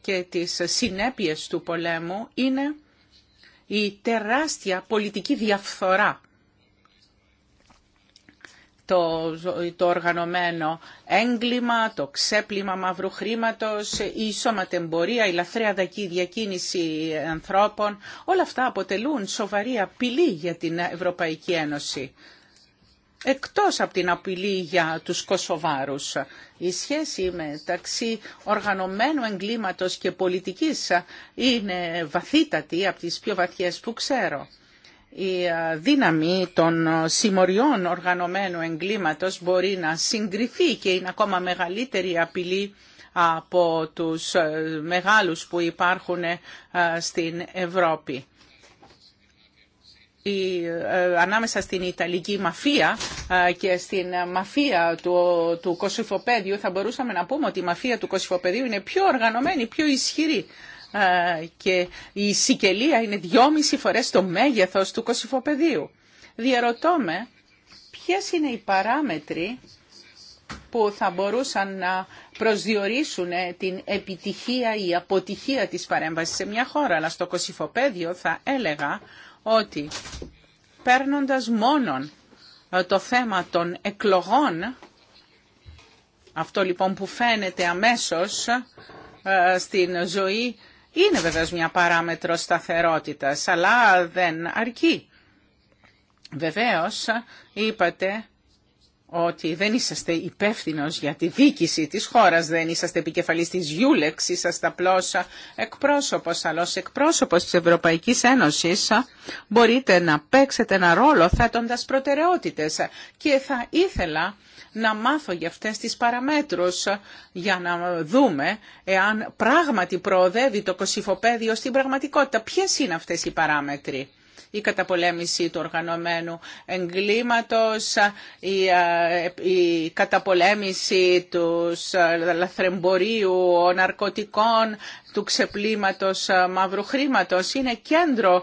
[SPEAKER 4] και τις συνέπειες του πολέμου, είναι η τεράστια πολιτική διαφθορά το, το οργανωμένο έγκλημα, το ξέπλυμα μαύρου χρήματος, η σωματεμπορία, η λαθρέα διακίνηση ανθρώπων, όλα αυτά αποτελούν σοβαρή απειλή για την Ευρωπαϊκή Ένωση. Εκτός από την απειλή για τους Κωσοβάρους, η σχέση μεταξύ οργανωμένου εγκλήματος και πολιτικής είναι βαθύτατη από τις πιο βαθιές που ξέρω η ε, δύναμη των ε, συμμοριών οργανωμένου εγκλήματος μπορεί να συγκριθεί και είναι ακόμα μεγαλύτερη απειλή από τους ε, μεγάλους που υπάρχουν στην Ευρώπη. Η, ανάμεσα στην Ιταλική μαφία και στην μαφία του, του Κωσυφοπέδιου θα μπορούσαμε να πούμε ότι η μαφία του Κωσυφοπεδίου είναι πιο οργανωμένη, πιο ισχυρή ε, και η Σικελία είναι δυόμιση φορές το μέγεθος του Κωσυφοπεδίου. Διαρωτώ με ποιες είναι οι παράμετροι που θα μπορούσαν να προσδιορίσουν την επιτυχία ή αποτυχία της παρέμβασης σε μια χώρα. Αλλά στο Κωσυφοπέδιο θα έλεγα ότι παίρνοντας μόνον ε, το θέμα των εκλογών, αυτό λοιπόν που φαίνεται αμέσως ε, στην ζωή είναι βεβαίως μια παράμετρο σταθερότητας, αλλά δεν αρκεί. Βεβαίως είπατε ότι δεν είσαστε υπεύθυνο για τη δίκηση της χώρας, δεν είσαστε επικεφαλής της Γιούλεξ, είσαστε απλώ εκπρόσωπος, αλλά εκπρόσωπος της Ευρωπαϊκής Ένωσης μπορείτε να παίξετε ένα ρόλο θέτοντας προτεραιότητες και θα ήθελα να μάθω για αυτές τις παραμέτρους για να δούμε εάν πράγματι προοδεύει το κοσυφοπέδιο στην πραγματικότητα. Ποιες είναι αυτές οι παράμετροι η καταπολέμηση του οργανωμένου εγκλήματος, η, η καταπολέμηση του λαθρεμπορίου ναρκωτικών, του ξεπλήματος μαύρου χρήματος. Είναι κέντρο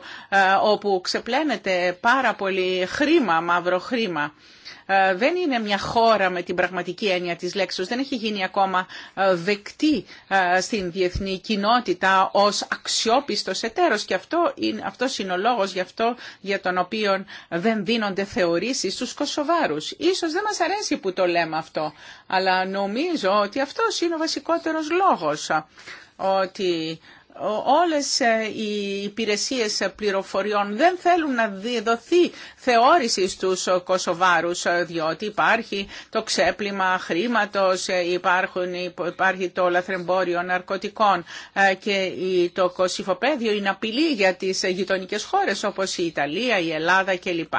[SPEAKER 4] όπου ξεπλένεται πάρα πολύ χρήμα, μαύρο χρήμα. Ε, δεν είναι μια χώρα με την πραγματική έννοια της λέξης. Δεν έχει γίνει ακόμα ε, δεκτή ε, στην διεθνή κοινότητα ως αξιόπιστος εταίρος και αυτό είναι, αυτός είναι ο λόγος αυτό, για τον οποίο δεν δίνονται θεωρήσεις στους Κωσοβάρους. Ίσως δεν μας αρέσει που το λέμε αυτό, αλλά νομίζω ότι αυτός είναι ο βασικότερος λόγος ότι όλες ε, οι υπηρεσίες πληροφοριών δεν θέλουν να δοθεί θεώρηση στους Κωσοβάρους ε, διότι υπάρχει το ξέπλυμα χρήματος, ε, υπάρχουν, υπάρχει το λαθρεμπόριο ναρκωτικών και το κοσυφοπαίδιο είναι απειλή για τις γειτονικές χώρες όπως η Ιταλία, η Ελλάδα κλπ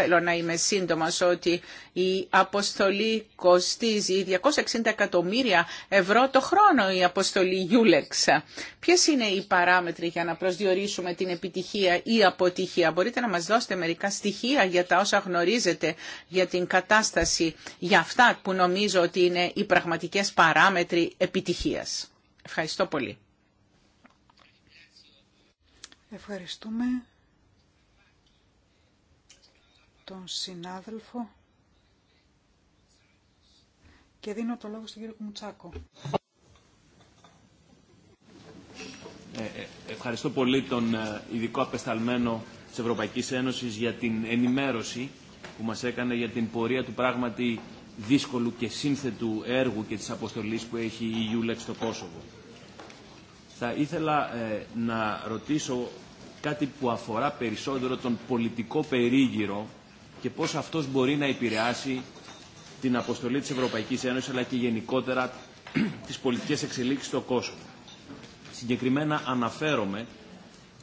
[SPEAKER 4] θέλω να είμαι σύντομα ότι η αποστολή κοστίζει 260 εκατομμύρια ευρώ το χρόνο η αποστολή Ulex. Ποιε είναι οι παράμετροι για να προσδιορίσουμε την επιτυχία ή αποτυχία. Μπορείτε να μας δώσετε μερικά στοιχεία για τα όσα γνωρίζετε για την κατάσταση, για αυτά που νομίζω ότι είναι οι πραγματικές παράμετροι επιτυχίας. Ευχαριστώ πολύ.
[SPEAKER 2] Ευχαριστούμε τον συνάδελφο και δίνω το λόγο στον κύριο Κουμουτσάκο.
[SPEAKER 7] Ε, ε ευχαριστώ πολύ τον ε, ειδικό απεσταλμένο της Ευρωπαϊκής Ένωσης για την ενημέρωση που μας έκανε για την πορεία του πράγματι δύσκολου και σύνθετου έργου και της αποστολής που έχει η Ιούλεξ στο Κόσοβο. Θα ήθελα ε, να ρωτήσω κάτι που αφορά περισσότερο τον πολιτικό περίγυρο και πώς αυτός μπορεί να επηρεάσει την αποστολή της Ευρωπαϊκής Ένωσης αλλά και γενικότερα τις πολιτικές εξελίξεις στο κόσμο. Συγκεκριμένα αναφέρομαι,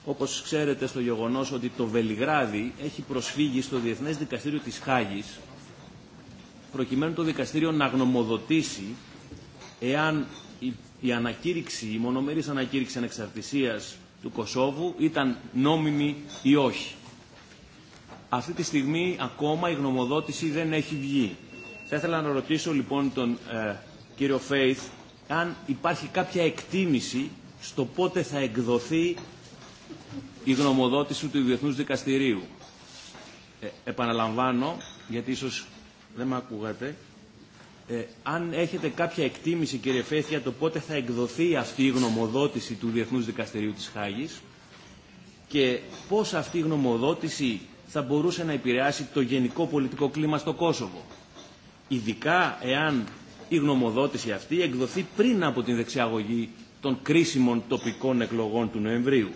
[SPEAKER 7] όπως ξέρετε, στο γεγονός ότι το Βελιγράδι έχει προσφύγει στο Διεθνές Δικαστήριο της Χάγης προκειμένου το δικαστήριο να γνωμοδοτήσει εάν η ανακήρυξη, η μονομερής ανακήρυξη ανεξαρτησίας του Κωσόβου ήταν νόμιμη ή όχι. Αυτή τη στιγμή ακόμα η γνωμοδότηση δεν έχει βγει. Θα ήθελα να ρωτήσω λοιπόν τον ε, κύριο Φέιθ αν υπάρχει κάποια εκτίμηση στο πότε θα εκδοθεί η γνωμοδότηση του Διεθνούς Δικαστηρίου. Ε, επαναλαμβάνω, γιατί ίσως δεν με ακούγατε, ε, αν έχετε κάποια εκτίμηση κύριε Φέιθ για το πότε θα εκδοθεί αυτή η γνωμοδότηση του Διεθνούς Δικαστηρίου της Χάγης και πώς αυτή η γνωμοδότηση θα μπορούσε να επηρεάσει το γενικό πολιτικό κλίμα στο Κόσοβο. Ειδικά εάν η γνωμοδότηση αυτή εκδοθεί πριν από την δεξιαγωγή των κρίσιμων τοπικών εκλογών του Νοεμβρίου.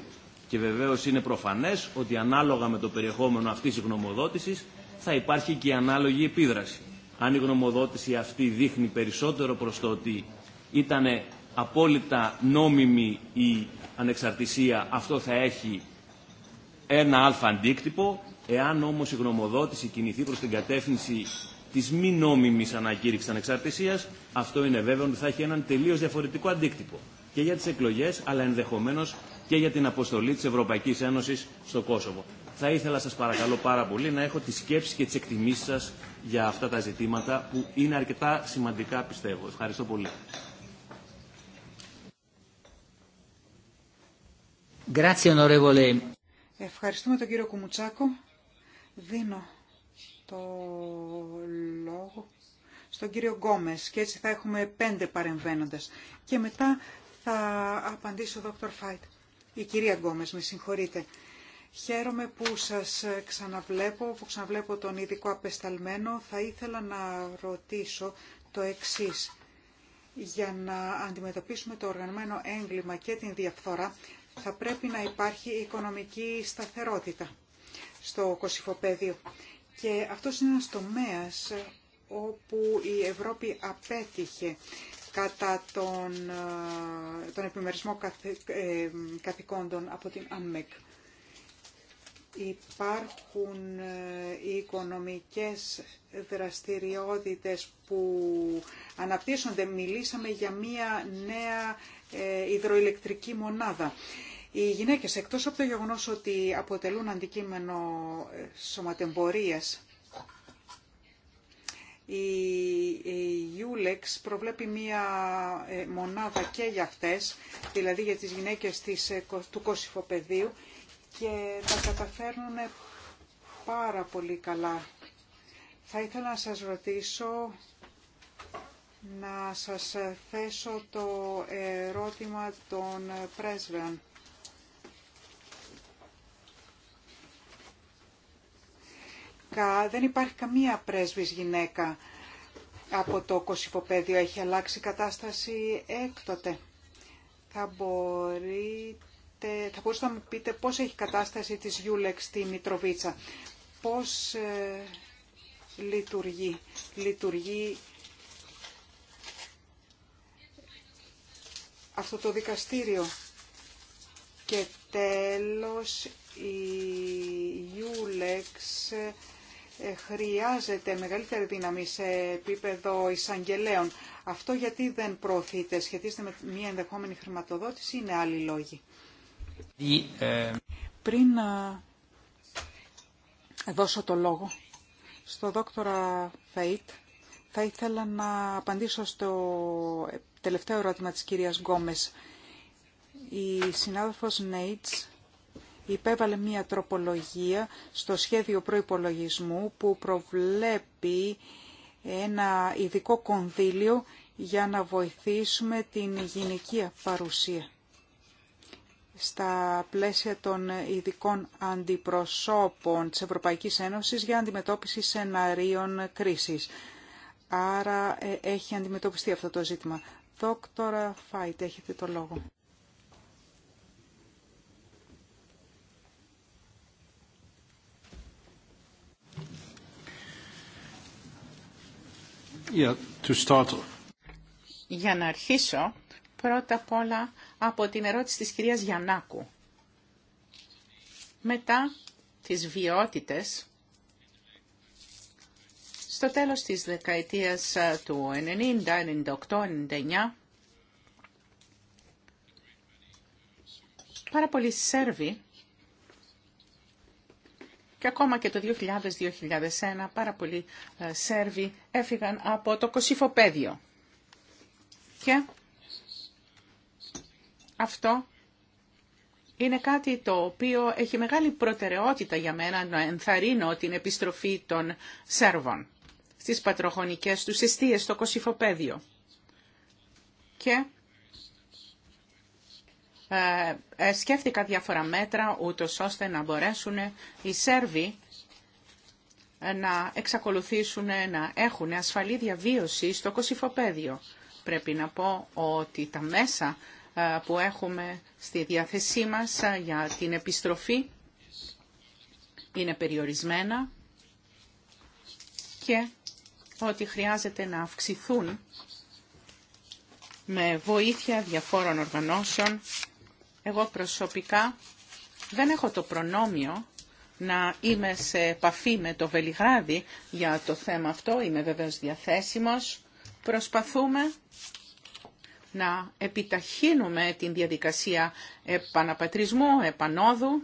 [SPEAKER 7] Και βεβαίως είναι προφανές ότι ανάλογα με το περιεχόμενο αυτής της γνωμοδότησης θα υπάρχει και η ανάλογη επίδραση. Αν η γνωμοδότηση αυτή δείχνει περισσότερο προς το ότι ήταν απόλυτα νόμιμη η ανεξαρτησία, αυτό θα έχει ένα αλφα αντίκτυπο. Εάν όμω η γνωμοδότηση κινηθεί προ την κατεύθυνση τη μη νόμιμη ανακήρυξη ανεξαρτησία. αυτό είναι βέβαιο ότι θα έχει έναν τελείω διαφορετικό αντίκτυπο και για τι εκλογέ, αλλά ενδεχομένω και για την αποστολή τη Ευρωπαϊκή Ένωση στο Κόσοβο. Θα ήθελα σα παρακαλώ πάρα πολύ να έχω τι σκέψει και τι εκτιμήσει σα για αυτά τα ζητήματα που είναι αρκετά σημαντικά πιστεύω. Ευχαριστώ πολύ.
[SPEAKER 2] Ευχαριστούμε τον κύριο Κουμουτσάκο. Δίνω το λόγο στον κύριο Γκόμες και έτσι θα έχουμε πέντε παρεμβαίνοντας. Και μετά θα απαντήσω ο Δόκτωρ Φάιτ. Η κυρία Γκόμες, με συγχωρείτε. Χαίρομαι που σας ξαναβλέπω, που ξαναβλέπω τον ειδικό απεσταλμένο. Θα ήθελα να ρωτήσω το εξής. Για να αντιμετωπίσουμε το οργανωμένο έγκλημα και την διαφθορά, θα πρέπει να υπάρχει οικονομική σταθερότητα στο Κωσυφοπέδιο Και αυτός είναι ένας τομέας όπου η Ευρώπη απέτυχε κατά τον, τον επιμερισμό ε, καθηκόντων από την ΑΝΜΕΚ. Υπάρχουν ε, οι οικονομικές δραστηριότητες που αναπτύσσονται. Μιλήσαμε για μία νέα ε, υδροηλεκτρική μονάδα. Οι γυναίκες, εκτός από το γεγονός ότι αποτελούν αντικείμενο ε, σωματεμπορίας, η Ιούλεξ προβλέπει μία ε, μονάδα και για αυτές, δηλαδή για τις γυναίκες της, ε, του Κωσυφοπεδίου και τα καταφέρνουν πάρα πολύ καλά. Θα ήθελα να σας ρωτήσω, να σας θέσω το ερώτημα των πρέσβεων. δεν υπάρχει καμία πρέσβης γυναίκα από το κοσυφοπέδιο. Έχει αλλάξει η κατάσταση έκτοτε. Θα μπορείτε, θα μπορούσατε να μου πείτε πώς έχει κατάσταση της Γιούλεξ στη Μητροβίτσα. Πώς ε, λειτουργεί. Λειτουργεί αυτό το δικαστήριο. Και τέλος η Γιούλεξ ε, χρειάζεται μεγαλύτερη δύναμη σε επίπεδο εισαγγελέων. Αυτό γιατί δεν προωθείται, σχετίζεται με μια ενδεχόμενη χρηματοδότηση, είναι άλλοι λόγοι. Ε, Πριν να ε, δώσω το λόγο στο δόκτορα Φέιτ θα ήθελα να απαντήσω στο τελευταίο ερώτημα της κυρίας Γκόμες. Η συνάδελφος Νέιτς υπέβαλε μία τροπολογία στο σχέδιο προϋπολογισμού που προβλέπει ένα ειδικό κονδύλιο για να βοηθήσουμε την γυναικεία παρουσία στα πλαίσια των ειδικών αντιπροσώπων της Ευρωπαϊκής Ένωσης για αντιμετώπιση σεναρίων κρίσης. Άρα ε, έχει αντιμετωπιστεί αυτό το ζήτημα. Δόκτωρα Φάιτ, έχετε το λόγο.
[SPEAKER 4] Για να αρχίσω, πρώτα απ' όλα από την ερώτηση της κυρίας Γιαννάκου. Μετά τις βιότητες, στο τέλος της δεκαετίας ε, του 90, 98, 99, πάρα πολλοί Σέρβοι και ακόμα και το 2000-2001 πάρα πολλοί ε, Σέρβοι έφυγαν από το Κωσυφοπέδιο. Και αυτό είναι κάτι το οποίο έχει μεγάλη προτεραιότητα για μένα να ενθαρρύνω την επιστροφή των Σέρβων στις πατροχονικές τους εστίες στο Κωσυφοπέδιο. Και ε, ε, σκέφτηκα διάφορα μέτρα ούτως ώστε να μπορέσουν οι Σέρβοι ε, να εξακολουθήσουν να έχουν ασφαλή διαβίωση στο κοσυφοπέδιο. Πρέπει να πω ότι τα μέσα που έχουμε στη διάθεσή μας για την επιστροφή είναι περιορισμένα και ότι χρειάζεται να αυξηθούν με βοήθεια διαφόρων οργανώσεων εγώ προσωπικά δεν έχω το προνόμιο να είμαι σε επαφή με το Βελιγράδι για το θέμα αυτό. Είμαι βεβαίως διαθέσιμος. Προσπαθούμε να επιταχύνουμε την διαδικασία επαναπατρισμού, επανόδου.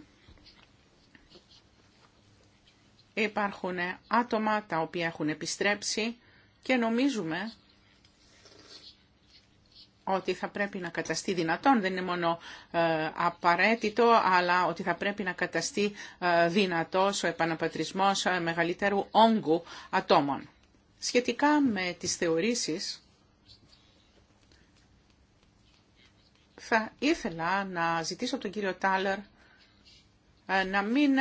[SPEAKER 4] Υπάρχουν άτομα τα οποία έχουν επιστρέψει και νομίζουμε ότι θα πρέπει να καταστεί δυνατόν, δεν είναι μόνο ε, απαραίτητο, αλλά ότι θα πρέπει να καταστεί ε, δυνατός ο επαναπατρισμός ε, μεγαλύτερου όγκου ατόμων. Σχετικά με τις θεωρήσεις, θα ήθελα να ζητήσω από τον κύριο Τάλερ να μην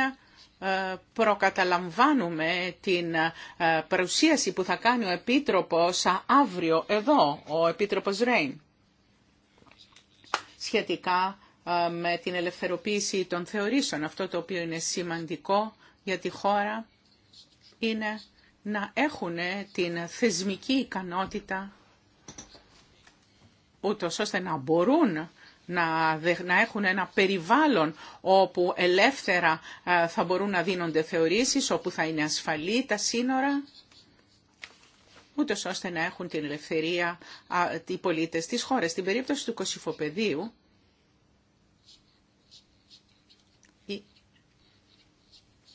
[SPEAKER 4] προκαταλαμβάνουμε την παρουσίαση που θα κάνει ο Επίτροπος αύριο εδώ, ο Επίτροπος Ρέιν σχετικά ε, με την ελευθεροποίηση των θεωρήσεων. Αυτό το οποίο είναι σημαντικό για τη χώρα είναι να έχουν ε, την θεσμική ικανότητα ούτως ώστε να μπορούν να έχουν ένα περιβάλλον όπου ελεύθερα ε, θα μπορούν να δίνονται θεωρήσεις, όπου θα είναι ασφαλή τα σύνορα ούτε ώστε να έχουν την ελευθερία οι πολίτες της χώρας. Στην περίπτωση του Κωσυφοπεδίου,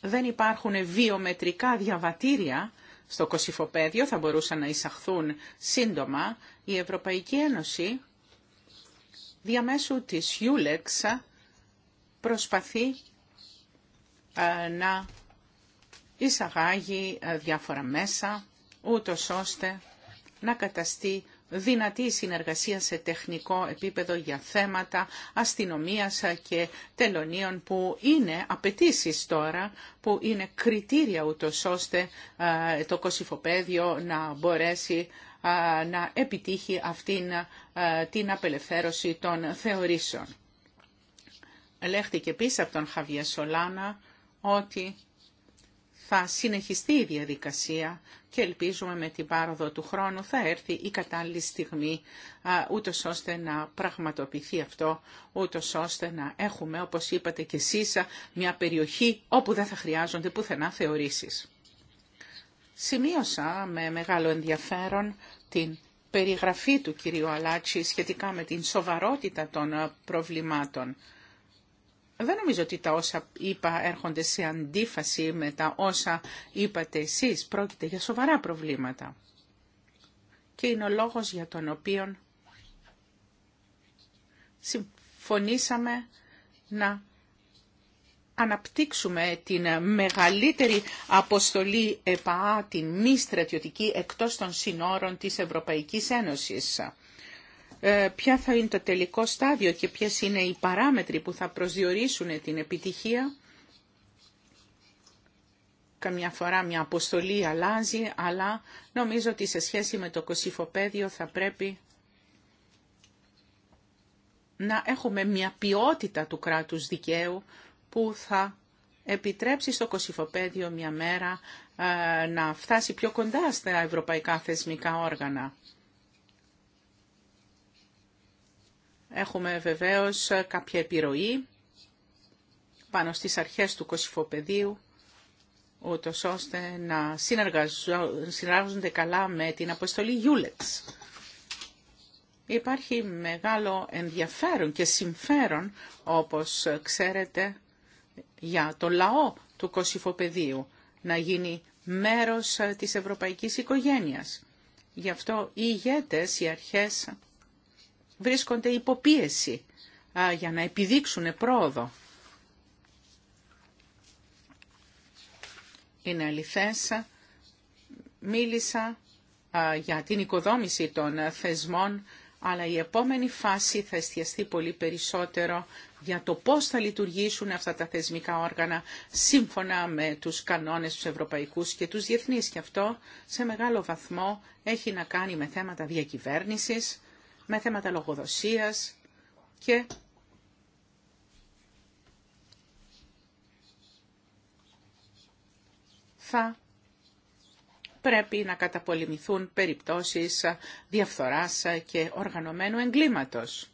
[SPEAKER 4] δεν υπάρχουν βιομετρικά διαβατήρια στο Κωσυφοπέδιο, θα μπορούσαν να εισαχθούν σύντομα. Η Ευρωπαϊκή Ένωση διαμέσου της Ιούλεξ προσπαθεί ε, να εισαγάγει ε, διάφορα μέσα ούτως ώστε να καταστεί δυνατή συνεργασία σε τεχνικό επίπεδο για θέματα αστυνομίας και τελωνίων που είναι απαιτήσει τώρα, που είναι κριτήρια ούτως ώστε το κοσυφοπέδιο να μπορέσει να επιτύχει αυτήν την απελευθέρωση των θεωρήσεων. Ελέγχθηκε επίσης από τον Χαβιέ Σολάνα ότι θα συνεχιστεί η διαδικασία και ελπίζουμε με την πάροδο του χρόνου θα έρθει η κατάλληλη στιγμή ούτω ώστε να πραγματοποιηθεί αυτό, ούτω ώστε να έχουμε, όπως είπατε και εσείς, μια περιοχή όπου δεν θα χρειάζονται πουθενά θεωρήσεις. Σημείωσα με μεγάλο ενδιαφέρον την περιγραφή του κυρίου Αλάτσι σχετικά με την σοβαρότητα των προβλημάτων δεν νομίζω ότι τα όσα είπα έρχονται σε αντίφαση με τα όσα είπατε εσείς. Πρόκειται για σοβαρά προβλήματα. Και είναι ο λόγος για τον οποίο συμφωνήσαμε να αναπτύξουμε την μεγαλύτερη αποστολή ΕΠΑΑ, την μη στρατιωτική, εκτός των συνόρων της Ευρωπαϊκής Ένωσης. Ε, ποια θα είναι το τελικό στάδιο και ποιες είναι οι παράμετροι που θα προσδιορίσουν την επιτυχία. Καμιά φορά μια αποστολή αλλάζει, αλλά νομίζω ότι σε σχέση με το κοσυφοπέδιο θα πρέπει να έχουμε μια ποιότητα του κράτους δικαίου που θα επιτρέψει στο κοσυφοπέδιο μια μέρα ε, να φτάσει πιο κοντά στα ευρωπαϊκά θεσμικά όργανα. Έχουμε βεβαίως κάποια επιρροή πάνω στις αρχές του κοσυφοπεδίου, ούτω ώστε να συνεργάζονται καλά με την αποστολή Γιούλεξ. Υπάρχει μεγάλο ενδιαφέρον και συμφέρον, όπως ξέρετε, για το λαό του Κωσυφοπεδίου να γίνει μέρος της ευρωπαϊκής οικογένειας. Γι' αυτό οι ηγέτες, οι αρχές βρίσκονται υποπίεση για να επιδείξουν πρόοδο. Είναι αληθές, μίλησα για την οικοδόμηση των θεσμών, αλλά η επόμενη φάση θα εστιαστεί πολύ περισσότερο για το πώς θα λειτουργήσουν αυτά τα θεσμικά όργανα σύμφωνα με τους κανόνες τους ευρωπαϊκούς και τους διεθνείς. Και αυτό σε μεγάλο βαθμό έχει να κάνει με θέματα διακυβέρνησης, με θέματα λογοδοσίας και θα πρέπει να καταπολεμηθούν περιπτώσεις διαφθοράς και οργανωμένου εγκλήματος.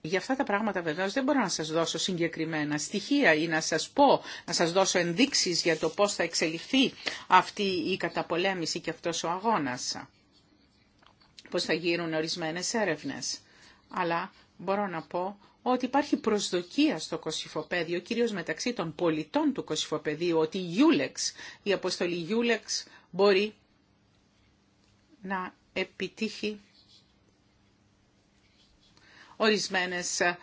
[SPEAKER 4] Για αυτά τα πράγματα βεβαίως δεν μπορώ να σας δώσω συγκεκριμένα στοιχεία ή να σας πω, να σας δώσω ενδείξεις για το πώς θα εξελιχθεί αυτή η καταπολέμηση και αυτός ο αγώνας πως θα γίνουν ορισμένες έρευνες. Αλλά μπορώ να πω ότι υπάρχει προσδοκία στο Κωσυφοπέδιο, κυρίως μεταξύ των πολιτών του Κωσυφοπεδίου, ότι η Ιούλεξ, η αποστολή Ιούλεξ μπορεί να επιτύχει ορισμένες ε,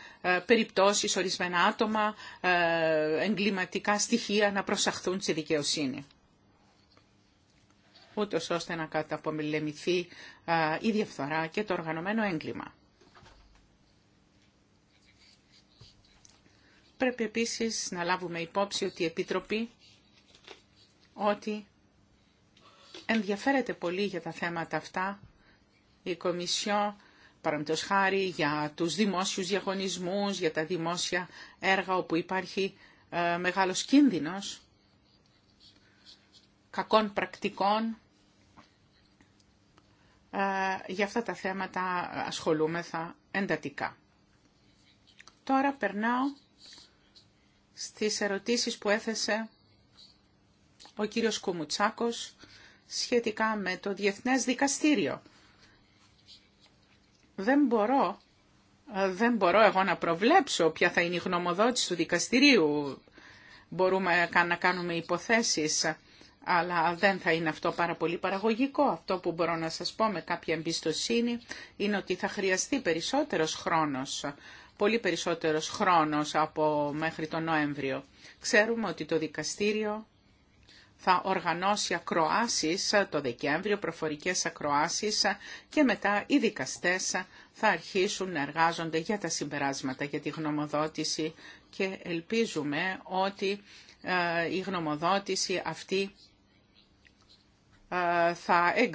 [SPEAKER 4] περιπτώσεις, ορισμένα άτομα, ε, εγκληματικά στοιχεία να προσαχθούν στη δικαιοσύνη. Ούτω ώστε να καταπομιλεμηθεί η διαφθορά και το οργανωμένο έγκλημα. Πρέπει επίσης να λάβουμε υπόψη ότι η Επίτροπη ότι ενδιαφέρεται πολύ για τα θέματα αυτά η Κομισιό παραμετός χάρη για τους δημόσιους διαγωνισμούς, για τα δημόσια έργα όπου υπάρχει ε, μεγάλος κίνδυνος κακών πρακτικών ε, για αυτά τα θέματα ασχολούμεθα εντατικά. Τώρα περνάω στις ερωτήσεις που έθεσε ο κύριος Κουμουτσάκος σχετικά με το Διεθνές Δικαστήριο. Δεν μπορώ, ε, δεν μπορώ εγώ να προβλέψω ποια θα είναι η γνωμοδότηση του δικαστηρίου. Μπορούμε να κάνουμε υποθέσεις αλλά δεν θα είναι αυτό πάρα πολύ παραγωγικό. Αυτό που μπορώ να σας πω με κάποια εμπιστοσύνη είναι ότι θα χρειαστεί περισσότερος χρόνος, πολύ περισσότερος χρόνος από μέχρι τον Νοέμβριο. Ξέρουμε ότι το δικαστήριο θα οργανώσει ακροάσεις το Δεκέμβριο, προφορικές ακροάσεις και μετά οι δικαστές θα αρχίσουν να εργάζονται για τα συμπεράσματα, για τη γνωμοδότηση και ελπίζουμε ότι ε, η γνωμοδότηση αυτή ε, θα, ε,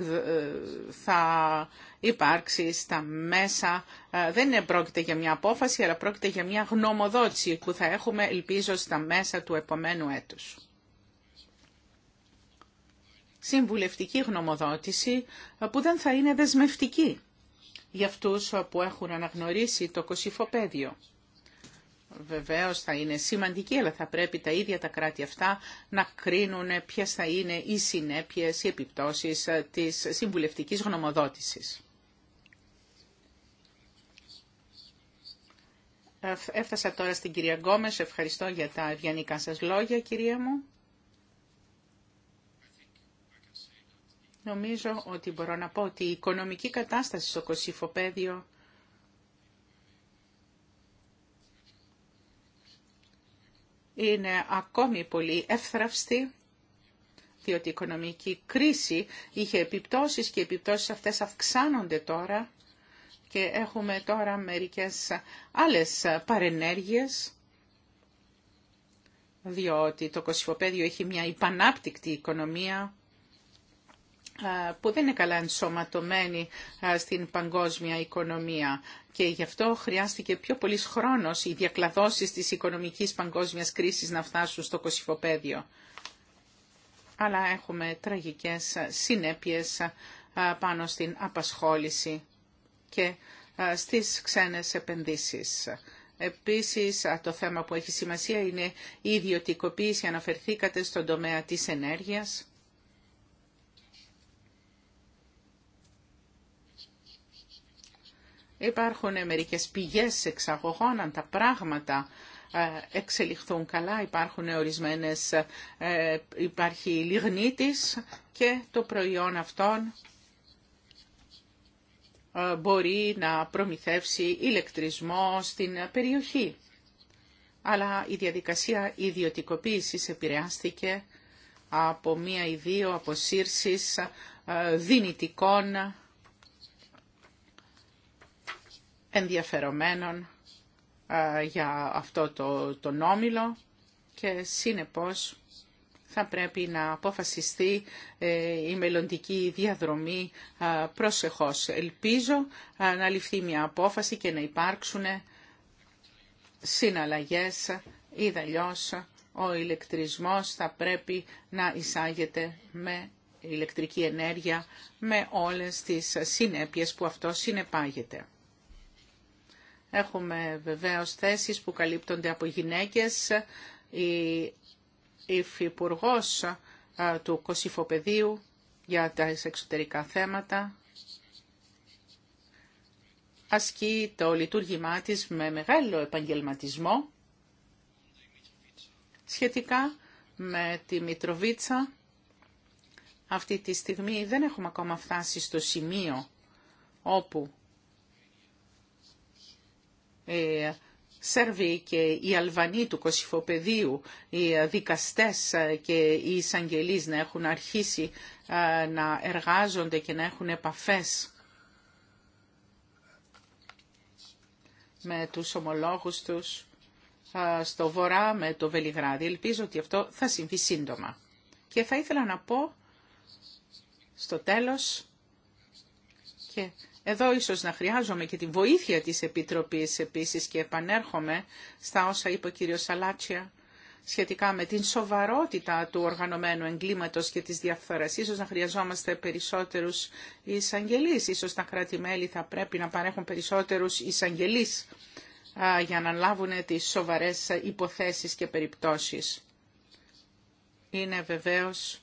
[SPEAKER 4] θα υπάρξει στα μέσα. Ε, δεν πρόκειται για μια απόφαση, αλλά πρόκειται για μια γνωμοδότηση που θα έχουμε, ελπίζω, στα μέσα του επομένου έτους. Συμβουλευτική γνωμοδότηση που δεν θα είναι δεσμευτική για αυτούς που έχουν αναγνωρίσει το κοσυφοπέδιο βεβαίως θα είναι σημαντική, αλλά θα πρέπει τα ίδια τα κράτη αυτά να κρίνουν ποιες θα είναι οι συνέπειες, οι επιπτώσεις ε, της συμβουλευτικής γνωμοδότησης. Έφτασα τώρα στην κυρία Γκόμες. Ευχαριστώ για τα ευγενικά σας λόγια, κυρία μου. Νομίζω ότι μπορώ να πω ότι η οικονομική κατάσταση στο Πέδιο... είναι ακόμη πολύ εύθραυστη διότι η οικονομική κρίση είχε επιπτώσεις και οι επιπτώσεις αυτές αυξάνονται τώρα και έχουμε τώρα μερικές άλλες παρενέργειες διότι το Κωσυφοπέδιο έχει μια υπανάπτυκτη οικονομία που δεν είναι καλά ενσωματωμένη στην παγκόσμια οικονομία και γι' αυτό χρειάστηκε πιο πολύ χρόνος οι διακλαδώσεις της οικονομική παγκόσμια κρίσης να φτάσουν στο κοσυφοπέδιο. Αλλά έχουμε τραγικές συνέπειες πάνω στην απασχόληση και στις ξένες επενδύσεις. Επίσης, το θέμα που έχει σημασία είναι η ιδιωτικοποίηση, αναφερθήκατε στον τομέα της ενέργειας Υπάρχουν μερικές πηγές εξαγωγών, αν τα πράγματα ε, εξελιχθούν καλά, υπάρχουν ορισμένες, ε, υπάρχει λιγνίτης και το προϊόν αυτόν ε, μπορεί να προμηθεύσει ηλεκτρισμό στην περιοχή. Αλλά η διαδικασία ιδιωτικοποίησης επηρεάστηκε από μία ή δύο αποσύρσεις δυνητικών ενδιαφερομένων για αυτό το, το νόμιλο και σύνεπώς θα πρέπει να αποφασιστεί ε, η μελλοντική διαδρομή προσεχώς. Ελπίζω να ληφθεί μια απόφαση και να υπάρξουν συναλλαγές ή αλλιώς ο ηλεκτρισμός θα πρέπει να εισάγεται με ηλεκτρική ενέργεια με όλες τις συνέπειες που αυτό συνεπάγεται. Έχουμε βεβαίως θέσεις που καλύπτονται από γυναίκες. Η υφυπουργό του Κωσυφοπεδίου για τα εξωτερικά θέματα ασκεί το λειτουργήμά της με μεγάλο επαγγελματισμό σχετικά με τη Μητροβίτσα. Αυτή τη στιγμή δεν έχουμε ακόμα φτάσει στο σημείο όπου ε, Σερβοί και οι Αλβανοί του Κωσυφοπεδίου, οι ε, δικαστές ε, και οι εισαγγελείς να έχουν αρχίσει να εργάζονται και να έχουν επαφές με τους ομολόγους τους στο βορρά με το Βελιγράδι. Ελπίζω ότι αυτό θα συμβεί σύντομα. Και θα ήθελα να πω στο τέλος και εδώ ίσως να χρειάζομαι και τη βοήθεια της Επιτροπής επίσης και επανέρχομαι στα όσα είπε ο κύριος Σαλάτσια σχετικά με την σοβαρότητα του οργανωμένου εγκλήματος και της διαφθοράς. Ίσως να χρειαζόμαστε περισσότερους εισαγγελείς. Ίσως τα κράτη-μέλη θα πρέπει να παρέχουν περισσότερους εισαγγελείς για να λάβουν τις σοβαρές υποθέσεις και περιπτώσεις. Είναι βεβαίως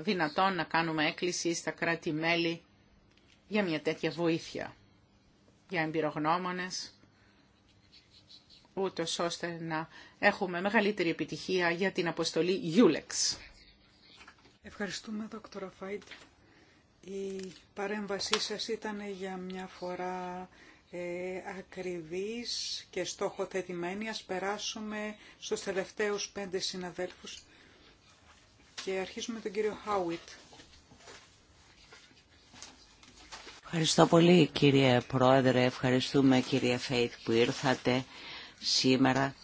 [SPEAKER 4] δυνατόν να κάνουμε έκκληση στα κράτη-μέλη για μια τέτοια βοήθεια, για εμπειρογνώμονες, ούτω ώστε να έχουμε μεγαλύτερη επιτυχία για την αποστολή Ιούλεξ.
[SPEAKER 2] Ευχαριστούμε, δόκτωρα Φάιντ. Η παρέμβασή σας ήταν για μια φορά ε, ακριβής και στόχοθετημένη. Ας περάσουμε στους τελευταίους πέντε συναδέλφους. Και αρχίζουμε τον κύριο Χάουιτ.
[SPEAKER 5] Ευχαριστώ πολύ κύριε Πρόεδρε, ευχαριστούμε κύριε Φέιτ που ήρθατε σήμερα.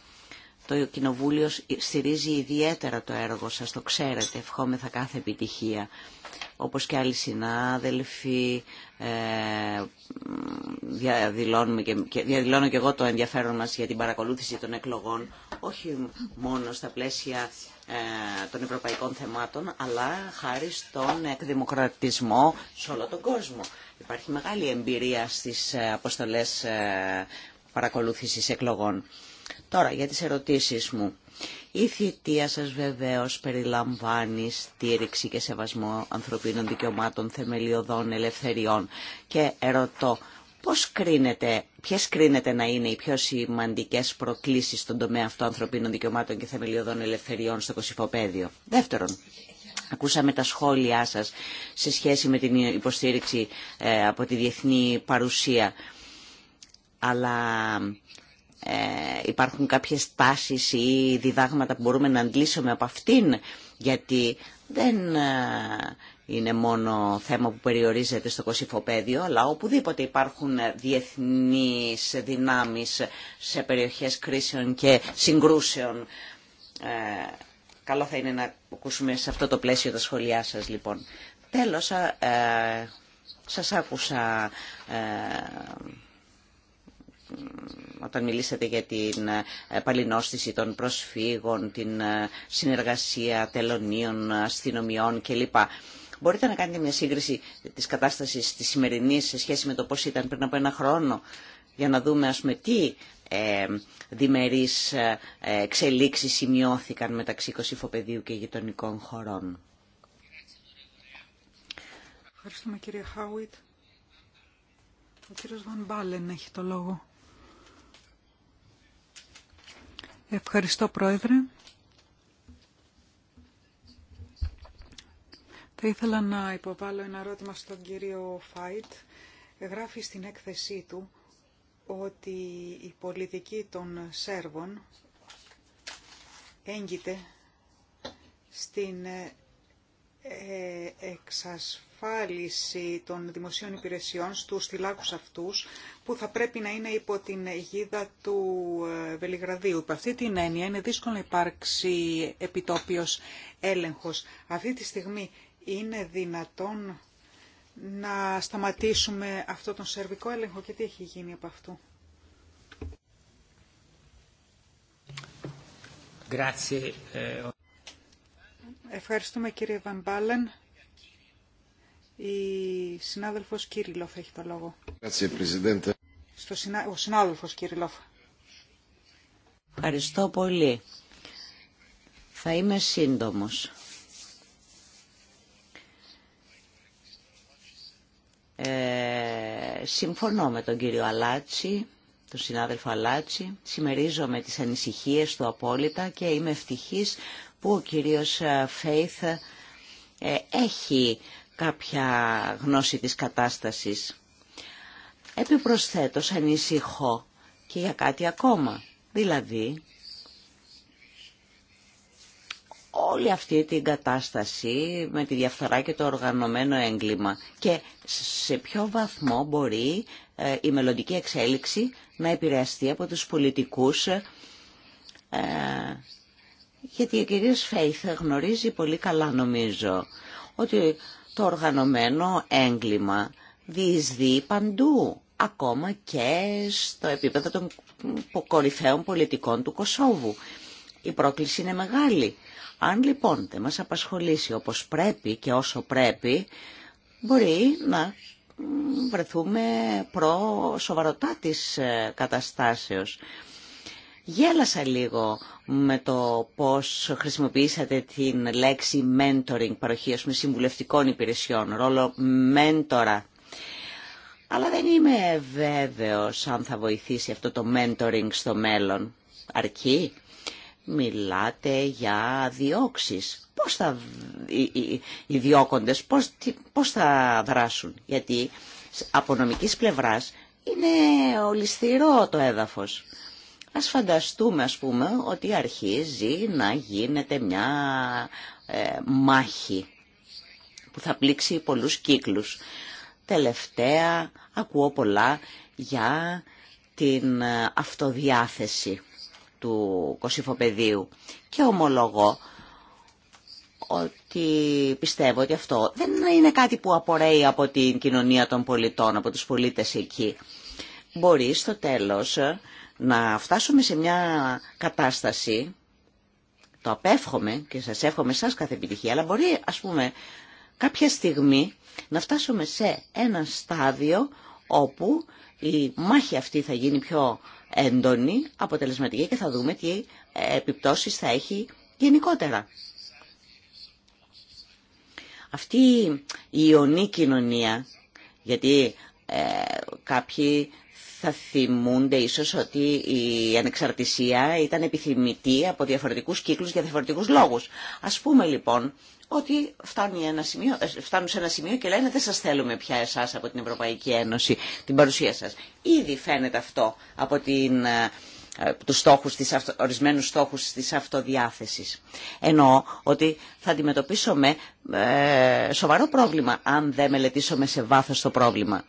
[SPEAKER 5] Το Κοινοβούλιο στηρίζει ιδιαίτερα το έργο σας, το ξέρετε, ευχόμεθα κάθε επιτυχία. Όπως και άλλοι συνάδελφοι, ε, διαδηλώνουμε και, διαδηλώνω και εγώ το ενδιαφέρον μας για την παρακολούθηση των εκλογών, όχι μόνο στα πλαίσια ε, των ευρωπαϊκών θεμάτων, αλλά χάρη στον εκδημοκρατισμό σε όλο τον κόσμο. Υπάρχει μεγάλη εμπειρία στις ε, αποστολές ε, παρακολούθησης εκλογών. Τώρα, για τις ερωτήσεις μου. Η θητεία σας βεβαίως περιλαμβάνει στήριξη και σεβασμό ανθρωπίνων δικαιωμάτων, θεμελιωδών, ελευθεριών. Και ερωτώ, Πώς κρίνεται, ποιες κρίνεται να είναι οι πιο σημαντικές προκλήσεις στον τομέα αυτών ανθρωπίνων δικαιωμάτων και θεμελιωδών ελευθεριών στο Κωσυφοπαίδιο. Δεύτερον, Ακούσαμε τα σχόλιά σας σε σχέση με την υποστήριξη ε, από τη διεθνή παρουσία. Αλλά ε, υπάρχουν κάποιες τάσεις ή διδάγματα που μπορούμε να αντλήσουμε από αυτήν, γιατί δεν ε, είναι μόνο θέμα που περιορίζεται στο κοσυφοπέδιο, αλλά οπουδήποτε υπάρχουν διεθνείς δυνάμεις σε περιοχές κρίσεων και συγκρούσεων. Ε, καλό θα είναι να ακούσουμε σε αυτό το πλαίσιο τα σχόλιά σας, λοιπόν. Τέλος, ε, σας άκουσα... Ε, όταν μιλήσατε για την ε, παλινόστηση των προσφύγων, την συνεργασία τελωνίων, αστυνομιών κλπ. Μπορείτε να κάνετε μια σύγκριση της κατάστασης της σημερινής σε σχέση με το πώς ήταν πριν από ένα χρόνο για να δούμε ας πούμε τι ε, διμερείς ε, εξελίξεις σημειώθηκαν μεταξύ Παιδίου και γειτονικών χωρών.
[SPEAKER 2] Ευχαριστούμε κύριε Χάουιτ. Ο κύριος Βαν έχει το λόγο. Ευχαριστώ πρόεδρε. Θα ήθελα να υποβάλω ένα ερώτημα στον κύριο Φάιτ. Γράφει στην έκθεσή του ότι η πολιτική των Σέρβων έγκυται στην ε, ε, εξασφάλιση των δημοσίων υπηρεσιών στους θυλάκους αυτούς που θα πρέπει να είναι υπό την αιγίδα του ε, Βελιγραδίου. αυτή την έννοια είναι δύσκολο να υπάρξει επιτόπιος έλεγχος. Αυτή τη στιγμή είναι δυνατόν να σταματήσουμε αυτό τον σερβικό έλεγχο και τι έχει γίνει από αυτού. Ε, Ευχαριστούμε κύριε Βαμπάλεν. Η συνάδελφος Κύριλοφ έχει το λόγο. Στο Ο συνάδελφος Κύριλοφ.
[SPEAKER 5] Ευχαριστώ πολύ. Θα είμαι σύντομος. Ε, συμφωνώ με τον κύριο Αλάτσι, τον συνάδελφο Αλάτσι. Συμμερίζομαι τις ανησυχίες του απόλυτα και είμαι ευτυχής που ο κύριος ε, Φέιθ ε, έχει κάποια γνώση της κατάστασης. Επιπροσθέτως ανησυχώ και για κάτι ακόμα. Δηλαδή, όλη αυτή την κατάσταση με τη διαφθορά και το οργανωμένο έγκλημα και σε ποιο βαθμό μπορεί ε, η μελλοντική εξέλιξη να επηρεαστεί από τους πολιτικούς ε, γιατί η κυρία Σφέιθ γνωρίζει πολύ καλά νομίζω ότι το οργανωμένο έγκλημα διεισδύει παντού ακόμα και στο επίπεδο των κορυφαίων πολιτικών του Κωσόβου. Η πρόκληση είναι μεγάλη αν λοιπόν δεν μας απασχολήσει όπως πρέπει και όσο πρέπει, μπορεί να βρεθούμε προ σοβαροτά της ε, καταστάσεως. Γέλασα λίγο με το πώς χρησιμοποιήσατε την λέξη mentoring, παροχή με συμβουλευτικών υπηρεσιών, ρόλο μέντορα. Αλλά δεν είμαι βέβαιος αν θα βοηθήσει αυτό το mentoring στο μέλλον. Αρκεί Μιλάτε για διώξεις. Πώς θα, οι, οι, οι διώκοντες θα δράσουν. Γιατί από νομικής πλευράς είναι ολισθηρό το έδαφος. Ας φανταστούμε ας πούμε ότι αρχίζει να γίνεται μια ε, μάχη που θα πλήξει πολλούς κύκλους. Τελευταία ακούω πολλά για την ε, αυτοδιάθεση του κοσυφοπεδίου και ομολογώ ότι πιστεύω ότι αυτό δεν είναι κάτι που απορρέει από την κοινωνία των πολιτών, από τους πολίτες εκεί. Μπορεί στο τέλος να φτάσουμε σε μια κατάσταση, το απέφχομαι και σας εύχομαι σας κάθε επιτυχία, αλλά μπορεί ας πούμε κάποια στιγμή να φτάσουμε σε ένα στάδιο όπου η μάχη αυτή θα γίνει πιο έντονη, αποτελεσματική και θα δούμε τι ε, επιπτώσεις θα έχει γενικότερα. Αυτή η ιονή κοινωνία, γιατί ε, κάποιοι θα θυμούνται ίσως ότι η ανεξαρτησία ήταν επιθυμητή από διαφορετικούς κύκλους για διαφορετικούς λόγους. Ας πούμε λοιπόν ότι φτάνει ένα σημείο, ε, φτάνουν σε ένα σημείο και λένε δεν σας θέλουμε πια εσάς από την Ευρωπαϊκή Ένωση, την παρουσία σας. Ήδη φαίνεται αυτό από την, ε, ε, τους στόχους, της, ορισμένους στόχους της αυτοδιάθεσης. Εννοώ ότι θα αντιμετωπίσουμε σοβαρό πρόβλημα αν δεν μελετήσουμε σε βάθος το πρόβλημα.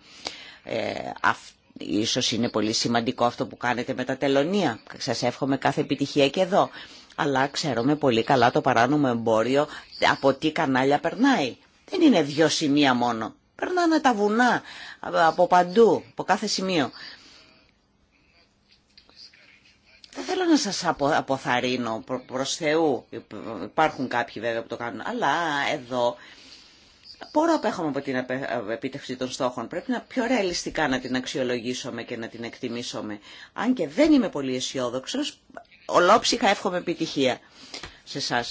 [SPEAKER 5] Ε, αυτό Ίσως είναι πολύ σημαντικό αυτό που κάνετε με τα τελωνία. Σας εύχομαι κάθε επιτυχία και εδώ αλλά ξέρουμε πολύ καλά το παράνομο εμπόριο από τι κανάλια περνάει. Δεν είναι δύο σημεία μόνο. Περνάνε τα βουνά από παντού, από κάθε σημείο. Δεν θέλω να σας αποθαρρύνω προς Θεού. Υπάρχουν κάποιοι βέβαια που το κάνουν. Αλλά εδώ πόρο απέχομαι από την επίτευξη των στόχων. Πρέπει να πιο ρεαλιστικά να την αξιολογήσουμε και να την εκτιμήσουμε. Αν και δεν είμαι πολύ αισιόδοξο, ολόψυχα εύχομαι επιτυχία σε εσά.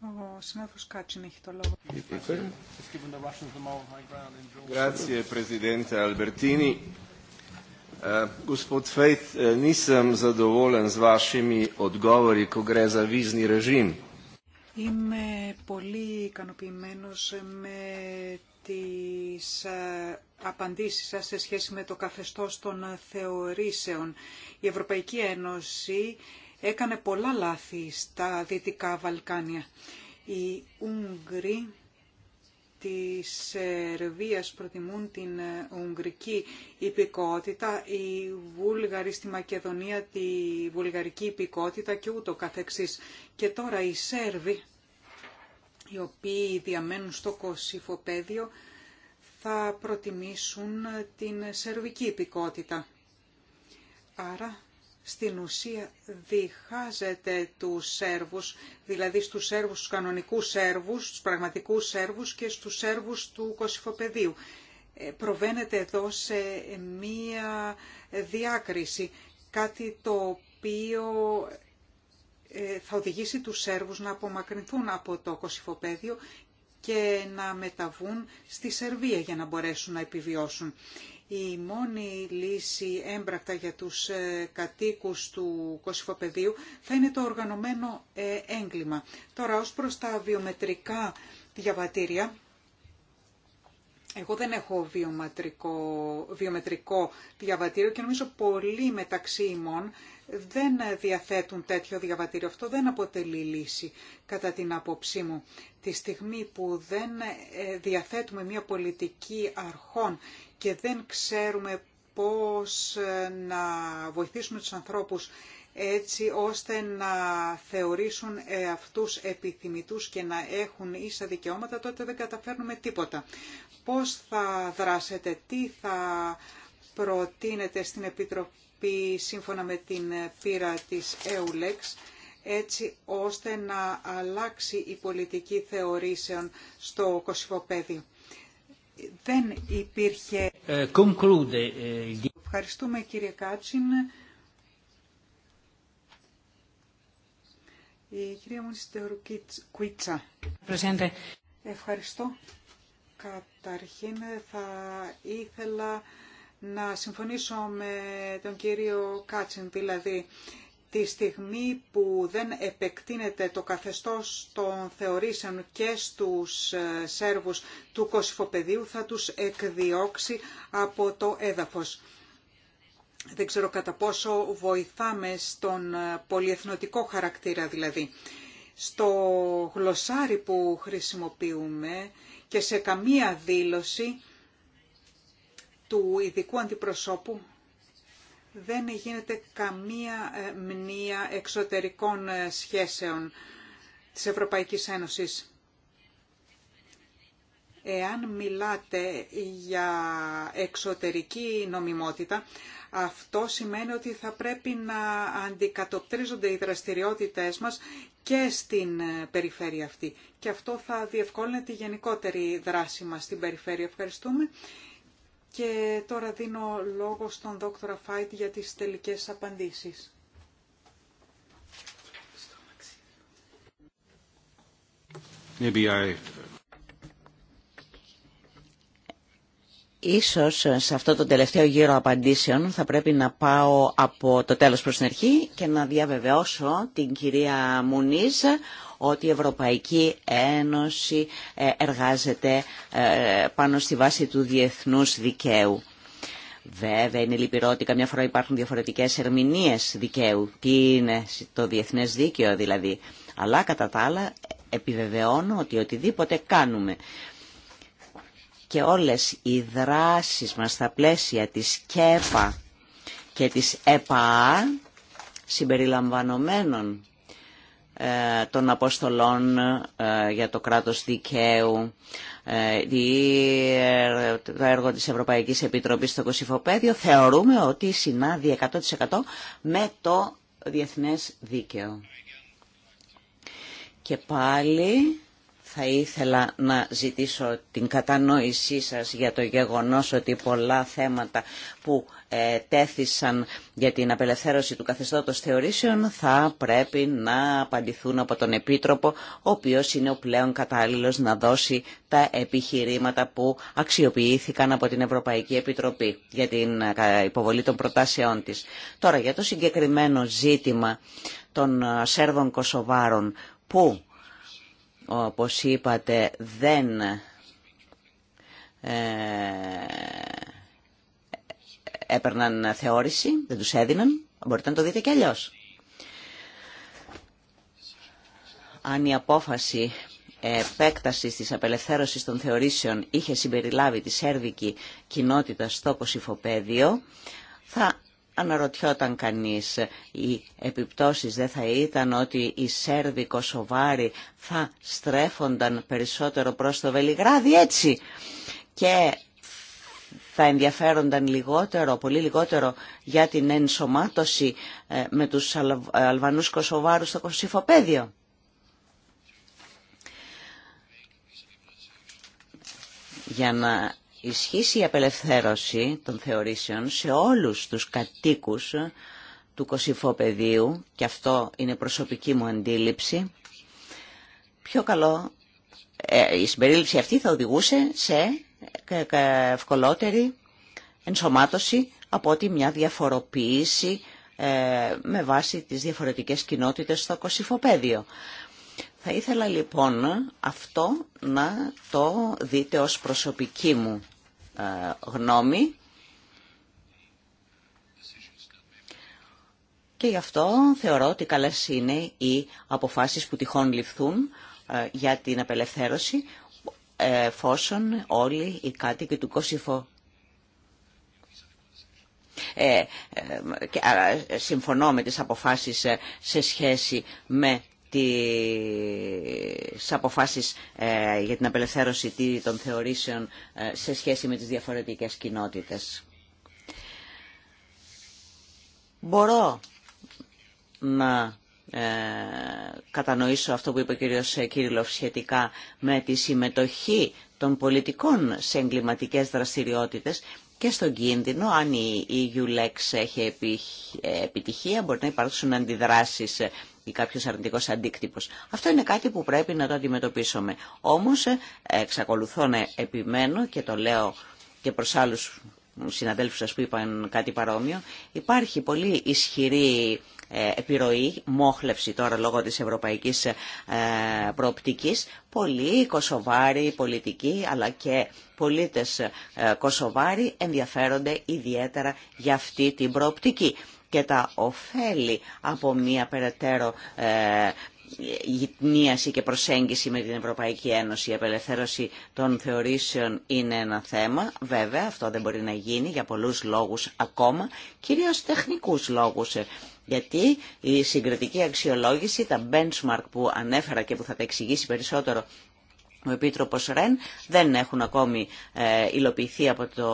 [SPEAKER 2] Ο συνάδελφος Κάτσιν έχει το
[SPEAKER 7] Grazie
[SPEAKER 8] Presidente Albertini. Gospod Fejt, nisem zadovoljen z vašimi odgovori, ko gre za vizni režim.
[SPEAKER 2] Είμαι πολύ ικανοποιημένος με τις ε, απαντήσεις σας σε σχέση με το καθεστώς των θεωρήσεων. Η Ευρωπαϊκή Ένωση έκανε πολλά λάθη στα Δυτικά Βαλκάνια. Οι Ούγγροι της Σερβίας προτιμούν την Ουγγρική υπηκότητα, οι Βούλγαροι στη Μακεδονία τη Βουλγαρική υπηκότητα και ούτω καθεξής. Και τώρα οι Σέρβοι, οι οποίοι διαμένουν στο Κωσυφοπέδιο, θα προτιμήσουν την Σερβική υπηκότητα. Άρα στην ουσία διχάζεται του Σέρβους, δηλαδή στους Σέρβους, τους κανονικούς Σέρβους, τους πραγματικούς Σέρβους και στους Σέρβους του Κωσυφοπεδίου. Ε, προβαίνεται εδώ σε μία διάκριση, κάτι το οποίο ε, θα οδηγήσει τους Σέρβους να απομακρυνθούν από το Κωσυφοπέδιο και να μεταβούν στη Σερβία για να μπορέσουν να επιβιώσουν. Η μόνη λύση έμπρακτα για τους ε, κατοίκους του Κωσυφοπεδίου θα είναι το οργανωμένο ε, έγκλημα. Τώρα, ως προς τα βιομετρικά διαβατήρια, εγώ δεν έχω βιομετρικό, βιομετρικό διαβατήριο και νομίζω πολλοί μεταξύ ημών δεν διαθέτουν τέτοιο διαβατήριο. Αυτό δεν αποτελεί λύση κατά την άποψή μου. Τη στιγμή που δεν ε, διαθέτουμε μια πολιτική αρχών και δεν ξέρουμε πώς ε, να βοηθήσουμε τους ανθρώπους έτσι ώστε να θεωρήσουν ε, αυτούς επιθυμητούς και να έχουν ίσα δικαιώματα, τότε δεν καταφέρνουμε τίποτα. Πώς θα δράσετε, τι θα προτείνετε στην Επιτροπή σύμφωνα με την ε, πείρα της EULEX, έτσι ώστε να αλλάξει η πολιτική θεωρήσεων στο κοσυφοπέδιο δεν υπήρχε... Ε, ε, Ευχαριστούμε κύριε Κάτσιν. Η κυρία Μονιστή Κουίτσα. Ευχαριστώ. Καταρχήν θα ήθελα να συμφωνήσω με τον κύριο Κάτσιν, δηλαδή τη στιγμή που δεν επεκτείνεται το καθεστώς των θεωρήσεων και στους ε, Σέρβους του Κωσυφοπεδίου θα τους εκδιώξει από το έδαφος. Δεν ξέρω κατά πόσο βοηθάμε στον ε, πολυεθνοτικό χαρακτήρα δηλαδή. Στο γλωσσάρι που χρησιμοποιούμε και σε καμία δήλωση του ειδικού αντιπροσώπου δεν γίνεται καμία ε, μνήα εξωτερικών ε, σχέσεων της Ευρωπαϊκής Ένωσης. Εάν μιλάτε για εξωτερική νομιμότητα, αυτό σημαίνει ότι θα πρέπει να αντικατοπτρίζονται οι δραστηριότητες μας και στην ε, περιφέρεια αυτή. Και αυτό θα διευκόλυνε τη γενικότερη δράση μας στην περιφέρεια. Ευχαριστούμε. Και τώρα δίνω λόγο στον δόκτωρα Φάιτ για τις τελικές απαντήσεις.
[SPEAKER 5] Ίσως σε αυτό το τελευταίο γύρο απαντήσεων θα πρέπει να πάω από το τέλος προς την αρχή και να διαβεβαιώσω την κυρία Μουνίζ ότι η Ευρωπαϊκή Ένωση ε, εργάζεται ε, πάνω στη βάση του διεθνούς δικαίου. Βέβαια, είναι λυπηρό ότι καμιά φορά υπάρχουν διαφορετικές ερμηνείες δικαίου. Τι είναι το διεθνές δίκαιο δηλαδή. Αλλά κατά τα άλλα επιβεβαιώνω ότι οτιδήποτε κάνουμε και όλες οι δράσεις μας στα πλαίσια της ΚΕΠΑ και της ΕΠΑΑ συμπεριλαμβανομένων ε, των Αποστολών ε, για το κράτος δικαίου, ε, το έργο της Ευρωπαϊκής Επιτροπής στο Κωσυφοπαίδιο, θεωρούμε ότι συνάδει 100% με το διεθνές δίκαιο. Και πάλι θα ήθελα να ζητήσω την κατανόησή σας για το γεγονός ότι πολλά θέματα που ε, τέθησαν για την απελευθέρωση του καθεστώτος θεωρήσεων θα πρέπει να απαντηθούν από τον Επίτροπο, ο οποίος είναι ο πλέον κατάλληλος να δώσει τα επιχειρήματα που αξιοποιήθηκαν από την Ευρωπαϊκή Επιτροπή για την ε, υποβολή των προτάσεών της. Τώρα για το συγκεκριμένο ζήτημα των ε, Σέρβων Κωσοβάρων που όπως είπατε δεν ε, έπαιρναν θεώρηση, δεν τους έδιναν. Μπορείτε να το δείτε και αλλιώς. Αν η απόφαση επέκταση της απελευθέρωσης των θεωρήσεων είχε συμπεριλάβει τη σέρβικη κοινότητα στο κοσυφοπαίδιο, θα Αναρωτιόταν κανείς, οι επιπτώσεις δεν θα ήταν ότι οι Σέρβοι κοσοβαροι θα στρέφονταν περισσότερο προς το Βελιγράδι έτσι και θα ενδιαφέρονταν λιγότερο, πολύ λιγότερο για την ενσωμάτωση ε, με τους Αλβανούς κοσοβαρους στο Κοσυφοπέδιο Για να ισχύσει η απελευθέρωση των θεωρήσεων σε όλους τους κατοίκους του κοσυφοπεδίου και αυτό είναι προσωπική μου αντίληψη πιο καλό ε, η συμπερίληψη αυτή θα οδηγούσε σε ευκολότερη ενσωμάτωση από ότι μια διαφοροποίηση ε, με βάση τις διαφορετικές κοινότητες στο κοσυφοπέδιο. Θα ήθελα λοιπόν αυτό να το δείτε ως προσωπική μου ε, γνώμη και γι' αυτό θεωρώ ότι καλές είναι οι αποφάσεις που τυχόν ληφθούν ε, για την απελευθέρωση εφόσον όλοι οι κάτοικοι του κόσυφο ε, ε συμφωνώ με τις αποφάσεις σε σχέση με τις αποφάσεις ε, για την απελευθέρωση των θεωρήσεων ε, σε σχέση με τις διαφορετικές κοινότητες. Μπορώ να ε, κατανοήσω αυτό που είπε ο κύριος Κύριλοφ σχετικά με τη συμμετοχή των πολιτικών σε εγκληματικές δραστηριότητες και στον κίνδυνο, αν η EULEX έχει επιτυχία, μπορεί να υπάρξουν αντιδράσεις ή κάποιο αρνητικό αντίκτυπο. Αυτό είναι κάτι που πρέπει να το αντιμετωπίσουμε. Όμως ε, εξακολουθώ να επιμένω και το λέω και προς άλλους συναδέλφους σας που είπαν κάτι παρόμοιο, υπάρχει πολύ ισχυρή ε, επιρροή, μόχλευση τώρα λόγω της ευρωπαϊκής ε, προοπτικής. Πολλοί κοσοβάροι πολιτικοί αλλά και πολίτες κοσοβάροι ενδιαφέρονται ιδιαίτερα για αυτή την προοπτική και τα ωφέλη από μια περαιτέρω ε, γυτνίαση και προσέγγιση με την Ευρωπαϊκή Ένωση. Η απελευθέρωση των θεωρήσεων είναι ένα θέμα. Βέβαια, αυτό δεν μπορεί να γίνει για πολλούς λόγους ακόμα, κυρίως τεχνικούς λόγους. Γιατί η συγκριτική αξιολόγηση, τα benchmark που ανέφερα και που θα τα εξηγήσει περισσότερο ο Επίτροπος Ρεν δεν έχουν ακόμη ε, υλοποιηθεί από το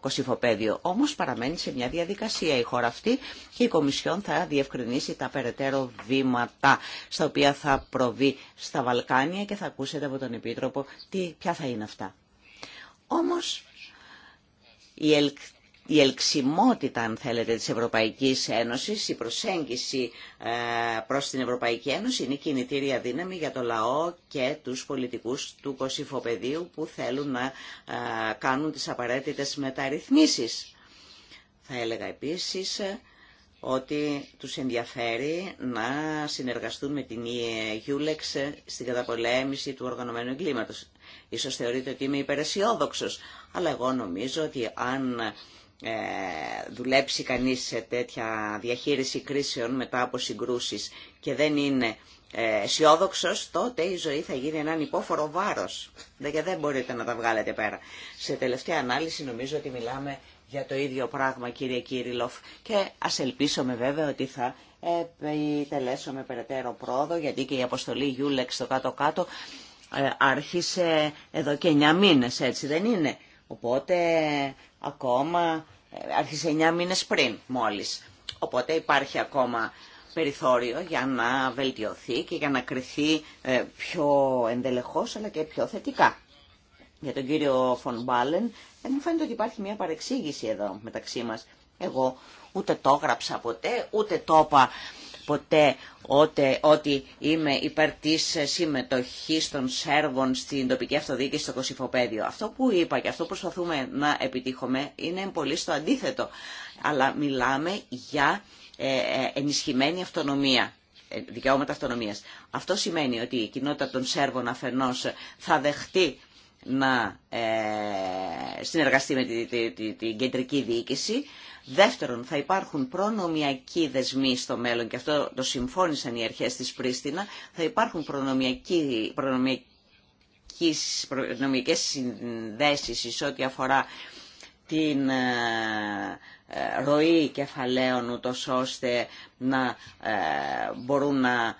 [SPEAKER 5] κοσυφοπέδιο. Όμως παραμένει σε μια διαδικασία η χώρα αυτή και η Κομισιόν θα διευκρινίσει τα περαιτέρω βήματα στα οποία θα προβεί στα Βαλκάνια και θα ακούσετε από τον Επίτροπο τι, ποια θα είναι αυτά. Όμως η η ελξιμότητα, αν θέλετε, της Ευρωπαϊκής Ένωσης, η προσέγγιση ε, προς την Ευρωπαϊκή Ένωση είναι κινητήρια δύναμη για το λαό και τους πολιτικούς του Κωσυφοπεδίου που θέλουν να ε, κάνουν τις απαραίτητες μεταρρυθμίσεις. Θα έλεγα επίσης ε, ότι τους ενδιαφέρει να συνεργαστούν με την EULEX στην καταπολέμηση του οργανωμένου εγκλήματος. Ίσως θεωρείτε ότι είμαι υπεραισιόδοξος, αλλά εγώ νομίζω ότι αν ε, δουλέψει κανείς σε τέτοια διαχείριση κρίσεων μετά από συγκρούσεις και δεν είναι ε, αισιόδοξο, τότε η ζωή θα γίνει έναν υπόφορο βάρος και δεν μπορείτε να τα βγάλετε πέρα. Σε τελευταία ανάλυση νομίζω ότι μιλάμε για το ίδιο πράγμα κύριε Κύριλοφ και ας ελπίσουμε βέβαια ότι θα με περαιτέρω πρόοδο γιατί και η αποστολή Γιούλεξ στο κάτω-κάτω ε, άρχισε εδώ και 9 μήνες έτσι δεν είναι. Οπότε ακόμα, άρχισε ε, 9 μήνες πριν μόλις. Οπότε υπάρχει ακόμα περιθώριο για να βελτιωθεί και για να κριθεί ε, πιο εντελεχώς αλλά και πιο θετικά. Για τον κύριο Φον Μπάλεν, ε, μου φαίνεται ότι υπάρχει μια παρεξήγηση εδώ μεταξύ μας. Εγώ ούτε το έγραψα ποτέ, ούτε το είπα ποτέ ότι είμαι υπέρ τη συμμετοχή των Σέρβων στην τοπική αυτοδιοίκηση στο Κωσυφοπέδιο. Αυτό που είπα και αυτό που προσπαθούμε να επιτύχουμε είναι πολύ στο αντίθετο. Αλλά μιλάμε για ε, ε, ενισχυμένη αυτονομία ε, δικαιώματα αυτονομίας. Αυτό σημαίνει ότι η κοινότητα των Σέρβων αφενός θα δεχτεί να συνεργαστεί με την κεντρική διοίκηση Δεύτερον, θα υπάρχουν προνομιακοί δεσμοί στο μέλλον, και αυτό το συμφώνησαν οι αρχές της Πρίστινα, θα υπάρχουν προνομιακοί, προνομιακές, συνδέσεις σε ό,τι αφορά την ε, ε, ροή κεφαλαίων ούτως ώστε να ε, μπορούν να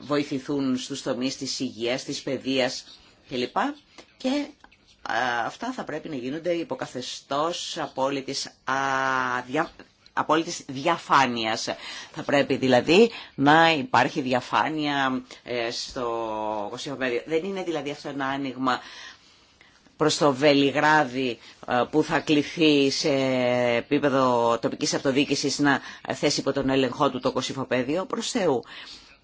[SPEAKER 5] βοηθηθούν στους τομείς της υγείας, της παιδείας κλπ. Και ε, αυτά θα πρέπει να γίνονται υποκαθεστώς απόλυτης, αδια... διαφάνειας. Θα πρέπει δηλαδή να υπάρχει διαφάνεια ε, στο Πέδιο. Δεν είναι δηλαδή αυτό ένα άνοιγμα προς το Βελιγράδι ε, που θα κληθεί σε επίπεδο τοπικής αυτοδιοίκησης να θέσει υπό τον έλεγχό του το Πέδιο προς Θεού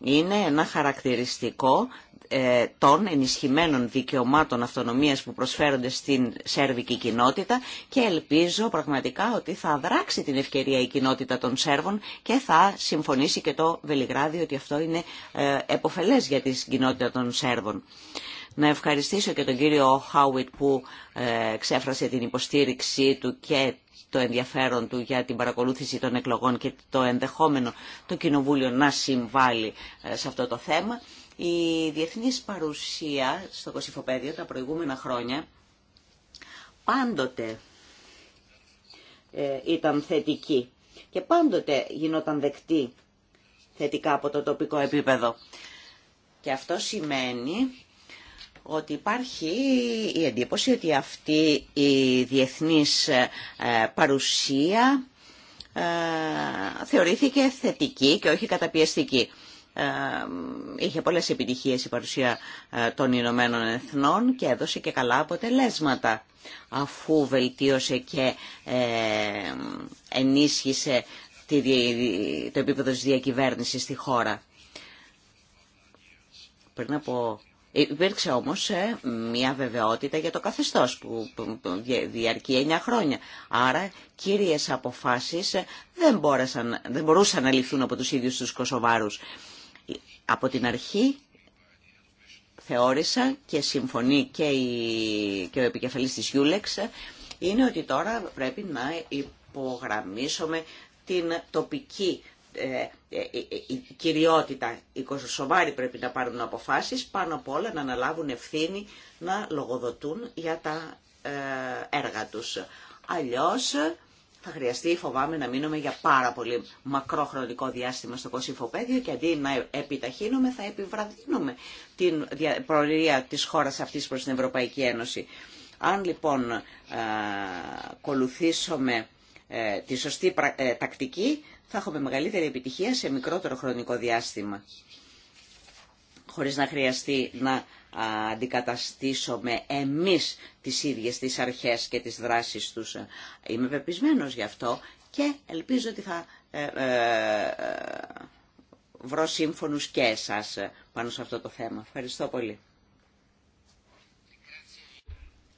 [SPEAKER 5] είναι ένα χαρακτηριστικό ε, των ενισχυμένων δικαιωμάτων αυτονομίας που προσφέρονται στην Σέρβικη κοινότητα και ελπίζω πραγματικά ότι θα δράξει την ευκαιρία η κοινότητα των Σέρβων και θα συμφωνήσει και το Βελιγράδι ότι αυτό είναι ε, εποφελές για την κοινότητα των Σέρβων. Να ευχαριστήσω και τον κύριο Χάουιτ που ε, ξέφρασε την υποστήριξή του και το ενδιαφέρον του για την παρακολούθηση των εκλογών και το ενδεχόμενο το Κοινοβούλιο να συμβάλλει ε, σε αυτό το θέμα. Η διεθνής παρουσία στο Κωσυφοπέδιο τα προηγούμενα χρόνια πάντοτε ε, ήταν θετική και πάντοτε γινόταν δεκτή θετικά από το τοπικό επίπεδο. Και αυτό σημαίνει ότι υπάρχει η εντύπωση ότι αυτή η διεθνής ε, παρουσία ε, θεωρήθηκε θετική και όχι καταπιεστική. Ε, είχε πολλές επιτυχίες η παρουσία των Ηνωμένων Εθνών και έδωσε και καλά αποτελέσματα αφού βελτίωσε και ενίσχυσε το επίπεδο της διακυβέρνησης στη χώρα. Πριν από Υπήρξε όμως ε, μια βεβαιότητα για το καθεστώς που διαρκεί 9 χρόνια. Άρα κύριες αποφάσεις ε, δεν, δεν μπορούσαν να ληφθούν από τους ίδιους τους Κωσοβάρους. Από την αρχή θεώρησα και συμφωνεί και, η, και ο επικεφαλής της Γιούλεξ ε, είναι ότι τώρα πρέπει να υπογραμμίσουμε την τοπική ε, ε, ε, η κυριότητα. Οι σοβαροί πρέπει να πάρουν αποφάσεις, πάνω απ' όλα να αναλάβουν ευθύνη να λογοδοτούν για τα έργα τους. Αλλιώς θα χρειαστεί, φοβάμαι, να μείνουμε για πάρα πολύ μακρό χρονικό διάστημα στο κοσυφοπαίδιο και αντί να επιταχύνουμε θα επιβραδύνουμε την προορία της χώρας αυτής προς την Ευρωπαϊκή Ένωση. Αν λοιπόν ακολουθήσουμε τη σωστή τακτική θα έχουμε μεγαλύτερη επιτυχία σε μικρότερο χρονικό διάστημα χωρίς να χρειαστεί να αντικαταστήσουμε εμείς τις ίδιες τις αρχές και τις δράσεις τους. Είμαι πεπισμένος γι' αυτό και ελπίζω ότι θα ε, ε, βρω σύμφωνους και εσάς πάνω σε αυτό το θέμα. Ευχαριστώ πολύ.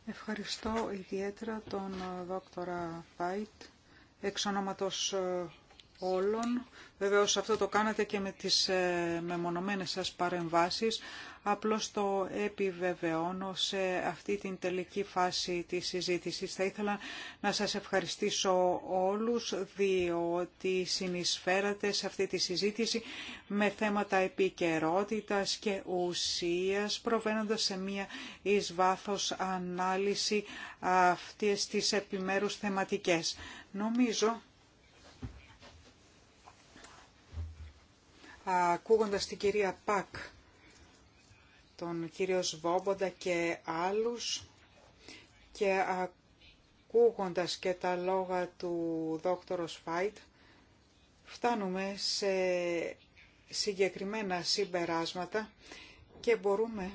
[SPEAKER 2] Ευχαριστώ ιδιαίτερα τον δόκτορα Πάιτ, εξ ονόματος ε, όλων. Βεβαίως αυτό το κάνατε και με τις ε, μεμονωμένες σας παρεμβάσεις. Απλώς το επιβεβαιώνω σε αυτή την τελική φάση της συζήτησης. Θα ήθελα να σας ευχαριστήσω όλους διότι συνεισφέρατε σε αυτή τη συζήτηση με θέματα επικαιρότητα και ουσίας προβαίνοντας σε μία εις βάθος ανάλυση αυτής της επιμέρους θεματικές. Νομίζω ακούγοντας την κυρία Πακ, τον κύριο Σβόμποντα και άλλους και ακούγοντας και τα λόγα του δόκτωρος Φάιτ, φτάνουμε σε συγκεκριμένα συμπεράσματα και μπορούμε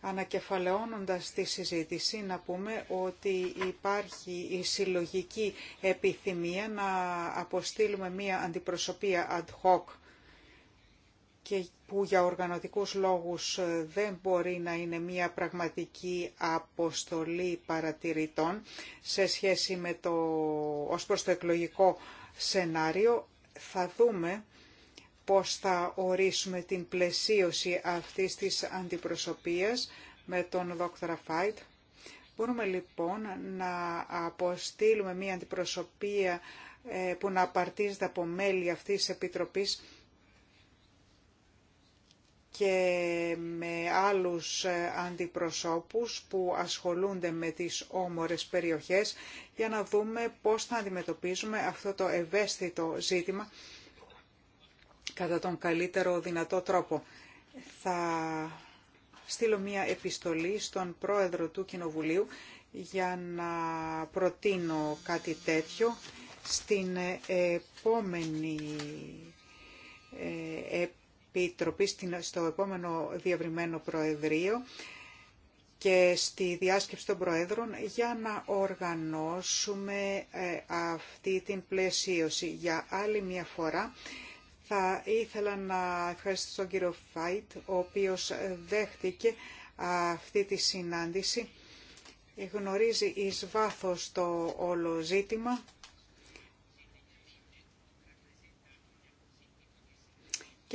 [SPEAKER 2] ανακεφαλαιώνοντας τη συζήτηση να πούμε ότι υπάρχει η συλλογική επιθυμία να αποστείλουμε μία αντιπροσωπεία ad hoc και που για οργανωτικούς λόγους ε, δεν μπορεί να είναι μια πραγματική αποστολή παρατηρητών σε σχέση με το, ως προς το εκλογικό σενάριο, θα δούμε πώς θα ορίσουμε την πλαισίωση αυτής της αντιπροσωπείας με τον Dr. Φάιτ. Μπορούμε λοιπόν να αποστείλουμε μια αντιπροσωπεία ε, που να απαρτίζεται από μέλη αυτής της Επιτροπής και με άλλους ε, αντιπροσώπους που ασχολούνται με τις όμορες περιοχές για να δούμε πώς θα αντιμετωπίζουμε αυτό το ευαίσθητο ζήτημα κατά τον καλύτερο δυνατό τρόπο. Θα στείλω μία επιστολή στον πρόεδρο του Κοινοβουλίου για να προτείνω κάτι τέτοιο στην επόμενη ε, Επιτροπή στο επόμενο διαβριμένο Προεδρείο και στη διάσκεψη των Προέδρων για να οργανώσουμε ε, αυτή την πλαισίωση. Για άλλη μια φορά θα ήθελα να ευχαριστήσω τον κύριο Φάιτ, ο οποίος δέχτηκε αυτή τη συνάντηση. Γνωρίζει εις βάθος το όλο ζήτημα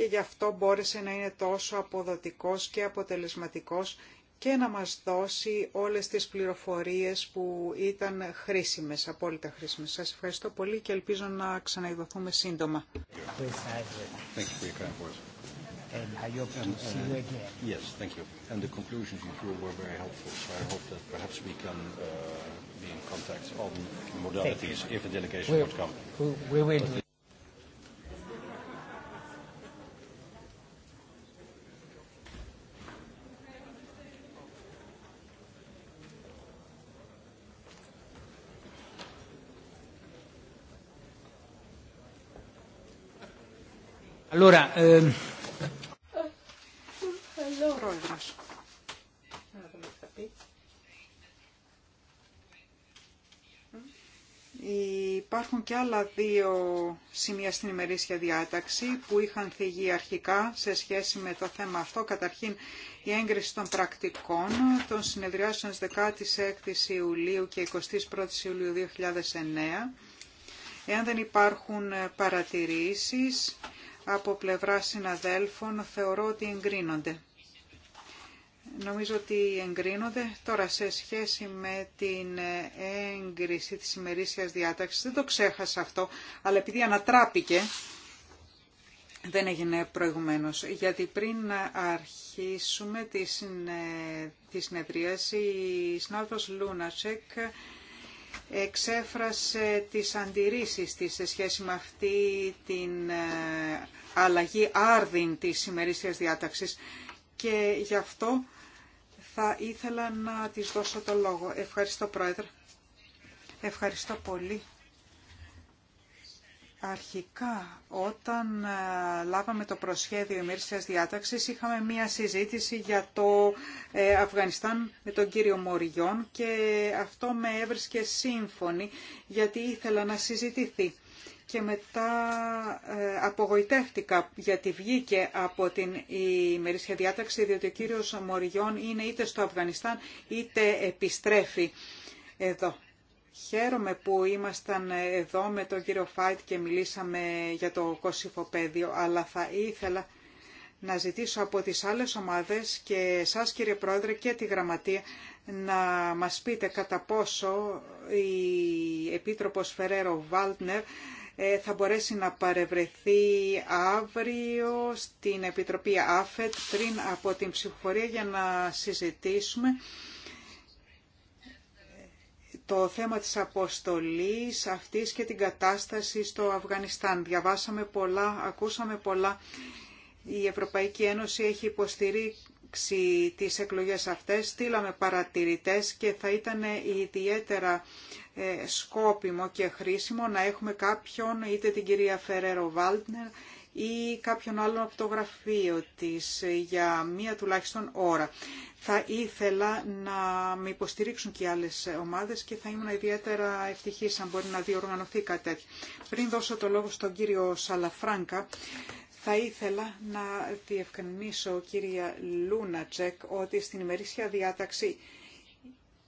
[SPEAKER 2] και γι' αυτό μπόρεσε να είναι τόσο αποδοτικός και αποτελεσματικός και να μας δώσει όλες τις πληροφορίες που ήταν χρήσιμες, απόλυτα χρήσιμες. Σας ευχαριστώ πολύ και ελπίζω να ξαναειδωθούμε σύντομα.
[SPEAKER 1] Allora, ehm,
[SPEAKER 2] Υπάρχουν και άλλα δύο σημεία στην ημερήσια διάταξη που είχαν θυγεί αρχικά σε σχέση με το θέμα αυτό. Καταρχήν η έγκριση των πρακτικών των συνεδριάσεων 16 Ιουλίου και 21 Ιουλίου 2009. Εάν δεν υπάρχουν παρατηρήσεις, από πλευρά συναδέλφων θεωρώ ότι εγκρίνονται. Νομίζω ότι εγκρίνονται. Τώρα σε σχέση με την έγκριση της ημερήσιας διάταξης, δεν το ξέχασα αυτό, αλλά επειδή ανατράπηκε, δεν έγινε προηγουμένως, γιατί πριν να αρχίσουμε τη, συνεδρίαση, η συνάδελφος Λούνατσεκ εξέφρασε τις αντιρρήσεις της σε σχέση με αυτή την ε, αλλαγή άρδιν της ημερήσιας διάταξης και γι' αυτό θα ήθελα να της δώσω το λόγο. Ευχαριστώ Πρόεδρε. Ευχαριστώ πολύ. Αρχικά, όταν ε, λάβαμε το προσχέδιο ημερήσιας διάταξης, είχαμε μία συζήτηση για το ε, Αφγανιστάν με τον κύριο Μοριόν και αυτό με έβρισκε σύμφωνη γιατί ήθελα να συζητηθεί. Και μετά ε, απογοητεύτηκα γιατί βγήκε από την ημερήσια διάταξη διότι ο κύριος Μοριόν είναι είτε στο Αφγανιστάν είτε επιστρέφει εδώ. Χαίρομαι που ήμασταν εδώ με τον κύριο Φάιτ και μιλήσαμε για το κοσυφοπέδιο, αλλά θα ήθελα να ζητήσω από τις άλλες ομάδες και σας κύριε Πρόεδρε και τη Γραμματεία να μας πείτε κατά πόσο η Επίτροπος Φερέρο Βάλτνερ ε, θα μπορέσει να παρευρεθεί αύριο στην Επιτροπή ΑΦΕΤ πριν από την ψηφοφορία για να συζητήσουμε το θέμα της αποστολής αυτής και την κατάσταση στο Αφγανιστάν. Διαβάσαμε πολλά, ακούσαμε πολλά. Η Ευρωπαϊκή Ένωση έχει υποστηρίξει τις εκλογές αυτές, στείλαμε παρατηρητές και θα ήταν ιδιαίτερα ε, σκόπιμο και χρήσιμο να έχουμε κάποιον, είτε την κυρία Φερέρο Βάλτνερ, ή κάποιον άλλον από το γραφείο της για μία τουλάχιστον ώρα. Θα ήθελα να με υποστηρίξουν και οι άλλες ομάδες και θα ήμουν ιδιαίτερα ευτυχής αν μπορεί να διοργανωθεί κάτι τέτοιο. Πριν δώσω το λόγο στον κύριο Σαλαφράνκα, θα ήθελα να διευκρινίσω, κυρία Λούνατσεκ, ότι στην ημερήσια διάταξη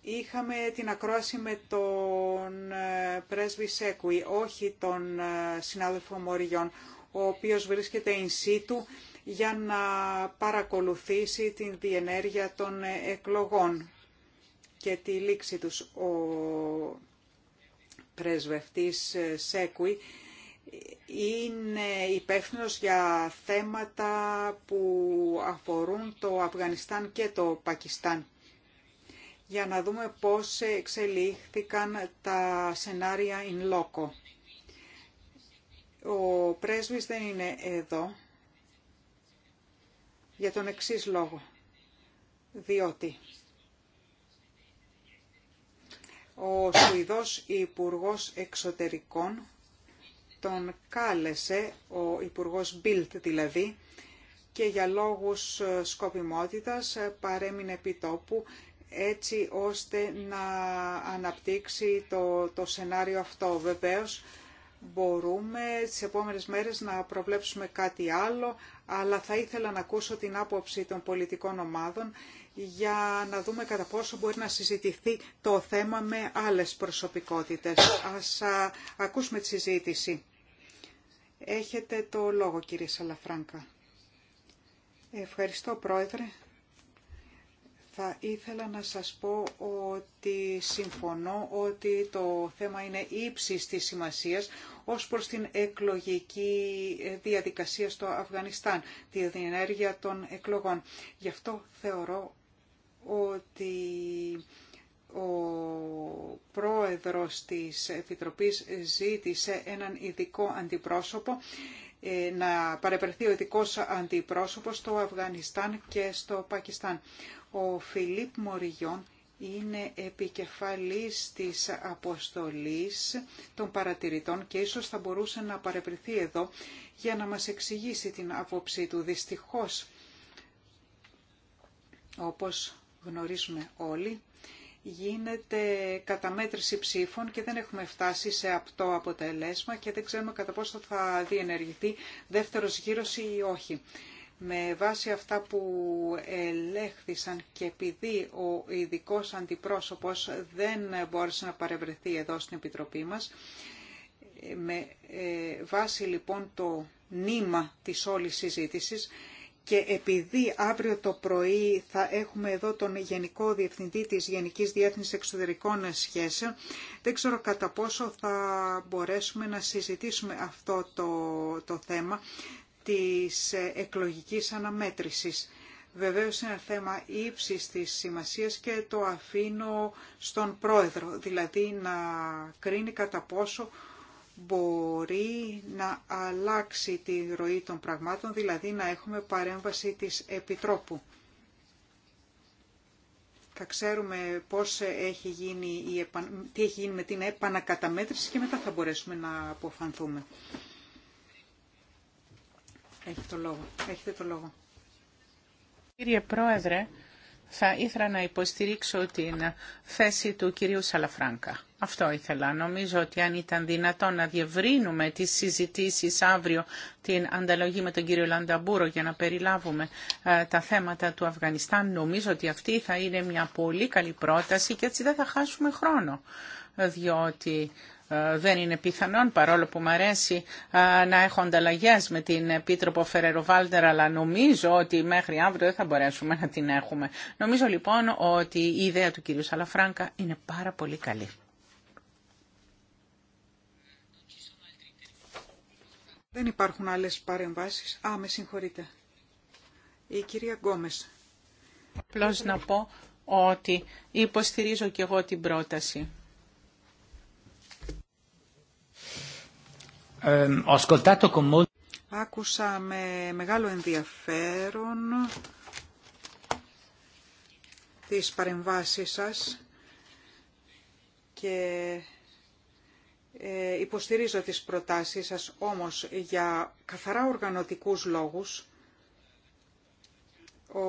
[SPEAKER 2] Είχαμε την ακρόαση με τον ε, πρέσβη Σέκουι, όχι τον ε, συνάδελφο Μοριών, ο οποίος βρίσκεται in situ για να παρακολουθήσει την διενέργεια των εκλογών και τη λήξη τους. Ο πρεσβευτής Σέκουι είναι υπεύθυνο για θέματα που αφορούν το Αφγανιστάν και το Πακιστάν για να δούμε πώς εξελίχθηκαν τα σενάρια in loco. Ο πρέσβης δεν είναι εδώ για τον εξής λόγο. Διότι ο Σουηδός Υπουργός Εξωτερικών τον κάλεσε, ο Υπουργός Μπίλτ δηλαδή, και για λόγους ε, σκοπιμότητας ε, παρέμεινε επί τόπου έτσι ώστε να αναπτύξει το, το σενάριο αυτό. Βεβαίως μπορούμε τις επόμενες μέρες να προβλέψουμε κάτι άλλο, αλλά θα ήθελα να ακούσω την άποψη των πολιτικών ομάδων για να δούμε κατά πόσο μπορεί να συζητηθεί το θέμα με άλλες προσωπικότητες. Ας α, ακούσουμε τη συζήτηση. Έχετε το λόγο κύριε Σαλαφράγκα. Ευχαριστώ πρόεδρε. Θα ήθελα να σας πω ότι συμφωνώ ότι το θέμα είναι ύψης της σημασίας ως προς την εκλογική διαδικασία στο Αφγανιστάν, τη διενέργεια των εκλογών. Γι' αυτό θεωρώ ότι ο πρόεδρος της Επιτροπής ζήτησε έναν ειδικό αντιπρόσωπο ε, να παρεπερθεί ο ειδικός αντιπρόσωπος στο Αφγανιστάν και στο Πακιστάν. Ο Φιλίπ Μοριγιόν είναι επικεφαλής της αποστολής των παρατηρητών και ίσως θα μπορούσε να παρεπληθεί εδώ για να μας εξηγήσει την άποψή του. Δυστυχώς, όπως γνωρίζουμε όλοι, γίνεται καταμέτρηση ψήφων και δεν έχουμε φτάσει σε αυτό αποτελέσμα και δεν ξέρουμε κατά πόσο θα διενεργηθεί δεύτερος γύρος ή όχι. Με βάση αυτά που ελέγχθησαν και επειδή ο ειδικό αντιπρόσωπος δεν μπόρεσε να παρευρεθεί εδώ στην Επιτροπή μας, με ε, βάση λοιπόν το νήμα της όλης συζήτησης και επειδή αύριο το πρωί θα έχουμε εδώ τον Γενικό Διευθυντή της Γενικής Διεύθυνσης Εξωτερικών Σχέσεων, δεν ξέρω κατά πόσο θα μπορέσουμε να συζητήσουμε αυτό το, το θέμα της ε, εκλογικής αναμέτρησης. Βεβαίως είναι ένα θέμα ύψης της σημασίας και το αφήνω στον πρόεδρο, δηλαδή να κρίνει κατά πόσο μπορεί να αλλάξει τη ροή των πραγμάτων, δηλαδή να έχουμε παρέμβαση της Επιτρόπου. Θα ξέρουμε πώς έχει γίνει, τι έχει γίνει με την επανακαταμέτρηση και μετά θα μπορέσουμε να αποφανθούμε. Έχετε το λόγο.
[SPEAKER 4] Κύριε Πρόεδρε, θα ήθελα να υποστηρίξω την θέση του κυρίου Σαλαφράνκα. Αυτό ήθελα. Νομίζω ότι αν ήταν δυνατόν να διευρύνουμε τις συζητήσεις αύριο την ανταλλαγή με τον κύριο Λανταμπούρο για να περιλάβουμε ε, τα θέματα του Αφγανιστάν, νομίζω ότι αυτή θα είναι μια πολύ καλή πρόταση και έτσι δεν θα χάσουμε χρόνο. Διότι ε, δεν είναι πιθανόν, παρόλο που μου αρέσει ε, να έχω ανταλλαγέ με την Επίτροπο Φερεροβάλτερ, αλλά νομίζω ότι μέχρι αύριο δεν θα μπορέσουμε να την έχουμε. Νομίζω λοιπόν ότι η ιδέα του κυρίου Σαλαφράγκα είναι πάρα πολύ καλή.
[SPEAKER 2] Δεν υπάρχουν άλλες παρεμβάσεις. Α, με συγχωρείτε. Η κυρία Γκόμες.
[SPEAKER 4] Απλώς να πω ότι υποστηρίζω και εγώ την πρόταση.
[SPEAKER 2] Άκουσα με μεγάλο ενδιαφέρον τις παρεμβάσεις σας και ε, υποστηρίζω τις προτάσεις σας, όμως για καθαρά οργανωτικούς λόγους ο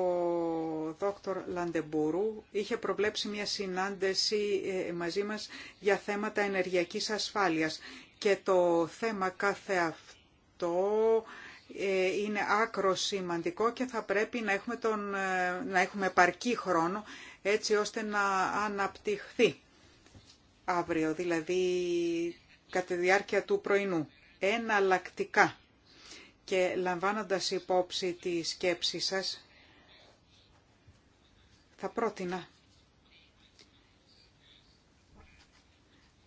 [SPEAKER 2] δόκτωρ Λαντεμπούρου είχε προβλέψει μια συνάντηση ε, μαζί μας για θέματα ενεργειακής ασφάλειας και το θέμα κάθε αυτό ε, είναι άκρο σημαντικό και θα πρέπει να έχουμε, τον, ε, να έχουμε επαρκή χρόνο έτσι ώστε να αναπτυχθεί αύριο, δηλαδή κατά τη διάρκεια του πρωινού. Εναλλακτικά και λαμβάνοντας υπόψη τη σκέψη σας, θα πρότεινα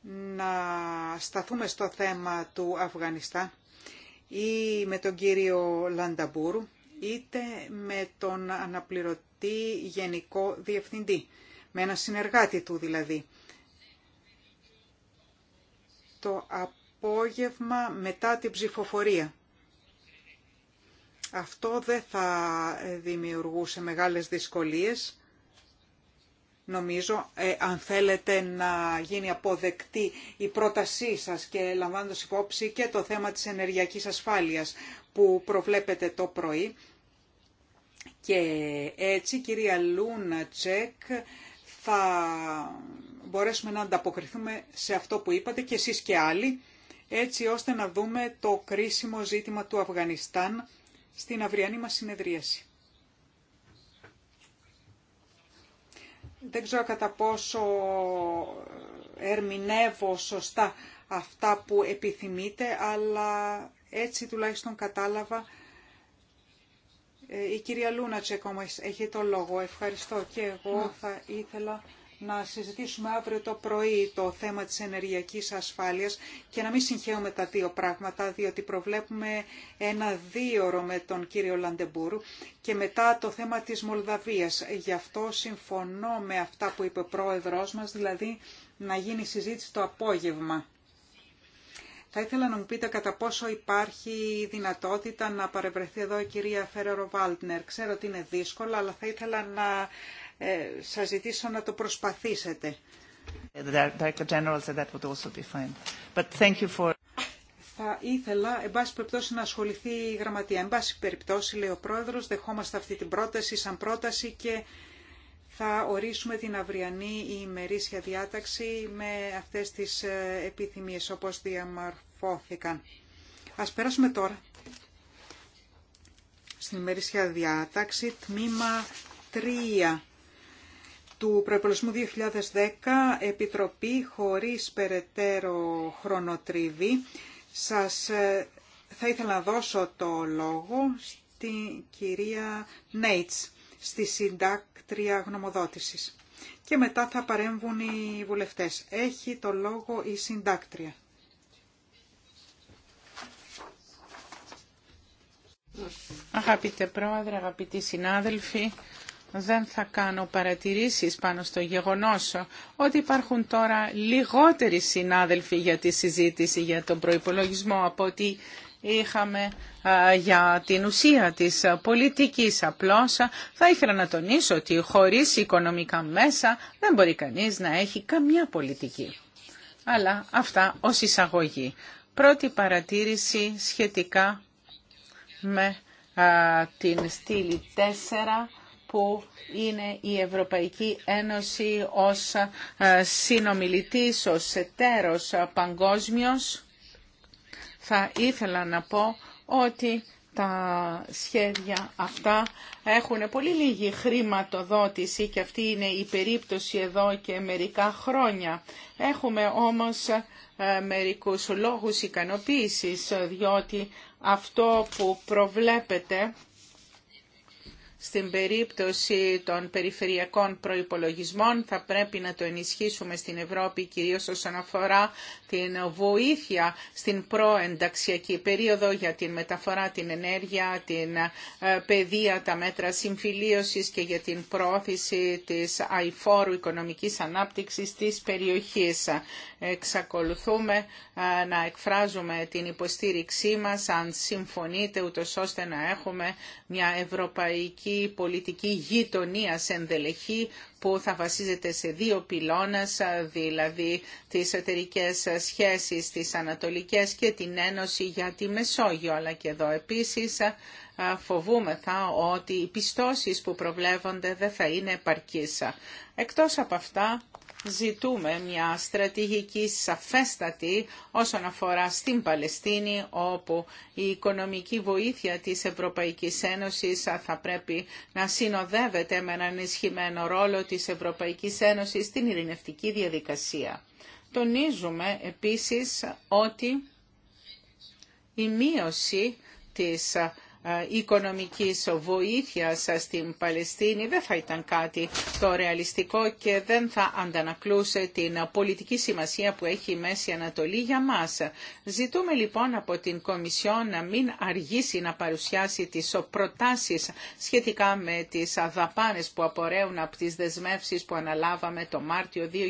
[SPEAKER 2] να σταθούμε στο θέμα του Αφγανιστάν ή με τον κύριο Λανταμπούρου είτε με τον αναπληρωτή γενικό διευθυντή, με ένα συνεργάτη του δηλαδή. Το απόγευμα μετά την ψηφοφορία. Αυτό δεν θα δημιουργούσε μεγάλες δυσκολίες Νομίζω, ε, αν θέλετε να γίνει αποδεκτή η πρότασή σας και λαμβάνοντας υπόψη και το θέμα της ενεργειακής ασφάλειας που προβλέπετε το πρωί. Και έτσι, κυρία Λούνα Τσεκ, θα μπορέσουμε να ανταποκριθούμε σε αυτό που είπατε και εσείς και άλλοι, έτσι ώστε να δούμε το κρίσιμο ζήτημα του Αφγανιστάν στην αυριανή μας συνεδρίαση. Δεν ξέρω κατά πόσο ε, ερμηνεύω σωστά αυτά που επιθυμείτε, αλλά έτσι τουλάχιστον κατάλαβα. Ε, η κυρία Λούνατσεκ όμως έχει το λόγο. Ευχαριστώ και εγώ θα ήθελα να συζητήσουμε αύριο το πρωί το θέμα της ενεργειακής ασφάλειας και να μην συγχαίουμε τα δύο πράγματα, διότι προβλέπουμε ένα δίωρο με τον κύριο Λαντεμπούρου και μετά το θέμα της Μολδαβίας. Γι' αυτό συμφωνώ με αυτά που είπε ο πρόεδρός μας, δηλαδή να γίνει συζήτηση το απόγευμα. Θα ήθελα να μου πείτε κατά πόσο υπάρχει δυνατότητα να παρευρεθεί εδώ η κυρία Φέρερο Βάλτνερ. Ξέρω ότι είναι δύσκολο, αλλά θα ήθελα να ε, σας ζητήσω να το προσπαθήσετε. Θα ήθελα, εν πάση περιπτώσει, να ασχοληθεί η γραμματεία. Εν πάση περιπτώσει, λέει ο Πρόεδρος, δεχόμαστε αυτή την πρόταση σαν πρόταση και θα ορίσουμε την αυριανή ημερήσια διάταξη με αυτές τις ε, επιθυμίες όπως διαμορφώθηκαν. Ας περάσουμε τώρα στην ημερήσια διάταξη, τμήμα 3 του προϋπολογισμού 2010 Επιτροπή χωρίς περαιτέρω χρονοτριβή. Σας ε, θα ήθελα να δώσω το λόγο στην κυρία Νέιτς, στη συντάκτρια γνωμοδότησης. Και μετά θα παρέμβουν οι βουλευτές. Έχει το λόγο η συντάκτρια.
[SPEAKER 4] Αγαπητέ Πρόεδρε, αγαπητοί συνάδελφοι, δεν θα κάνω παρατηρήσεις πάνω στο γεγονός ότι υπάρχουν τώρα λιγότεροι συνάδελφοι για τη συζήτηση για τον προϋπολογισμό από ότι είχαμε για την ουσία της πολιτικής απλώς. Θα ήθελα να τονίσω ότι χωρίς οικονομικά μέσα δεν μπορεί κανείς να έχει καμιά πολιτική. Αλλά αυτά ως εισαγωγή. Πρώτη παρατήρηση σχετικά με την στήλη 4 που είναι η Ευρωπαϊκή Ένωση ως ε, συνομιλητής, ως εταίρος παγκόσμιος. Θα ήθελα να πω ότι τα σχέδια αυτά έχουν πολύ λίγη χρηματοδότηση και αυτή είναι η περίπτωση εδώ και μερικά χρόνια. Έχουμε όμως ε, μερικούς λόγους ικανοποίησης, διότι αυτό που προβλέπεται στην περίπτωση των περιφερειακών προϋπολογισμών θα πρέπει να το ενισχύσουμε στην Ευρώπη κυρίως όσον αφορά την βοήθεια στην προενταξιακή περίοδο για την μεταφορά, την ενέργεια, την ε, παιδεία, τα μέτρα συμφιλίωσης και για την πρόθεση της αηφόρου οικονομικής ανάπτυξης της περιοχής. Εξακολουθούμε ε, να εκφράζουμε την υποστήριξή μας αν συμφωνείτε ούτως ώστε να έχουμε μια ευρωπαϊκή ευρωπαϊκή πολιτική γειτονία ενδελεχή που θα βασίζεται σε δύο πυλώνες, δηλαδή τις εταιρικέ σχέσεις, τις ανατολικές και την Ένωση για τη Μεσόγειο. Αλλά και εδώ επίσης φοβούμεθα ότι οι πιστώσεις που προβλέπονται δεν θα είναι επαρκείς. Εκτός από αυτά, ζητούμε μια στρατηγική σαφέστατη όσον αφορά στην Παλαιστίνη όπου η οικονομική βοήθεια της Ευρωπαϊκής Ένωσης θα πρέπει να συνοδεύεται με έναν ισχυμένο ρόλο της Ευρωπαϊκής Ένωσης στην ειρηνευτική διαδικασία. Τονίζουμε επίσης ότι η μείωση της ε, οικονομικής βοήθειας στην Παλαιστίνη δεν θα ήταν κάτι το ρεαλιστικό και δεν θα αντανακλούσε την πολιτική σημασία που έχει η Μέση Ανατολή για μας. Ζητούμε λοιπόν από την Κομισιό να μην αργήσει να παρουσιάσει τις προτάσεις σχετικά με τις δαπάνες που απορρέουν από τις δεσμεύσεις που αναλάβαμε το Μάρτιο 2009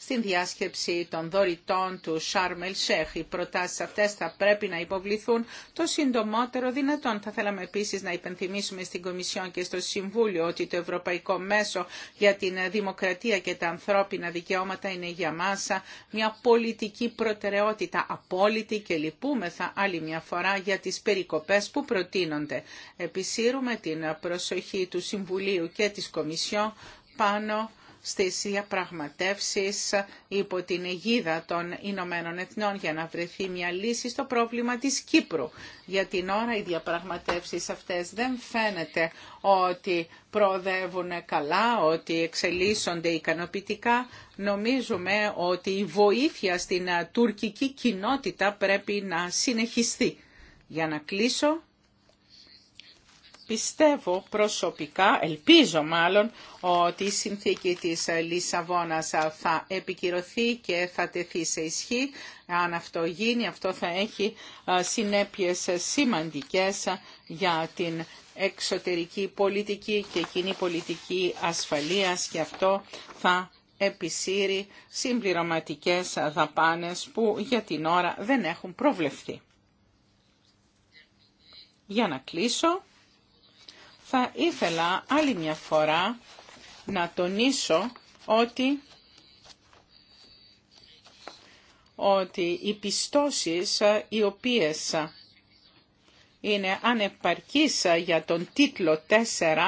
[SPEAKER 4] στην διάσκεψη των δωρητών του Σάρμελ Σέχ. Οι προτάσεις αυτές θα πρέπει να υποβληθούν το συντομότερο δυνατόν. Θα θέλαμε επίση να υπενθυμίσουμε στην Κομισιόν και στο Συμβούλιο ότι το Ευρωπαϊκό Μέσο για την Δημοκρατία και τα ανθρώπινα δικαιώματα είναι για μα μια πολιτική προτεραιότητα απόλυτη και λυπούμεθα άλλη μια φορά για τι περικοπές που προτείνονται. Επισύρουμε την προσοχή του Συμβουλίου και τη Κομισιόν πάνω στις διαπραγματεύσεις υπό την αιγίδα των Ηνωμένων Εθνών για να βρεθεί μια λύση στο πρόβλημα της Κύπρου. Για την ώρα οι διαπραγματεύσεις αυτές δεν φαίνεται ότι προοδεύουν καλά, ότι εξελίσσονται ικανοποιητικά. Νομίζουμε ότι η βοήθεια στην τουρκική κοινότητα πρέπει να συνεχιστεί. Για να κλείσω, Πιστεύω προσωπικά, ελπίζω μάλλον, ότι η συνθήκη της Λισαβόνας θα επικυρωθεί και θα τεθεί σε ισχύ. Αν αυτό γίνει, αυτό θα έχει συνέπειες σημαντικές για την εξωτερική πολιτική και κοινή πολιτική ασφαλείας και αυτό θα επισύρει συμπληρωματικές δαπάνες που για την ώρα δεν έχουν προβλεφθεί. Για να κλείσω, θα ήθελα άλλη μια φορά να τονίσω ότι ότι οι πιστώσεις ε, οι οποίες είναι ανεπαρκείς ε, για τον τίτλο 4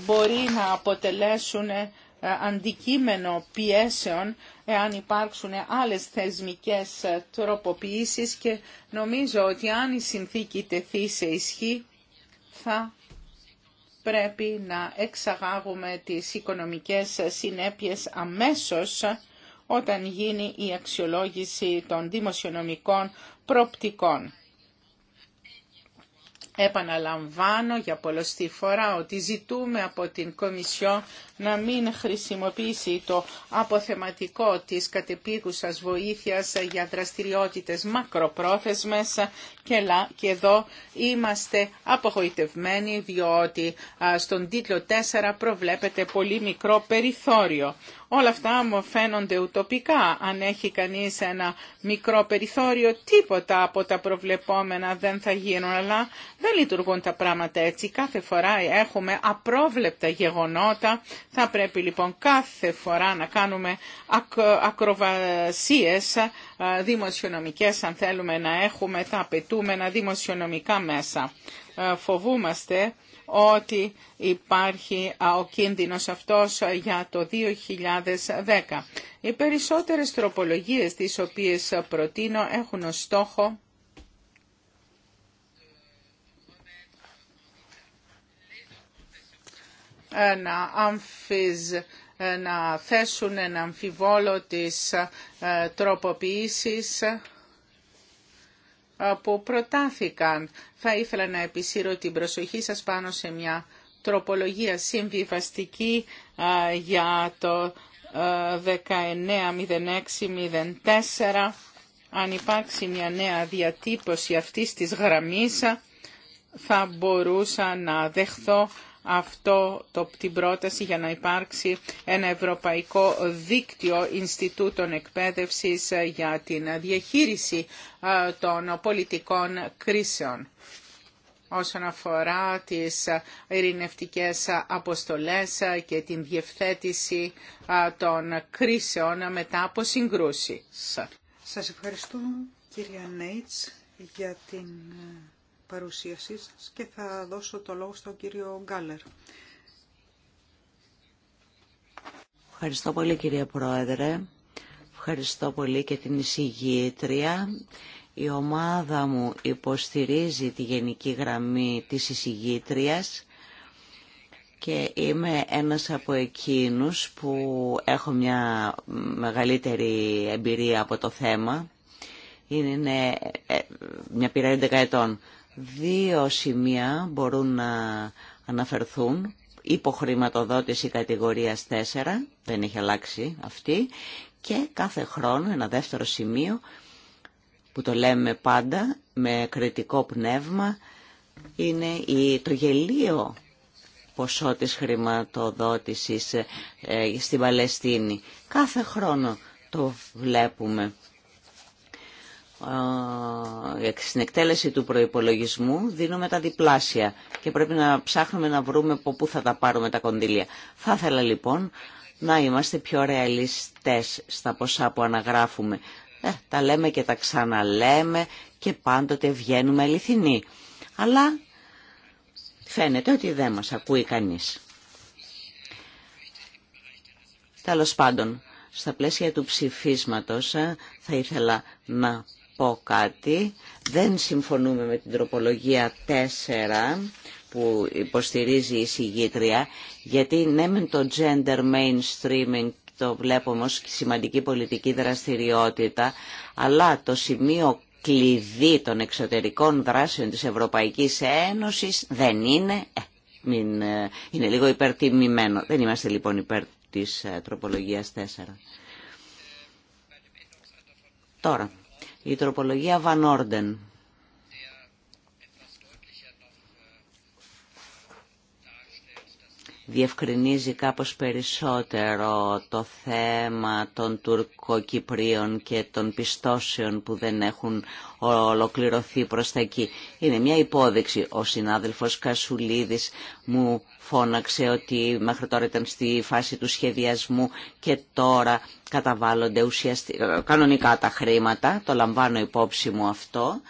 [SPEAKER 4] μπορεί να αποτελέσουν ε, αντικείμενο πιέσεων εάν υπάρξουν άλλες θεσμικές τροποποιήσεις και νομίζω ότι αν η συνθήκη τεθεί σε ισχύ θα πρέπει να εξαγάγουμε τις οικονομικές συνέπειες αμέσως όταν γίνει η αξιολόγηση των δημοσιονομικών προπτικών. Επαναλαμβάνω για πολλωστή φορά ότι ζητούμε από την Κομισιό να μην χρησιμοποιήσει το αποθεματικό της κατεπίγουσας βοήθειας για δραστηριότητες μακροπρόθεσμες και εδώ είμαστε απογοητευμένοι διότι στον τίτλο 4 προβλέπεται πολύ μικρό περιθώριο. Όλα αυτά μου φαίνονται ουτοπικά. Αν έχει κανείς ένα μικρό περιθώριο, τίποτα από τα προβλεπόμενα δεν θα γίνουν, αλλά δεν λειτουργούν τα πράγματα έτσι. Κάθε φορά έχουμε απρόβλεπτα γεγονότα. Θα πρέπει λοιπόν κάθε φορά να κάνουμε ακροβασίες δημοσιονομικές, αν θέλουμε να έχουμε τα απαιτούμενα δημοσιονομικά μέσα. Φοβούμαστε ότι υπάρχει ο κίνδυνος αυτός για το 2010. Οι περισσότερες τροπολογίες τις οποίες προτείνω έχουν ως στόχο να αμφιζ να θέσουν ένα αμφιβόλο της τροποποίησης που προτάθηκαν. Θα ήθελα να επισύρω την προσοχή σας πάνω σε μια τροπολογία συμβιβαστική για το 190604. Αν υπάρξει μια νέα διατύπωση αυτής της γραμμής, θα μπορούσα να δεχθώ αυτό το, την πρόταση για να υπάρξει ένα ευρωπαϊκό δίκτυο Ινστιτούτων Εκπαίδευσης ε, για την διαχείριση ε, των πολιτικών κρίσεων όσον αφορά τις ειρηνευτικές αποστολές ε, και την διευθέτηση των κρίσεων μετά από συγκρούσεις.
[SPEAKER 2] Σας ευχαριστούμε κυρία Νέιτς για την παρουσίασή και θα δώσω το λόγο στον κύριο Γκάλερ.
[SPEAKER 5] Ευχαριστώ πολύ κύριε Πρόεδρε. Ευχαριστώ πολύ και την εισηγήτρια. Η ομάδα μου υποστηρίζει τη γενική γραμμή της εισηγήτριας και είμαι ένας από εκείνους που έχω μια μεγαλύτερη εμπειρία από το θέμα. Είναι ε, ε, μια πειρά 11 ετών. Δύο σημεία μπορούν να αναφερθούν. Υποχρηματοδότηση κατηγορίας 4, δεν έχει αλλάξει αυτή. Και κάθε χρόνο ένα δεύτερο σημείο που το λέμε πάντα με κριτικό πνεύμα είναι το γελίο ποσό της χρηματοδότησης ε, στην Παλαιστίνη. Κάθε χρόνο το βλέπουμε. Ε, στην εκτέλεση του προϋπολογισμού δίνουμε τα διπλάσια και πρέπει να ψάχνουμε να βρούμε από πού θα τα πάρουμε τα κονδύλια. Θα ήθελα λοιπόν να είμαστε πιο ρεαλιστές στα ποσά που αναγράφουμε. Ε, τα λέμε και τα ξαναλέμε και πάντοτε βγαίνουμε αληθινοί. Αλλά φαίνεται ότι δεν μας ακούει κανείς. Τέλος πάντων, στα πλαίσια του ψηφίσματος ε, θα ήθελα να πω Δεν συμφωνούμε με την τροπολογία 4 που υποστηρίζει η συγγήτρια, γιατί ναι με το gender mainstreaming το βλέπουμε ως σημαντική πολιτική δραστηριότητα, αλλά το σημείο κλειδί των εξωτερικών δράσεων της Ευρωπαϊκής Ένωσης δεν είναι, ε, μην, ε, είναι λίγο υπερτιμημένο. Δεν είμαστε λοιπόν υπέρ της ε, τροπολογίας 4. Τώρα, η τροπολογία Van Orden. διευκρινίζει κάπως περισσότερο το θέμα των Τουρκοκυπρίων και των πιστώσεων που δεν έχουν ολοκληρωθεί προς τα εκεί. Είναι μια υπόδειξη. Ο συνάδελφος Κασουλίδης μου φώναξε ότι μέχρι τώρα ήταν στη φάση του σχεδιασμού και τώρα καταβάλλονται ουσιαστικά, κανονικά τα χρήματα, το λαμβάνω υπόψη μου αυτό,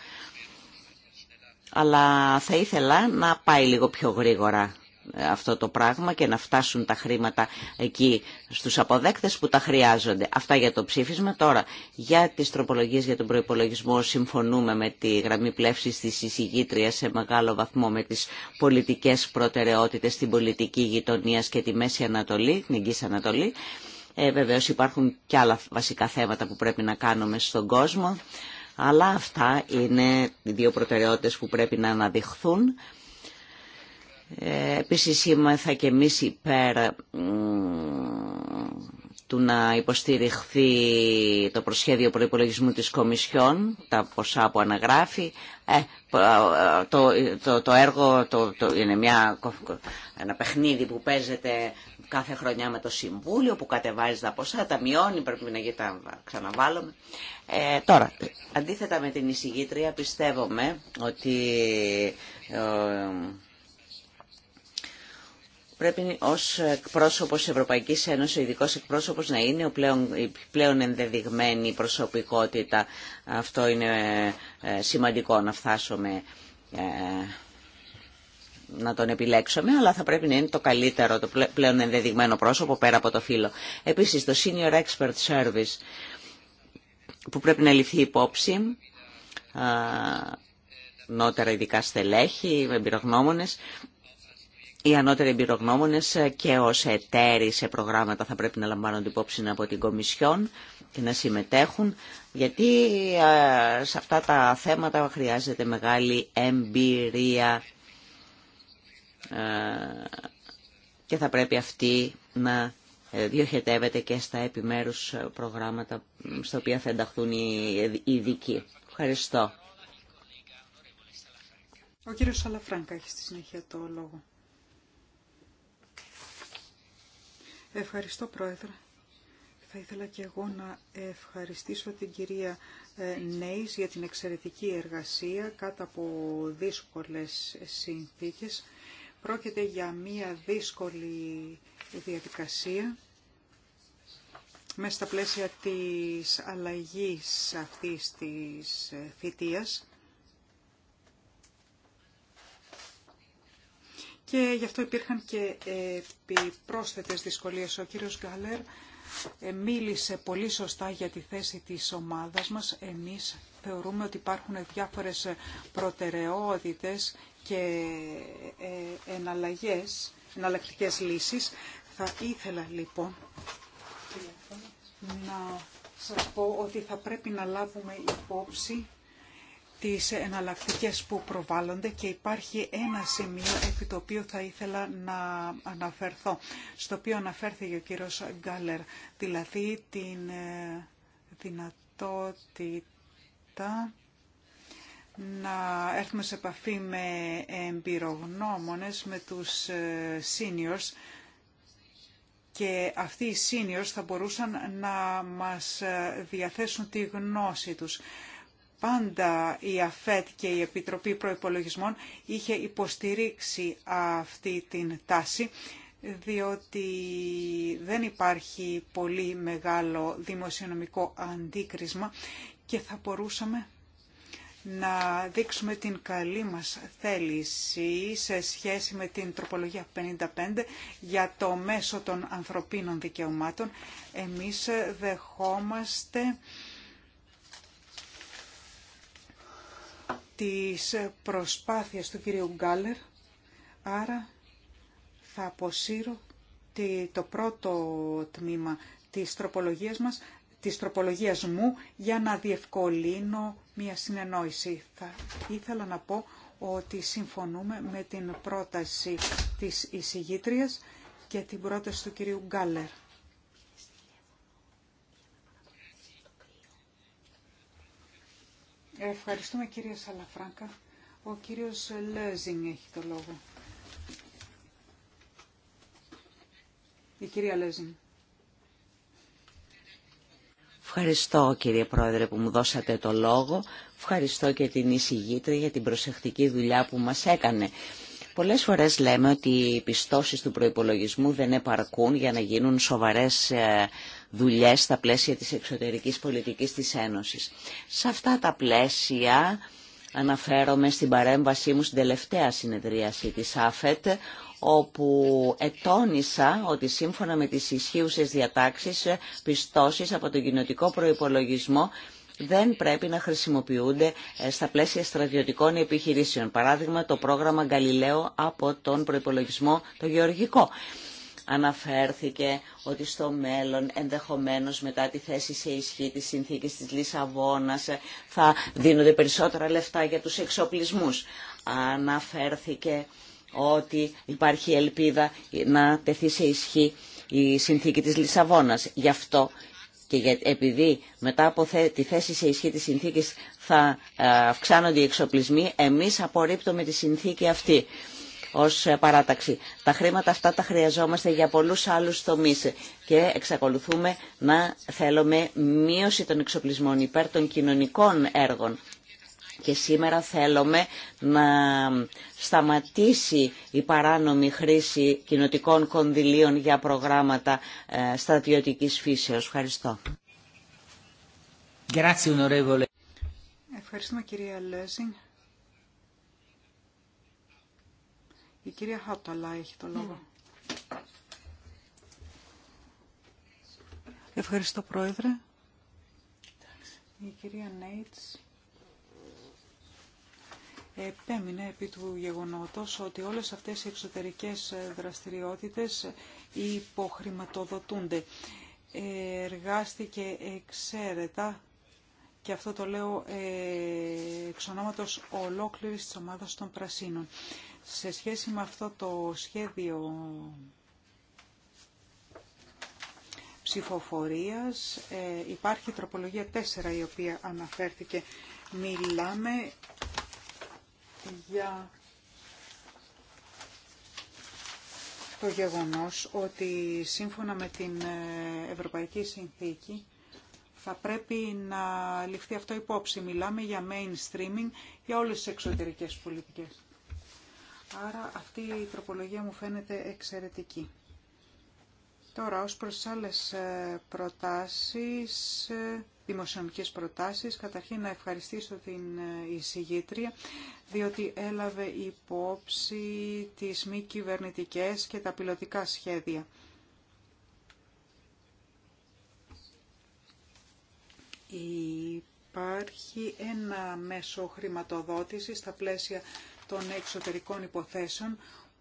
[SPEAKER 5] αλλά θα ήθελα να πάει λίγο πιο γρήγορα αυτό το πράγμα και να φτάσουν τα χρήματα εκεί στους αποδέκτες που τα χρειάζονται. Αυτά για το ψήφισμα. Τώρα, για τις τροπολογίες για τον προϋπολογισμό συμφωνούμε με τη γραμμή πλεύσης της εισηγήτριας σε μεγάλο βαθμό με τις πολιτικές προτεραιότητες στην πολιτική γειτονία και τη Μέση Ανατολή, την Εγγύς Ανατολή. Ε, βεβαίως υπάρχουν και άλλα βασικά θέματα που πρέπει να κάνουμε στον κόσμο, αλλά αυτά είναι οι δύο προτεραιότητες που πρέπει να αναδειχθούν. Ε, επίσης είμαστε και εμείς υπέρ του να υποστηριχθεί το προσχέδιο προϋπολογισμού της Κομισιόν, τα ποσά που αναγράφει. Ε, το, έργο το, το είναι μια, ένα παιχνίδι που παίζεται κάθε χρονιά με το Συμβούλιο, που κατεβάζει τα ποσά, τα μειώνει, πρέπει να τα ξαναβάλουμε. Ε, τώρα, αντίθετα με την εισηγήτρια, πιστεύουμε ότι πρέπει ως εκπρόσωπος Ευρωπαϊκής Ένωσης, ο ειδικό εκπρόσωπος να είναι ο πλέον, η πλέον ενδεδειγμένη προσωπικότητα. Αυτό είναι ε, σημαντικό να φτάσουμε ε, να τον επιλέξουμε, αλλά θα πρέπει να είναι το καλύτερο, το πλέον ενδεδειγμένο πρόσωπο πέρα από το φύλλο. Επίσης, το Senior Expert Service που πρέπει να ληφθεί υπόψη, ε, νότερα ειδικά στελέχη, εμπειρογνώμονες, οι ανώτεροι εμπειρογνώμονε και ω εταίροι σε προγράμματα θα πρέπει να λαμβάνονται υπόψη από την Κομισιόν και να συμμετέχουν, γιατί σε αυτά τα θέματα χρειάζεται μεγάλη εμπειρία ε, και θα πρέπει αυτή να ε, διοχετεύεται και στα επιμέρους προγράμματα στα οποία θα ενταχθούν οι ειδικοί. Ευχαριστώ.
[SPEAKER 2] Ο κύριος Σαλαφράγκα έχει στη συνέχεια το λόγο. Ευχαριστώ, Πρόεδρε. Θα ήθελα και εγώ να ευχαριστήσω την κυρία ε, Νέης για την εξαιρετική εργασία κάτω από δύσκολες συνθήκες. Πρόκειται για μία δύσκολη διαδικασία μέσα στα πλαίσια της αλλαγής αυτής της ε, θητείας και γι' αυτό υπήρχαν και επιπρόσθετες δυσκολίες. Ο κύριος Γκάλερ ε, μίλησε πολύ σωστά για τη θέση της ομάδας μας. Εμείς θεωρούμε ότι υπάρχουν διάφορες προτεραιότητες και ε, εναλλαγές, εναλλακτικές λύσεις. Θα ήθελα λοιπόν να σας πω ότι θα πρέπει να λάβουμε υπόψη τις εναλλακτικές που προβάλλονται και υπάρχει ένα σημείο επί το οποίο θα ήθελα να αναφερθώ, στο οποίο αναφέρθηκε ο κύριος Γκάλερ, δηλαδή την ε, δυνατότητα να έρθουμε σε επαφή με εμπειρογνώμονες, με τους ε, seniors, και αυτοί οι seniors θα μπορούσαν να μας ε, διαθέσουν τη γνώση τους πάντα η ΑΦΕΤ και η Επιτροπή Προϋπολογισμών είχε υποστηρίξει αυτή την τάση διότι δεν υπάρχει πολύ μεγάλο δημοσιονομικό αντίκρισμα και θα μπορούσαμε να δείξουμε την καλή μας θέληση σε σχέση με την τροπολογία 55 για το μέσο των ανθρωπίνων δικαιωμάτων. Εμείς δεχόμαστε τις προσπάθειες του κυρίου Γκάλερ, άρα θα αποσύρω το πρώτο τμήμα της τροπολογίας μας, της τροπολογίας μου, για να διευκολύνω μια συνεννόηση. Θα ήθελα να πω ότι συμφωνούμε με την πρόταση της εισηγήτριας και την πρόταση του κυρίου Γκάλερ. Ευχαριστούμε κύριε Σαλαφράκα. Ο κύριος Λέζινγκ έχει το λόγο. Η κυρία Λέζινγκ.
[SPEAKER 5] Ευχαριστώ κύριε Πρόεδρε που μου δώσατε το λόγο. Ευχαριστώ και την εισηγήτρια για την προσεκτική δουλειά που μας έκανε. Πολλές φορές λέμε ότι οι πιστώσεις του προϋπολογισμού δεν επαρκούν για να γίνουν σοβαρές ε, Δουλειέ στα πλαίσια της εξωτερικής πολιτικής της Ένωσης. Σε αυτά τα πλαίσια αναφέρομαι στην παρέμβασή μου στην τελευταία συνεδρίαση της ΑΦΕΤ, όπου ετώνησα ότι σύμφωνα με τις ισχύουσες διατάξεις πιστώσεις από τον κοινοτικό προϋπολογισμό δεν πρέπει να χρησιμοποιούνται ε, στα πλαίσια στρατιωτικών επιχειρήσεων. Παράδειγμα το πρόγραμμα Γαλιλαίο από τον προϋπολογισμό το γεωργικό αναφέρθηκε ότι στο μέλλον ενδεχομένως μετά τη θέση σε ισχύ της συνθήκης της Λισαβόνας θα δίνονται περισσότερα λεφτά για τους εξοπλισμούς. Αναφέρθηκε ότι υπάρχει ελπίδα να τεθεί σε ισχύ η συνθήκη της Λισαβόνας. Γι' αυτό και επειδή μετά από τη θέση σε ισχύ της συνθήκης θα ε, αυξάνονται οι εξοπλισμοί, εμείς απορρίπτουμε τη συνθήκη αυτή ως ε, παράταξη. Τα χρήματα αυτά τα χρειαζόμαστε για πολλούς άλλους τομείς και εξακολουθούμε να θέλουμε μείωση των εξοπλισμών υπέρ των κοινωνικών έργων. Και σήμερα θέλουμε να σταματήσει η παράνομη χρήση κοινοτικών κονδυλίων για προγράμματα ε, στρατιωτικής φύσεως. Ευχαριστώ.
[SPEAKER 2] Ευχαριστούμε κυρία Η κυρία Χαπταλά έχει το λόγο. Ευχαριστώ Πρόεδρε. Η κυρία Νέιτς επέμεινε επί του γεγονότος ότι όλες αυτές οι εξωτερικές δραστηριότητες υποχρηματοδοτούνται. Εργάστηκε εξαίρετα και αυτό το λέω ε, εξ ονόματος ολόκληρης της ομάδας των Πρασίνων. Σε σχέση με αυτό το σχέδιο ψηφοφορίας ε, υπάρχει τροπολογία 4 η οποία αναφέρθηκε. Μιλάμε για το γεγονός ότι σύμφωνα με την ε, Ευρωπαϊκή Συνθήκη θα πρέπει να ληφθεί αυτό υπόψη. Μιλάμε για mainstreaming για όλες τις εξωτερικές πολιτικές. Άρα αυτή η τροπολογία μου φαίνεται εξαιρετική. Τώρα, ως προς τις άλλες ε, προτάσεις, ε, δημοσιονομικές προτάσεις, καταρχήν να ευχαριστήσω την ε, εισηγήτρια, διότι έλαβε υπόψη τις μη κυβερνητικές και τα πιλωτικά σχέδια. υπάρχει ένα μέσο χρηματοδότηση στα πλαίσια των εξωτερικών υποθέσεων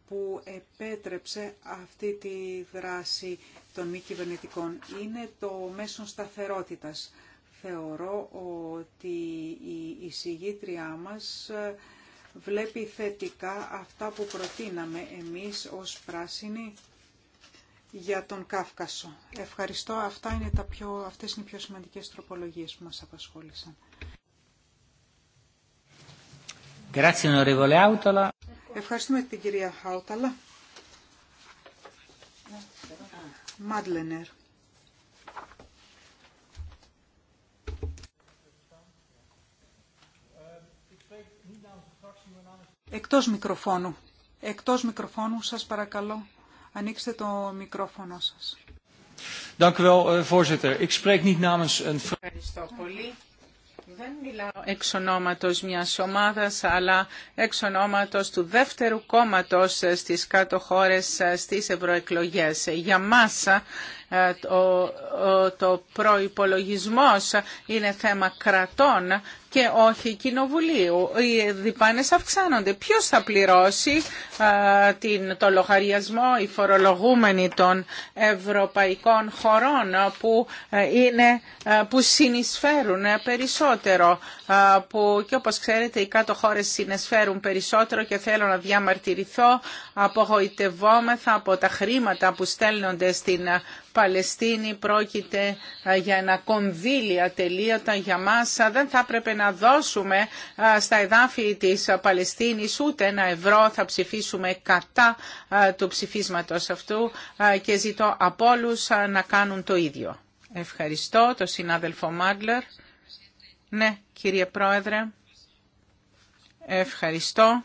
[SPEAKER 2] που επέτρεψε αυτή τη δράση των μη κυβερνητικών. Είναι το μέσο σταθερότητας. Θεωρώ ότι η εισηγήτριά μας βλέπει θετικά αυτά που προτείναμε εμείς ως πράσινοι για τον Κάφκασο. Ευχαριστώ. Αυτά είναι τα πιο, αυτές είναι οι πιο σημαντικές τροπολογίες που μας απασχόλησαν. Ευχαριστούμε την κυρία Χάουταλα. Μάντλενερ. Εκτός μικροφώνου. Εκτός μικροφώνου σας παρακαλώ. Ανοίξτε το μικρόφωνο σας.
[SPEAKER 3] Ευχαριστώ
[SPEAKER 4] πολύ. Δεν μιλάω εξ ονόματος μιας ομάδας, αλλά εξ ονόματος του δεύτερου κόμματος ε, στις κάτω χώρες ε, στις ευρωεκλογές. Ε, για μας ε, το προϋπολογισμός είναι θέμα κρατών και όχι κοινοβουλίου. Οι διπάνες αυξάνονται. Ποιος θα πληρώσει ε, την, το λογαριασμό, οι φορολογούμενοι των ευρωπαϊκών χωρών που, ε, είναι, που συνεισφέρουν περισσότερο. που, και όπως ξέρετε οι κάτω χώρες συνεισφέρουν περισσότερο και θέλω να διαμαρτυρηθώ. Απογοητευόμεθα από τα χρήματα που στέλνονται στην Παλαιστίνη πρόκειται για ένα κονδύλια τελείωτα για μας. Δεν θα έπρεπε να δώσουμε στα εδάφη της Παλαιστίνης ούτε ένα ευρώ. Θα ψηφίσουμε κατά του ψηφίσματος αυτού και ζητώ από όλου να κάνουν το ίδιο. Ευχαριστώ τον συνάδελφο Μάντλερ. Ναι, κύριε Πρόεδρε. Ευχαριστώ.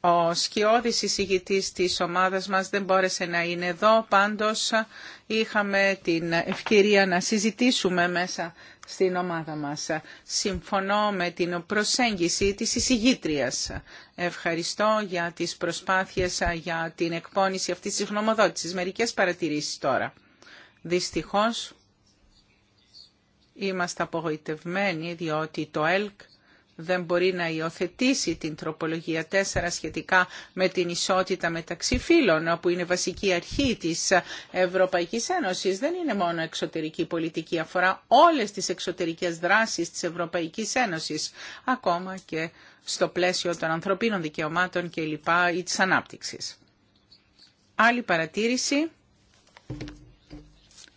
[SPEAKER 4] Ο σκιώδης εισηγητής της ομάδας μας δεν μπόρεσε να είναι εδώ, πάντως είχαμε την ευκαιρία να συζητήσουμε μέσα στην ομάδα μας. Συμφωνώ με την προσέγγιση της εισηγήτριας. Ευχαριστώ για τις προσπάθειες για την εκπόνηση αυτής της γνωμοδότησης. Μερικές παρατηρήσεις τώρα. Δυστυχώς είμαστε απογοητευμένοι διότι το ΕΛΚ δεν μπορεί να υιοθετήσει την τροπολογία 4 σχετικά με την ισότητα μεταξύ φύλων, όπου είναι βασική αρχή της Ευρωπαϊκής Ένωσης. Δεν είναι μόνο εξωτερική πολιτική, αφορά όλες τις εξωτερικές δράσεις της Ευρωπαϊκής Ένωσης, ακόμα και στο πλαίσιο των ανθρωπίνων δικαιωμάτων και λοιπά ή της ανάπτυξης. Άλλη παρατήρηση,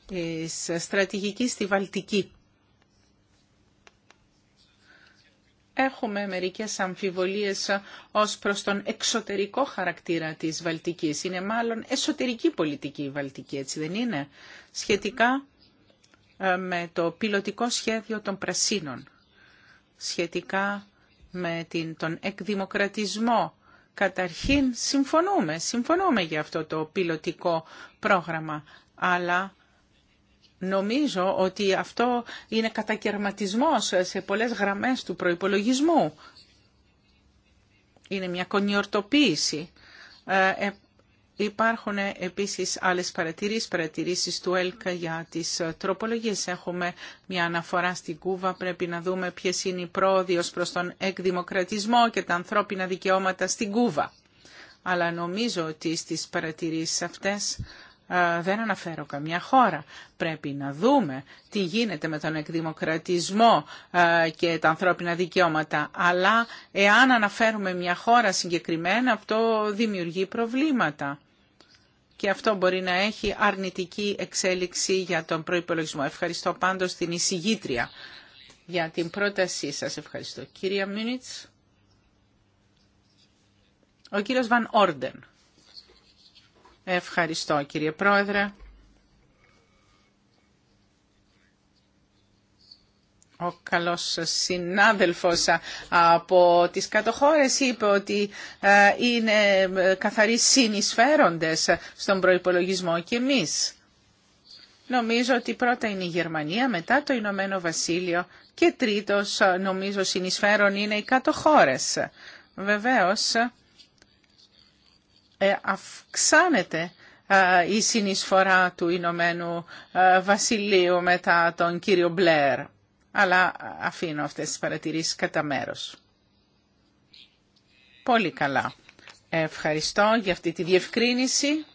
[SPEAKER 4] η στρατηγική στη Βαλτική Έχουμε μερικές αμφιβολίες ως προς τον εξωτερικό χαρακτήρα της Βαλτικής. Είναι μάλλον εσωτερική πολιτική η Βαλτική, έτσι δεν είναι, σχετικά ε, με το πιλωτικό σχέδιο των Πρασίνων, σχετικά με την, τον εκδημοκρατισμό. Καταρχήν συμφωνούμε, συμφωνούμε για αυτό το πιλωτικό πρόγραμμα, αλλά Νομίζω ότι αυτό είναι κατακαιρματισμός σε πολλές γραμμές του προϋπολογισμού. Είναι μια κονιορτοποίηση. Ε, ε υπάρχουν επίσης άλλες παρατηρήσεις, παρατηρήσεις του ΕΛΚΑ για τις ε, τροπολογίες. Έχουμε μια αναφορά στην Κούβα, πρέπει να δούμε ποιες είναι οι πρόοδοι προς τον εκδημοκρατισμό και τα ανθρώπινα δικαιώματα στην Κούβα. Αλλά νομίζω ότι στις παρατηρήσεις αυτές ε, δεν αναφέρω καμιά χώρα. Πρέπει να δούμε τι γίνεται με τον εκδημοκρατισμό ε, και τα ανθρώπινα δικαιώματα. Αλλά εάν αναφέρουμε μια χώρα συγκεκριμένα, αυτό δημιουργεί προβλήματα. Και αυτό μπορεί να έχει αρνητική εξέλιξη για τον προϋπολογισμό. Ευχαριστώ πάντως την εισηγήτρια για την πρότασή σας. Ευχαριστώ. Κυρία Μίνιτς. Ο κύριος Βαν Όρντεν. Ευχαριστώ κύριε Πρόεδρε. Ο καλός συνάδελφος από τις κατοχώρες είπε ότι ε, είναι ε, καθαροί συνεισφέροντες στον προϋπολογισμό και εμείς. Νομίζω ότι πρώτα είναι η Γερμανία, μετά το Ηνωμένο Βασίλειο και τρίτος ε, νομίζω συνεισφέρον είναι οι κατοχώρες. Βεβαίως ε, αυξάνεται ε, η συνεισφορά του Ηνωμένου ε, Βασιλείου μετά τον κύριο Μπλερ. Αλλά αφήνω αυτές τις παρατηρήσεις κατά μέρος. Πολύ καλά. Ευχαριστώ για αυτή τη διευκρίνηση.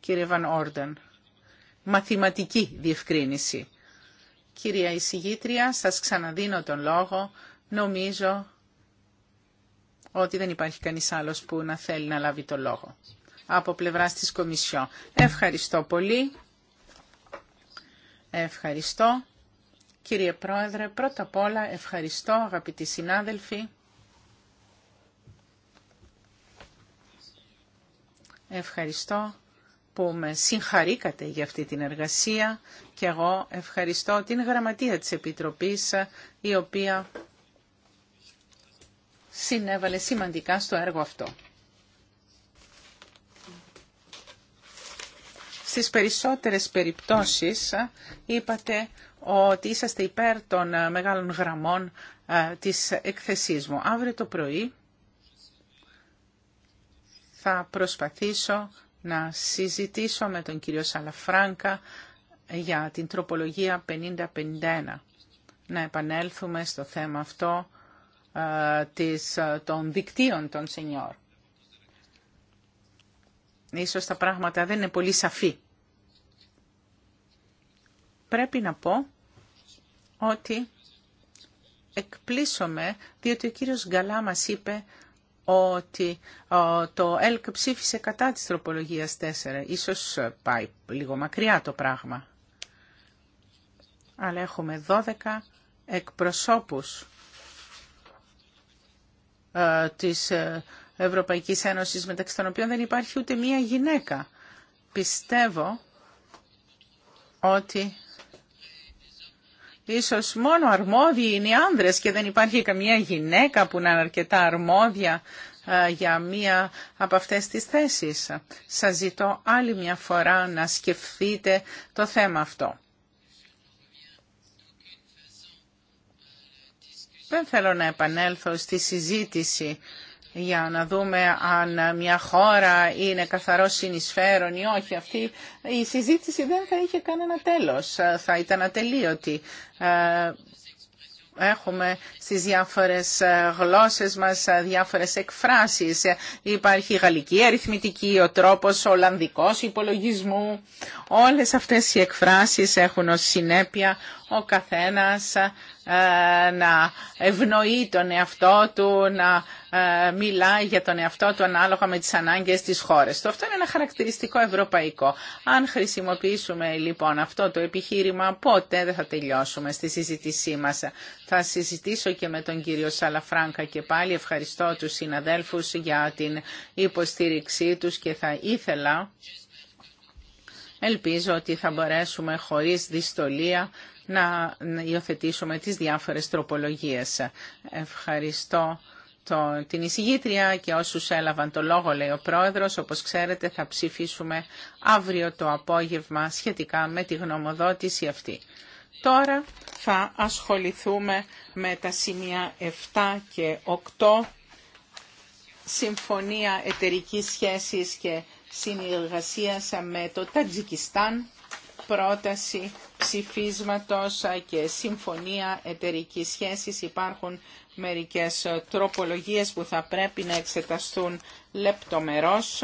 [SPEAKER 4] Κύριε Βαν Όρντεν, μαθηματική διευκρίνηση. Κυρία εισηγήτρια, σας ξαναδίνω τον λόγο. Νομίζω ότι δεν υπάρχει κανείς άλλος που να θέλει να λάβει το λόγο από πλευράς της Κομισιό. Ευχαριστώ πολύ. Ευχαριστώ. Κύριε Πρόεδρε, πρώτα απ' όλα ευχαριστώ αγαπητοί συνάδελφοι. Ευχαριστώ που με συγχαρήκατε για αυτή την εργασία και εγώ ευχαριστώ την γραμματεία της Επιτροπής η οποία συνέβαλε σημαντικά στο έργο αυτό. Στις περισσότερες περιπτώσεις είπατε ότι είσαστε υπέρ των μεγάλων γραμμών της εκθεσής μου. Αύριο το πρωί θα προσπαθήσω να συζητήσω με τον κύριο Σαλαφράνκα για την τροπολογία 50-51. Να επανέλθουμε στο θέμα αυτό ε, ε, των δικτύων των σενιόρ. Ίσως τα πράγματα δεν είναι πολύ σαφή. Πρέπει να πω ότι εκπλήσωμε διότι ο κύριος Γκαλά μας είπε ότι ε, το ΕΛΚ ψήφισε κατά της τροπολογίας 4. Ίσως πάει λίγο μακριά το πράγμα. Αλλά έχουμε 12 εκπροσώπους ε, της ε, Ευρωπαϊκής Ένωσης μεταξύ των οποίων δεν υπάρχει ούτε μία γυναίκα. Πιστεύω ότι ίσως μόνο αρμόδιοι είναι οι άνδρες και δεν υπάρχει καμία γυναίκα που να είναι αρκετά αρμόδια ε, για μία από αυτές τις θέσεις. Σας ζητώ άλλη μια φορά να σκεφτείτε το θέμα αυτό. Δεν θέλω να επανέλθω στη συζήτηση για να δούμε αν μια χώρα είναι καθαρό συνεισφέρον ή όχι. Αυτή η συζήτηση δεν θα είχε κανένα τέλος, θα ήταν ατελείωτη. Ε, έχουμε στις διάφορες γλώσσες μας διάφορες εκφράσεις. Υπάρχει η γαλλική αριθμητική, ο τρόπος ο ολλανδικός υπολογισμού. Όλες αυτές οι εκφράσεις έχουν ως συνέπεια ο καθένας ε, να ευνοεί τον εαυτό του, να ε, μιλάει για τον εαυτό του ανάλογα με τις ανάγκες της χώρας. Το αυτό είναι ένα χαρακτηριστικό ευρωπαϊκό. Αν χρησιμοποιήσουμε λοιπόν αυτό το επιχείρημα, πότε δεν θα τελειώσουμε στη συζήτησή μας. Θα συζητήσω και με τον κύριο Σαλαφράνκα και πάλι ευχαριστώ τους συναδέλφους για την υποστήριξή τους και θα ήθελα... Ελπίζω ότι θα μπορέσουμε χωρίς δυστολία να υιοθετήσουμε τις διάφορες τροπολογίες. Ευχαριστώ την εισηγήτρια και όσους έλαβαν το λόγο, λέει ο Πρόεδρος. Όπως ξέρετε θα ψηφίσουμε αύριο το απόγευμα σχετικά με τη γνωμοδότηση αυτή. Τώρα θα ασχοληθούμε με τα σημεία 7 και 8, Συμφωνία Εταιρικής Σχέσης και Συνεργασίας με το Τατζικιστάν πρόταση ψηφίσματος και συμφωνία εταιρική σχέσης. Υπάρχουν μερικές τροπολογίες που θα πρέπει να εξεταστούν λεπτομερώς.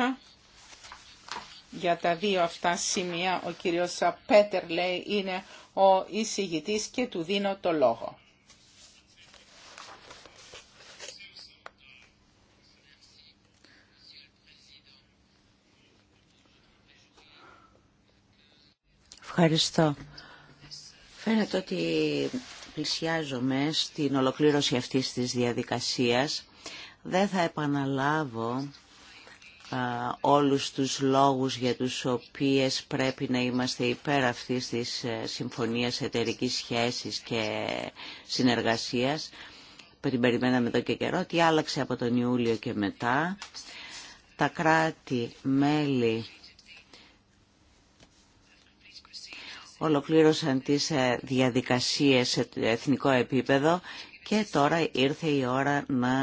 [SPEAKER 4] Για τα δύο αυτά σημεία ο κύριος Πέτερ είναι ο εισηγητής και του δίνω το λόγο.
[SPEAKER 5] Ευχαριστώ. Φαίνεται ότι πλησιάζομαι στην ολοκλήρωση αυτής της διαδικασίας. Δεν θα επαναλάβω όλους τους λόγους για τους οποίες πρέπει να είμαστε υπέρ αυτής της ε, συμφωνίας εταιρικής σχέσης και συνεργασίας. Την περιμέναμε εδώ και καιρό, ότι άλλαξε από τον Ιούλιο και μετά. Τα κράτη-μέλη ολοκλήρωσαν τις ε, διαδικασίες σε εθνικό επίπεδο και τώρα ήρθε η ώρα να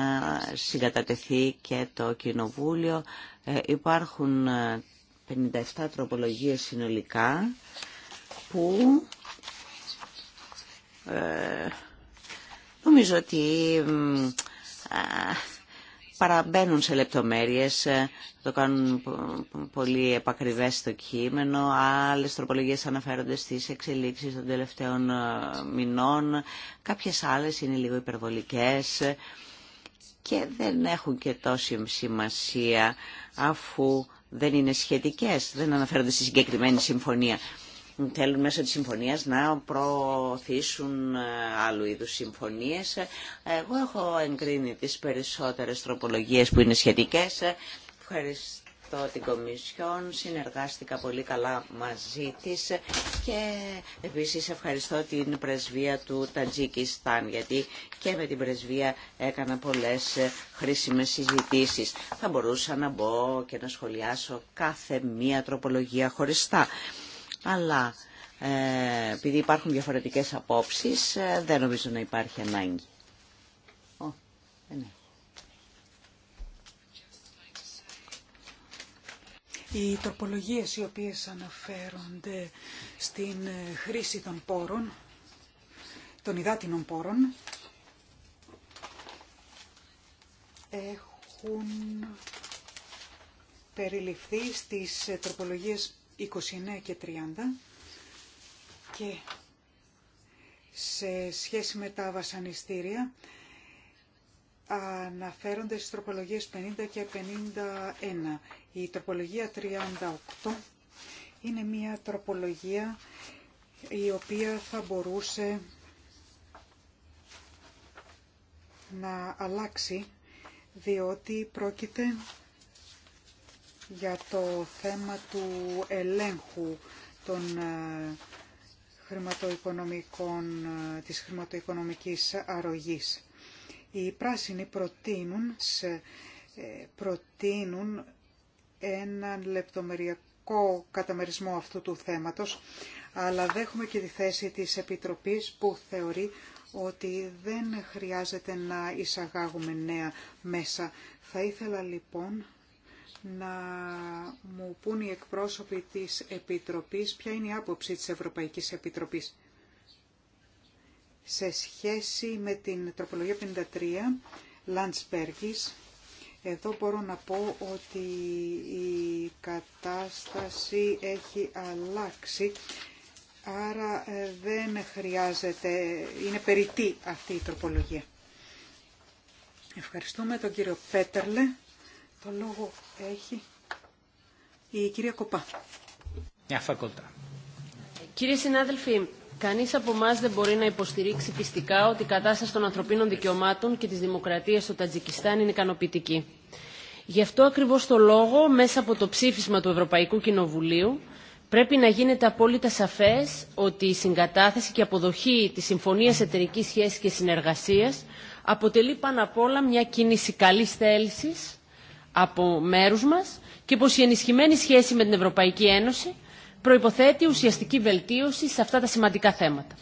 [SPEAKER 5] συγκατατεθεί και το Κοινοβούλιο. Ε, υπάρχουν 57 ε, τροπολογίες συνολικά που νομίζω ότι παραμπαίνουν σε λεπτομέρειες, ε, το κάνουν πολύ επακριβές στο κείμενο, άλλες τροπολογίες αναφέρονται στις εξελίξεις των τελευταίων ε, μηνών, κάποιες άλλες είναι λίγο υπερβολικές και δεν έχουν και τόση σημασία αφού δεν είναι σχετικές, δεν αναφέρονται στη συγκεκριμένη συμφωνία θέλουν μέσω της συμφωνίας να προωθήσουν ε, άλλου είδους συμφωνίες. Ε, εγώ έχω εγκρίνει τις περισσότερες τροπολογίες που είναι σχετικές. Ε, ευχαριστώ την Κομισιόν, συνεργάστηκα πολύ καλά μαζί της και επίσης ευχαριστώ την πρεσβεία του Τατζίκισταν γιατί και με την πρεσβεία έκανα πολλές χρήσιμες συζητήσεις. Θα μπορούσα να μπω και να σχολιάσω κάθε μία τροπολογία χωριστά αλλά ε, επειδή υπάρχουν διαφορετικές απόψεις, ε, δεν νομίζω να υπάρχει ανάγκη. Ο, ε, ναι.
[SPEAKER 2] Οι τροπολογίες οι οποίες αναφέρονται στην χρήση των πόρων, των υδάτινων πόρων, έχουν περιληφθεί στις τροπολογίες 29 και 30 και σε σχέση με τα βασανιστήρια αναφέρονται στις τροπολογίες 50 και 51. Η τροπολογία 38 είναι μια τροπολογία η οποία θα μπορούσε να αλλάξει διότι πρόκειται για το θέμα του ελέγχου των ε, χρηματοοικονομικών, ε, της χρηματοοικονομικής αρρωγής. Οι πράσινοι προτείνουν, ε, προτείνουν έναν λεπτομεριακό καταμερισμό αυτού του θέματος, αλλά δέχουμε και τη θέση της Επιτροπής που θεωρεί ότι δεν χρειάζεται να εισαγάγουμε νέα μέσα. Θα ήθελα λοιπόν να μου πούν οι εκπρόσωποι της Επιτροπής ποια είναι η άποψη της Ευρωπαϊκής Επιτροπής σε σχέση με την τροπολογία 53 Λαντσπέργης. Εδώ μπορώ να πω ότι η κατάσταση έχει αλλάξει, άρα ε, δεν χρειάζεται, είναι περιττή αυτή η τροπολογία. Ευχαριστούμε τον κύριο Πέτερλε. Το
[SPEAKER 8] λόγο έχει η κυρία Κοπά. Μια Κύριε συνάδελφοι, κανεί από εμά δεν μπορεί να υποστηρίξει πιστικά ότι η κατάσταση των ανθρωπίνων δικαιωμάτων και τη δημοκρατία στο Τατζικιστάν είναι ικανοποιητική. Γι' αυτό ακριβώ το λόγο, μέσα από το ψήφισμα του Ευρωπαϊκού Κοινοβουλίου, πρέπει να γίνεται απόλυτα σαφέ ότι η συγκατάθεση και αποδοχή τη συμφωνία εταιρική σχέση και συνεργασία αποτελεί πάνω απ' όλα μια κίνηση καλή θέληση από μέρους μας και πως η ενισχυμένη σχέση με την Ευρωπαϊκή Ένωση προϋποθέτει ουσιαστική βελτίωση σε αυτά τα σημαντικά θέματα.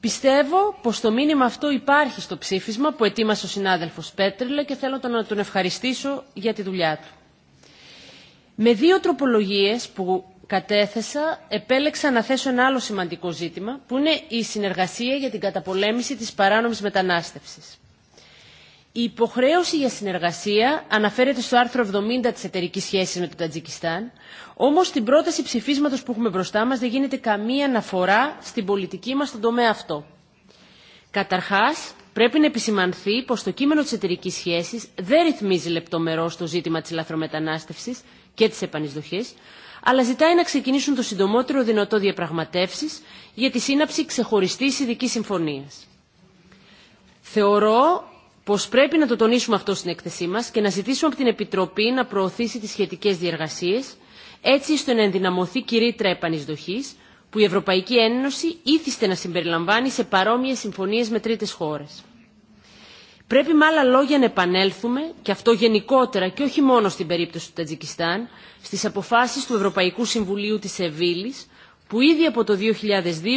[SPEAKER 8] Πιστεύω πως το μήνυμα αυτό υπάρχει στο ψήφισμα που ετοίμασε ο συνάδελφος Πέτριλε και θέλω να τον ευχαριστήσω για τη δουλειά του. Με δύο τροπολογίες που κατέθεσα, επέλεξα να θέσω ένα άλλο σημαντικό ζήτημα, που είναι η συνεργασία για την καταπολέμηση της παράνομης μετανάστευσης. Η υποχρέωση για συνεργασία αναφέρεται στο άρθρο 70 της εταιρικής σχέσης με το Τατζικιστάν, όμως στην πρόταση ψηφίσματος που έχουμε μπροστά μας δεν γίνεται καμία αναφορά στην πολιτική μας στον τομέα αυτό. Καταρχάς, πρέπει να επισημανθεί πως το κείμενο της εταιρικής σχέσης δεν ρυθμίζει λεπτομερώς το ζήτημα της λαθρομετανάστευσης και της επανεισδοχής, αλλά ζητάει να ξεκινήσουν το συντομότερο δυνατό διαπραγματεύσεις για τη σύναψη ξεχωριστή ειδική συμφωνίας. Θεωρώ πω πρέπει να το τονίσουμε αυτό στην έκθεσή μα και να ζητήσουμε από την Επιτροπή να προωθήσει τι σχετικέ διεργασίες, έτσι ώστε να ενδυναμωθεί κηρύτρα επανεισδοχή που η Ευρωπαϊκή Ένωση ήθιστε να συμπεριλαμβάνει σε παρόμοιε συμφωνίε με τρίτε χώρε. Πρέπει με άλλα λόγια να επανέλθουμε, και αυτό γενικότερα και όχι μόνο στην περίπτωση του Τατζικιστάν, στι αποφάσει του Ευρωπαϊκού Συμβουλίου τη Σεβίλη που ήδη από το 2002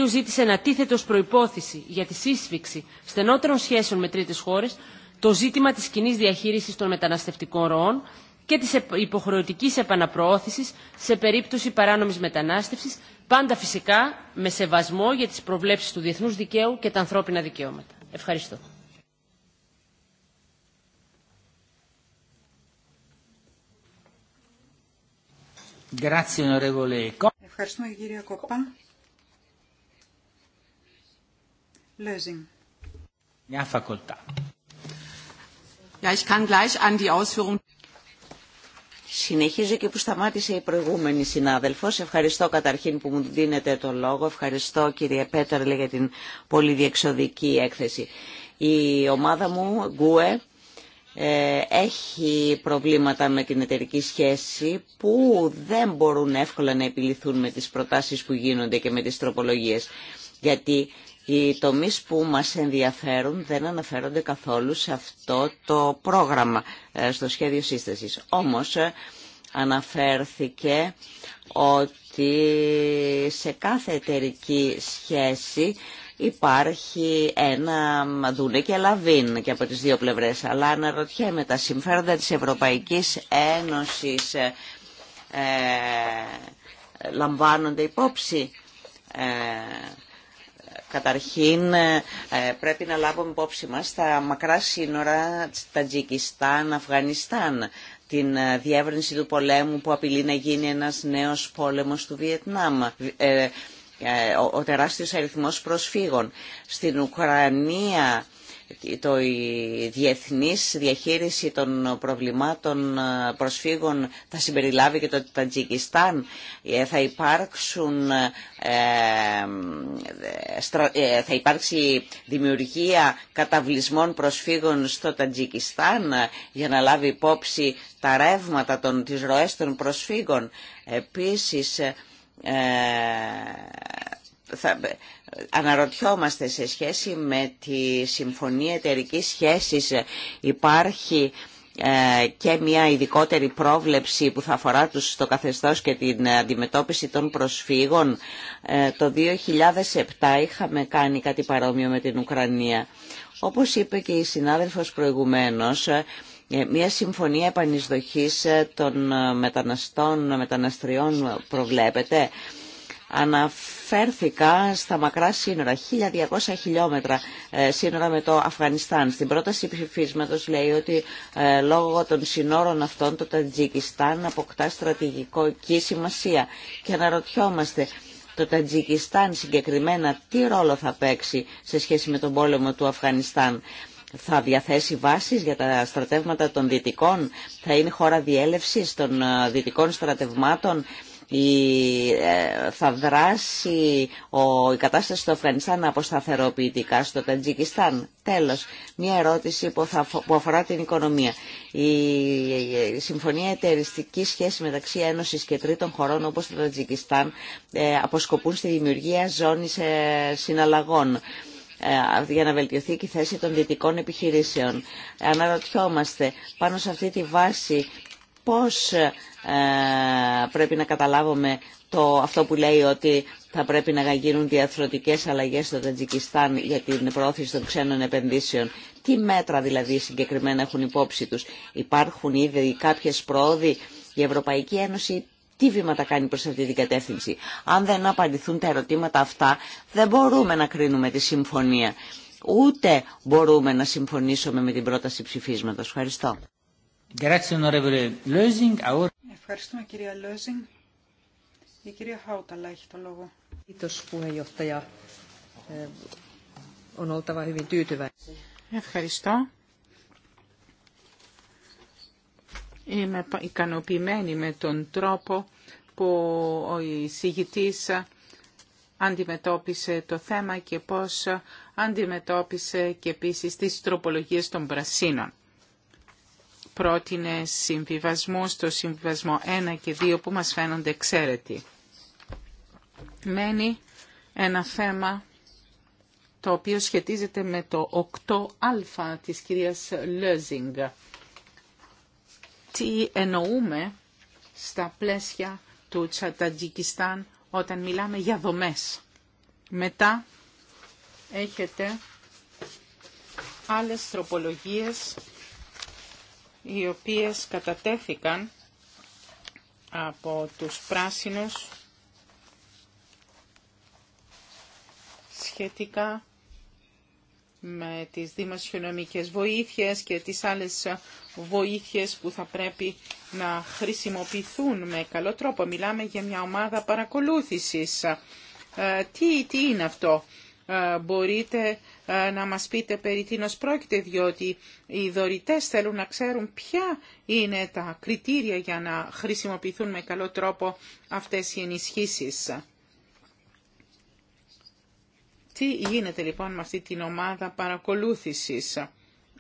[SPEAKER 8] ζήτησε να τίθεται ως προϋπόθεση για τη σύσφυξη στενότερων σχέσεων με τρίτες χώρες το ζήτημα της κοινή διαχείρισης των μεταναστευτικών ροών και της υποχρεωτικής επαναπροώθησης σε περίπτωση παράνομης μετανάστευσης, πάντα φυσικά με σεβασμό για τις προβλέψεις του διεθνούς δικαίου και τα ανθρώπινα δικαιώματα. Ευχαριστώ.
[SPEAKER 2] Ευχαριστούμε κυρία Κοπά. Λέζιν.
[SPEAKER 5] Μια φακολτά. Ja, ich kann gleich an die Ausführung Συνεχίζω και που σταμάτησε η προηγούμενη συνάδελφος. Ευχαριστώ καταρχήν που μου δίνετε το λόγο. Ευχαριστώ κύριε Πέτερλε για την πολύ διεξοδική έκθεση. Η ομάδα μου, Γκουε, ε, έχει προβλήματα με την εταιρική σχέση που δεν μπορούν εύκολα να επιληθούν με τις προτάσεις που γίνονται και με τις τροπολογίες. Γιατί οι τομείς που μας ενδιαφέρουν δεν αναφέρονται καθόλου σε αυτό το πρόγραμμα, ε, στο σχέδιο σύστασης. Όμως ε, αναφέρθηκε ότι σε κάθε εταιρική σχέση υπάρχει ένα δούνε και λαβίν και από τις δύο πλευρές. Αλλά αναρωτιέμαι τα συμφέροντα της Ευρωπαϊκής Ένωσης ε, ε, λαμβάνονται υπόψη. Ε, καταρχήν πρέπει να λάβουμε υπόψη μας τα μακρά σύνορα Τατζικιστάν, Αφγανιστάν, την διεύρυνση του πολέμου που απειλεί να γίνει ένας νέος πόλεμος του Βιετνάμ, ε, ο τεράστιος αριθμός προσφύγων. Στην Ουκρανία το, η διεθνής διαχείριση των προβλημάτων ε, προσφύγων θα συμπεριλάβει και το Τατζικιστάν. Ε, θα, υπάρξουν, θα υπάρξει δημιουργία καταβλισμών προσφύγων στο Τατζικιστάν για να λάβει υπόψη τα ρεύματα των, τις ροές των προσφύγων. Επίσης, ε, αναρωτιόμαστε σε σχέση με τη Συμφωνία εταιρική Σχέσης υπάρχει ε, και μια ειδικότερη πρόβλεψη που θα αφορά τους στο καθεστώς και την αντιμετώπιση των προσφύγων. Ε, το 2007 είχαμε κάνει κάτι παρόμοιο με την Ουκρανία. Όπως είπε και η συνάδελφος προηγουμένως, ε, μια συμφωνία επανεισδοχής ε, των ε, μεταναστών, μεταναστριών προβλέπεται. Αναφέρθηκα στα μακρά σύνορα, 1200 χιλιόμετρα σύνορα με το Αφγανιστάν. Στην πρόταση ψηφίσματος λέει ότι λόγω των σύνορων αυτών το Τατζικιστάν αποκτά στρατηγική σημασία. Και αναρωτιόμαστε το Τατζικιστάν συγκεκριμένα τι ρόλο θα παίξει σε σχέση με τον πόλεμο του Αφγανιστάν θα διαθέσει βάσεις για τα στρατεύματα των δυτικών, θα είναι χώρα διέλευσης των ε, δυτικών στρατευμάτων, ε, θα δράσει ο, η κατάσταση στο Αφγανιστάν αποσταθεροποιητικά στο Τατζικιστάν. Τέλος, μια ερώτηση που, αφορά την οικονομία. Η, η συμφωνία εταιριστική σχέση μεταξύ Ένωσης και τρίτων χωρών όπως το Τατζικιστάν ε, αποσκοπούν στη δημιουργία ζώνης συναλλαγών. Ε, για να βελτιωθεί και η θέση των δυτικών επιχειρήσεων. Αναρωτιόμαστε πάνω σε αυτή τη βάση πώς ε, πρέπει να καταλάβουμε το, αυτό που λέει ότι θα πρέπει να γίνουν διαθροτικές αλλαγές στο Τατζικιστάν για την προώθηση των ξένων επενδύσεων. Τι μέτρα δηλαδή συγκεκριμένα έχουν υπόψη τους. Υπάρχουν ήδη κάποιες πρόοδοι. Η Ευρωπαϊκή Ένωση τι βήματα κάνει προς αυτή την κατεύθυνση. Αν δεν απαντηθούν τα ερωτήματα αυτά, δεν μπορούμε να κρίνουμε τη συμφωνία. Ούτε μπορούμε να συμφωνήσουμε με την πρόταση ψηφίσματος. Ευχαριστώ.
[SPEAKER 2] Ευχαριστούμε κυρία Λόζινγκ. Η κυρία Χάουταλα έχει το λόγο. Ε, Ευχαριστώ.
[SPEAKER 4] Είμαι ικανοποιημένη με τον τρόπο που ο εισηγητής αντιμετώπισε το θέμα και πώς αντιμετώπισε και επίσης τις τροπολογίες των πρασίνων. Πρότεινε συμβιβασμό στο συμβιβασμό 1 και 2 που μας φαίνονται εξαίρετοι. Μένει ένα θέμα το οποίο σχετίζεται με το 8α της κυρίας Λόζινγκ τι εννοούμε στα πλαίσια του Τσατατζικιστάν όταν μιλάμε για δομές. Μετά έχετε άλλες τροπολογίες οι οποίες κατατέθηκαν από τους πράσινους σχετικά με τις δημοσιονομικές βοήθειες και τις άλλες βοήθειες που θα πρέπει να χρησιμοποιηθούν με καλό τρόπο. Μιλάμε για μια ομάδα παρακολούθησης. Ε, τι, τι είναι αυτό. Ε, μπορείτε ε, να μας πείτε περί τίνος πρόκειται, διότι οι δωρητές θέλουν να ξέρουν ποια είναι τα κριτήρια για να χρησιμοποιηθούν με καλό τρόπο αυτές οι ενισχύσεις. Τι γίνεται λοιπόν με αυτή την ομάδα παρακολούθησης.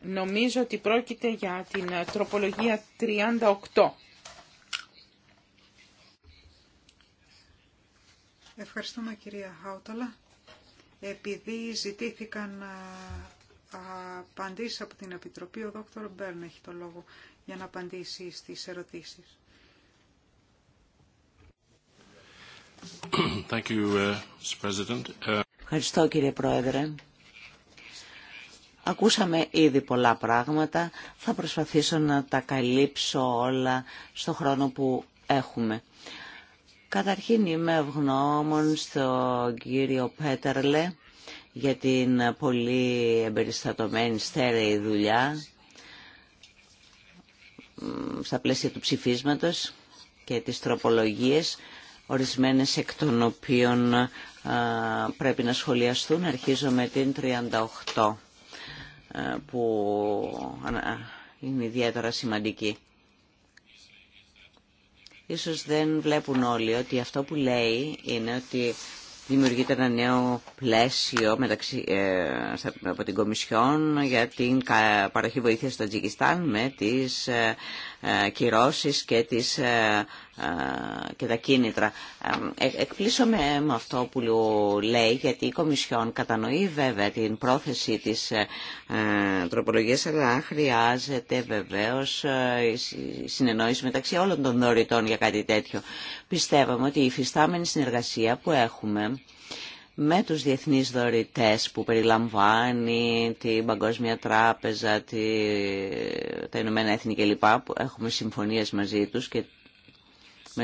[SPEAKER 4] Νομίζω ότι πρόκειται για την ε, τροπολογία
[SPEAKER 2] 38. Ευχαριστούμε κυρία Χάουταλα. Επειδή ζητήθηκαν ε, απαντήσει από την Επιτροπή, ο δόκτωρ Μπέρν έχει το λόγο για να απαντήσει στις ερωτήσεις.
[SPEAKER 3] Ε, President.
[SPEAKER 5] Ευχαριστώ κύριε Πρόεδρε. Ακούσαμε ήδη πολλά πράγματα. Θα προσπαθήσω να τα καλύψω όλα στο χρόνο που έχουμε. Καταρχήν είμαι ευγνώμων στον κύριο Πέτερλε για την πολύ εμπεριστατωμένη στέρεη δουλειά στα πλαίσια του ψηφίσματος και της τροπολογίας ορισμένες εκ των οποίων πρέπει να σχολιαστούν. Αρχίζω με την 38 που είναι ιδιαίτερα σημαντική. Ίσως δεν βλέπουν όλοι ότι αυτό που λέει είναι ότι δημιουργείται ένα νέο πλαίσιο μεταξύ, ε, από την Κομισιόν για την παροχή βοήθειας στο Τζικιστάν με τις ε, ε, κυρώσεις και, τις, ε, ε, και τα κίνητρα. Εκπλήσω με αυτό που λέει, γιατί η Κομισιόν κατανοεί βέβαια την πρόθεση της τροπολογίας, αλλά χρειάζεται βεβαίως συνεννόηση μεταξύ όλων των δωρητών για κάτι τέτοιο. Πιστεύουμε ότι η υφιστάμενη συνεργασία που έχουμε με τους διεθνείς δωρητές που περιλαμβάνει την Παγκόσμια Τράπεζα, τη, τα Ηνωμένα Έθνη κλπ. που έχουμε συμφωνίες μαζί τους και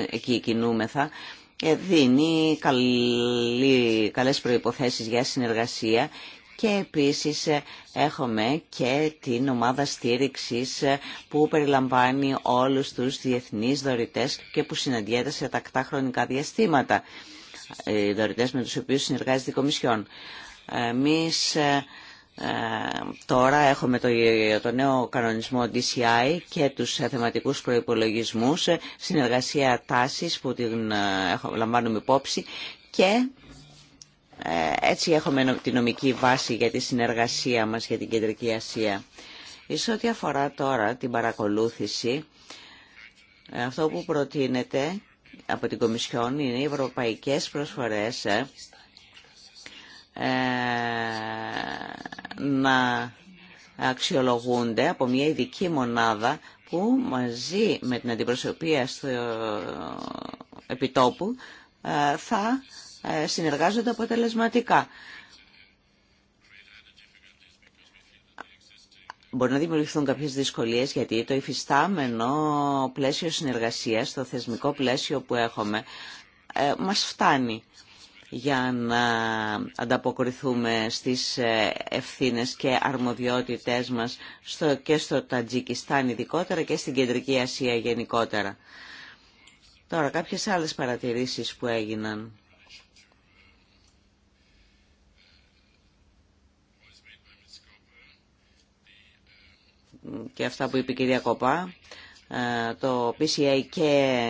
[SPEAKER 5] εκεί κινούμεθα, δίνει καλή, καλές προϋποθέσεις για συνεργασία και επίσης ε, έχουμε και την ομάδα στήριξης ε, που περιλαμβάνει όλους τους διεθνείς δωρητές και που συναντιέται σε τακτά χρονικά διαστήματα. Ε, οι δωρητές με τους οποίους συνεργάζεται η Κομισιόν. Εμείς ε, ε, τώρα έχουμε το, το νέο κανονισμό DCI και τους θεματικούς προϋπολογισμούς, συνεργασία τάσης που την λαμβάνουμε υπόψη και έτσι έχουμε τη νομική βάση για τη συνεργασία μας για την Κεντρική Ασία. Σε ό,τι αφορά τώρα την παρακολούθηση, αυτό που προτείνεται από την Κομισιόν είναι οι ευρωπαϊκές προσφορές ε, ε, να αξιολογούνται από μια ειδική μονάδα που μαζί με την αντιπροσωπεία στο επιτόπου ε, θα συνεργάζονται αποτελεσματικά. Μπορεί να δημιουργηθούν κάποιε δυσκολίε γιατί το υφιστάμενο πλαίσιο συνεργασία, το θεσμικό πλαίσιο που έχουμε, ε, μα φτάνει για να ανταποκριθούμε στις ε, ευθύνες και αρμοδιότητές μας στο, και στο Τατζικιστάν ειδικότερα και στην Κεντρική Ασία γενικότερα. Τώρα κάποιες άλλες παρατηρήσεις που έγιναν. και αυτά που είπε η κυρία Κοπά, ε, το PCA και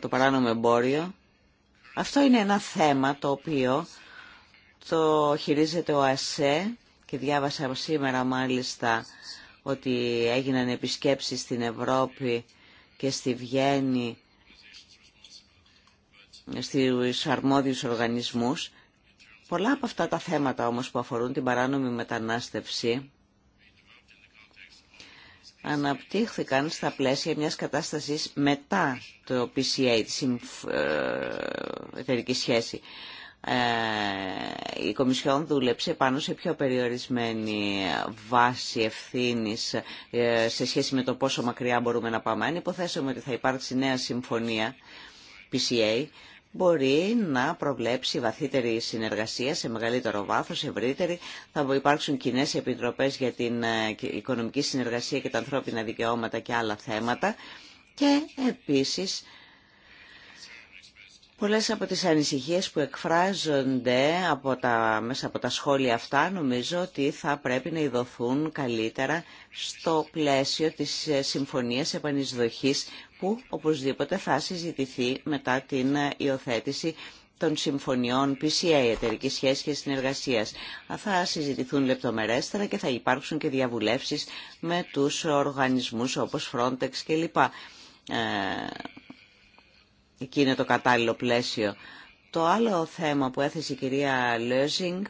[SPEAKER 5] το παράνομο εμπόριο. Αυτό είναι ένα θέμα το οποίο το χειρίζεται ο ΑΣΕ και διάβασα σήμερα μάλιστα ότι έγιναν επισκέψεις στην Ευρώπη και στη Βιέννη στους αρμόδιους οργανισμούς Πολλά από αυτά τα θέματα όμως που αφορούν την παράνομη μετανάστευση αναπτύχθηκαν στα πλαίσια μιας κατάστασης μετά το PCA, τη ε, εταιρική σχέση. Ε, η Κομισιόν δούλεψε πάνω σε πιο περιορισμένη βάση ευθύνης ε, σε σχέση με το πόσο μακριά μπορούμε να πάμε. Αν υποθέσουμε ότι θα υπάρξει νέα συμφωνία PCA, μπορεί να προβλέψει βαθύτερη συνεργασία σε μεγαλύτερο βάθος, ευρύτερη. Θα υπάρξουν κοινέ επιτροπές για την ε, οικονομική συνεργασία και τα ανθρώπινα δικαιώματα και άλλα θέματα. Και επίσης Πολλές από τις ανησυχίες που εκφράζονται από τα, μέσα από τα σχόλια αυτά νομίζω ότι θα πρέπει να ειδωθούν καλύτερα στο πλαίσιο της Συμφωνίας Επανεισδοχής που οπωσδήποτε θα συζητηθεί μετά την υιοθέτηση των συμφωνιών PCA, εταιρική σχέση και συνεργασία. Θα συζητηθούν λεπτομερέστερα και θα υπάρξουν και διαβουλεύσεις με τους οργανισμούς όπως Frontex κλπ. Ε, εκεί είναι το κατάλληλο πλαίσιο. Το άλλο θέμα που έθεσε η κυρία Λέζινγκ,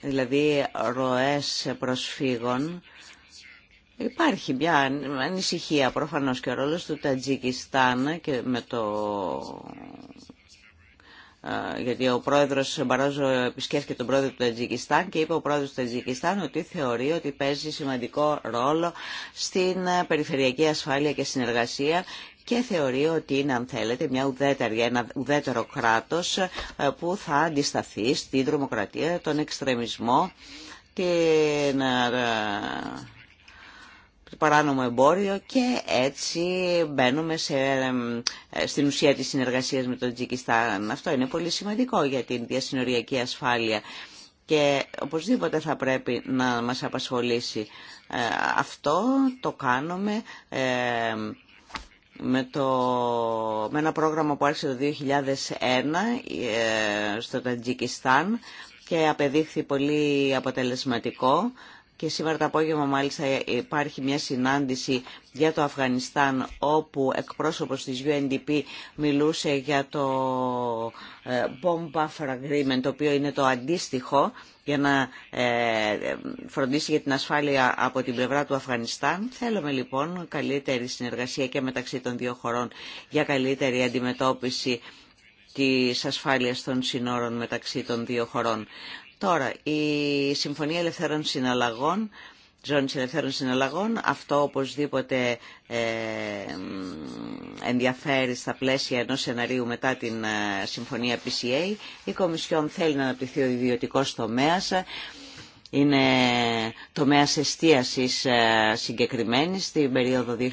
[SPEAKER 5] δηλαδή ροές προσφύγων, Υπάρχει μια ανησυχία προφανώς και ο ρόλος του Τατζικιστάν και με το γιατί ο πρόεδρος Μπαρόζο επισκέφθηκε τον πρόεδρο του Τατζικιστάν και είπε ο πρόεδρος του Τατζικιστάν ότι θεωρεί ότι παίζει σημαντικό ρόλο στην ε, περιφερειακή ασφάλεια και συνεργασία και θεωρεί ότι είναι, αν θέλετε, μια ουδέτερη, ένα ουδέτερο κράτος ε, που θα αντισταθεί στην τρομοκρατία, τον εξτρεμισμό, την ε, το παράνομο εμπόριο και έτσι μπαίνουμε σε, στην ουσία της συνεργασίας με το Τζικιστάν. Αυτό είναι πολύ σημαντικό για την διασυνοριακή ασφάλεια και οπωσδήποτε θα πρέπει να μας απασχολήσει. Ε, αυτό το κάνουμε ε, με, το, με ένα πρόγραμμα που άρχισε το 2001 ε, στο Τζικιστάν και απεδείχθη πολύ αποτελεσματικό και σήμερα το απόγευμα μάλιστα υπάρχει μια συνάντηση για το Αφγανιστάν όπου εκπρόσωπος της UNDP μιλούσε για το ε, Bomb Buffer Agreement το οποίο είναι το αντίστοιχο για να ε, φροντίσει για την ασφάλεια από την πλευρά του Αφγανιστάν. Θέλουμε λοιπόν καλύτερη συνεργασία και μεταξύ των δύο χωρών για καλύτερη αντιμετώπιση της ασφάλειας των συνόρων μεταξύ των δύο χωρών. Τώρα, η Συμφωνία Ελευθέρων Συναλλαγών, Ζώνη Ελευθέρων Συναλλαγών, αυτό οπωσδήποτε ε, ενδιαφέρει στα πλαίσια ενός σεναρίου μετά την ε, Συμφωνία PCA. Η Κομισιόν θέλει να αναπτυχθεί ο ιδιωτικό τομέα είναι τομέας εστίασης ε, συγκεκριμένη στην περίοδο 2007-2013.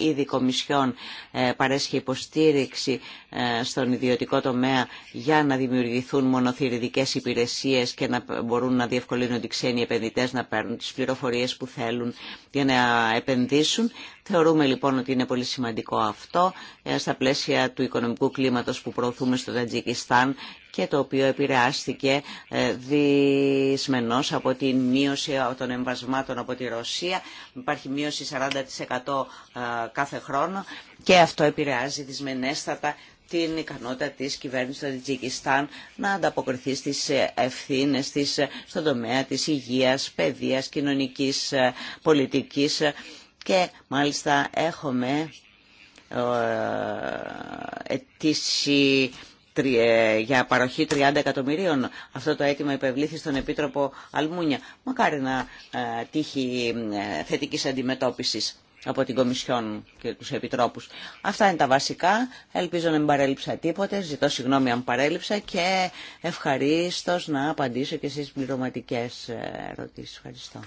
[SPEAKER 5] Ήδη η Κομισιόν ε, παρέσχει υποστήριξη ε, στον ιδιωτικό τομέα για να δημιουργηθούν μονοθυριδικές υπηρεσίες και να μπορούν να διευκολύνουν οι ξένοι επενδυτές να παίρνουν τις πληροφορίες που θέλουν για να επενδύσουν. Θεωρούμε λοιπόν ότι είναι πολύ σημαντικό αυτό ε, στα πλαίσια του οικονομικού κλίματος που προωθούμε στο Τατζικιστάν και το οποίο επηρεάστηκε ε, δυσμενώς από την μείωση των εμβασμάτων από τη Ρωσία. Υπάρχει μείωση 40% ε, κάθε χρόνο και αυτό επηρεάζει δυσμενέστατα την ικανότητα της κυβέρνησης του Τατζικιστάν να ανταποκριθεί στις ευθύνες της στον τομέα της υγείας, παιδείας, κοινωνικής πολιτικής και μάλιστα έχουμε ε, αιτήσει ε, για παροχή 30 εκατομμυρίων. Αυτό το αίτημα υπευλήθη στον Επίτροπο Αλμούνια. Μακάρι να ε, τύχει θετικής αντιμετώπισης από την Κομισιόν και τους Επιτρόπους. Αυτά είναι τα βασικά. Ελπίζω να μην παρέλειψα τίποτε. Ζητώ συγγνώμη αν παρέλειψα και ευχαρίστω να απαντήσω και στις πληρωματικές ερωτήσεις. Ευχαριστώ.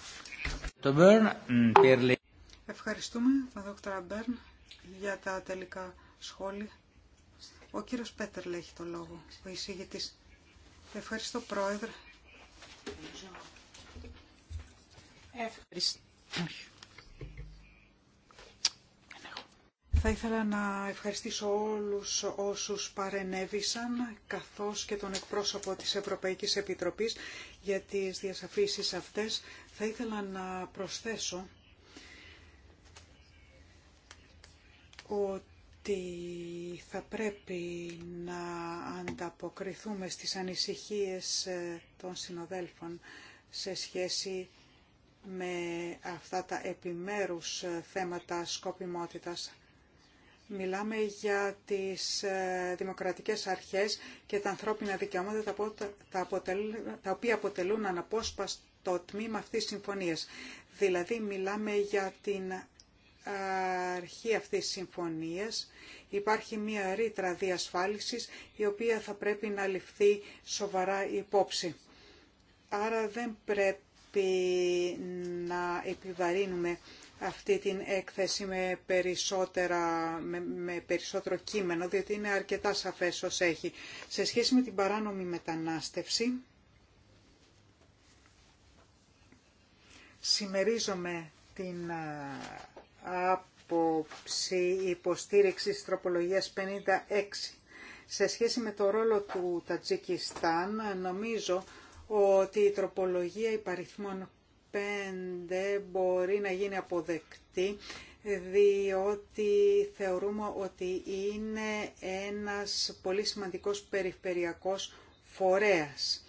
[SPEAKER 2] Ευχαριστούμε τον Δόκτωρα Μπέρν για τα τελικά σχόλια. Ο κύριος Πέτερ έχει το λόγο, ο εισηγητής. Ευχαριστώ πρόεδρε. Θα ήθελα να ευχαριστήσω όλους όσους παρενέβησαν, καθώς και τον εκπρόσωπο της Ευρωπαϊκής Επιτροπής για τις διασαφήσεις αυτές. Θα ήθελα να προσθέσω ότι θα πρέπει να ανταποκριθούμε στις ανησυχίες ε, των συνοδέλφων σε σχέση με αυτά τα επιμέρους ε, θέματα σκοπιμότητας. Μιλάμε για τις ε, δημοκρατικές αρχές και τα ανθρώπινα δικαιώματα τα οποία αποτελούν αναπόσπαστο τμήμα αυτής της συμφωνίας. Δηλαδή μιλάμε για την αρχή αυτής της συμφωνίας υπάρχει μία ρήτρα διασφάλισης η οποία θα πρέπει να ληφθεί σοβαρά υπόψη. Άρα δεν πρέπει να επιβαρύνουμε αυτή την έκθεση με, περισσότερα, με, περισσότερο κείμενο, διότι είναι αρκετά σαφές ως έχει. Σε σχέση με την παράνομη μετανάστευση, συμμερίζομαι την άποψη υποστήριξης τροπολογίας 56. Σε σχέση με το ρόλο του Τατζικιστάν, νομίζω ότι η τροπολογία υπαριθμών 5 μπορεί να γίνει αποδεκτή, διότι θεωρούμε ότι είναι ένας πολύ σημαντικός περιφερειακός φορέας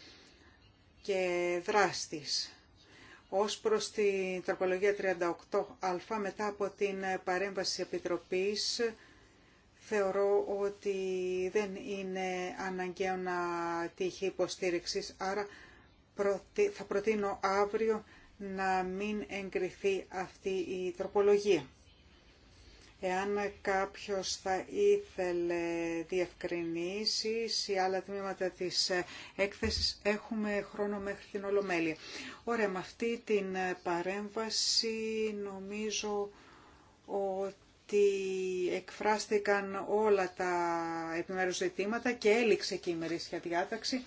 [SPEAKER 2] και δράστης. Ως προς την τροπολογία 38α μετά από την παρέμβαση Επιτροπής θεωρώ ότι δεν είναι αναγκαίο να τύχει υποστήριξη, άρα θα προτείνω αύριο να μην εγκριθεί αυτή η τροπολογία. Εάν κάποιος θα ήθελε διευκρινήσεις ή άλλα τμήματα της έκθεσης, έχουμε χρόνο μέχρι την Ολομέλεια. Ωραία, με αυτή την παρέμβαση νομίζω ότι εκφράστηκαν όλα τα επιμέρους ζητήματα και έληξε και η ημερήσια διάταξη.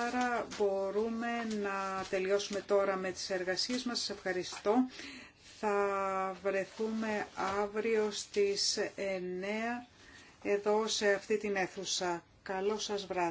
[SPEAKER 2] Άρα μπορούμε να τελειώσουμε τώρα με τις εργασίες μας. Σας ευχαριστώ. Θα βρεθούμε αύριο στις 9 εδώ σε αυτή την αίθουσα. Καλό σας βράδυ.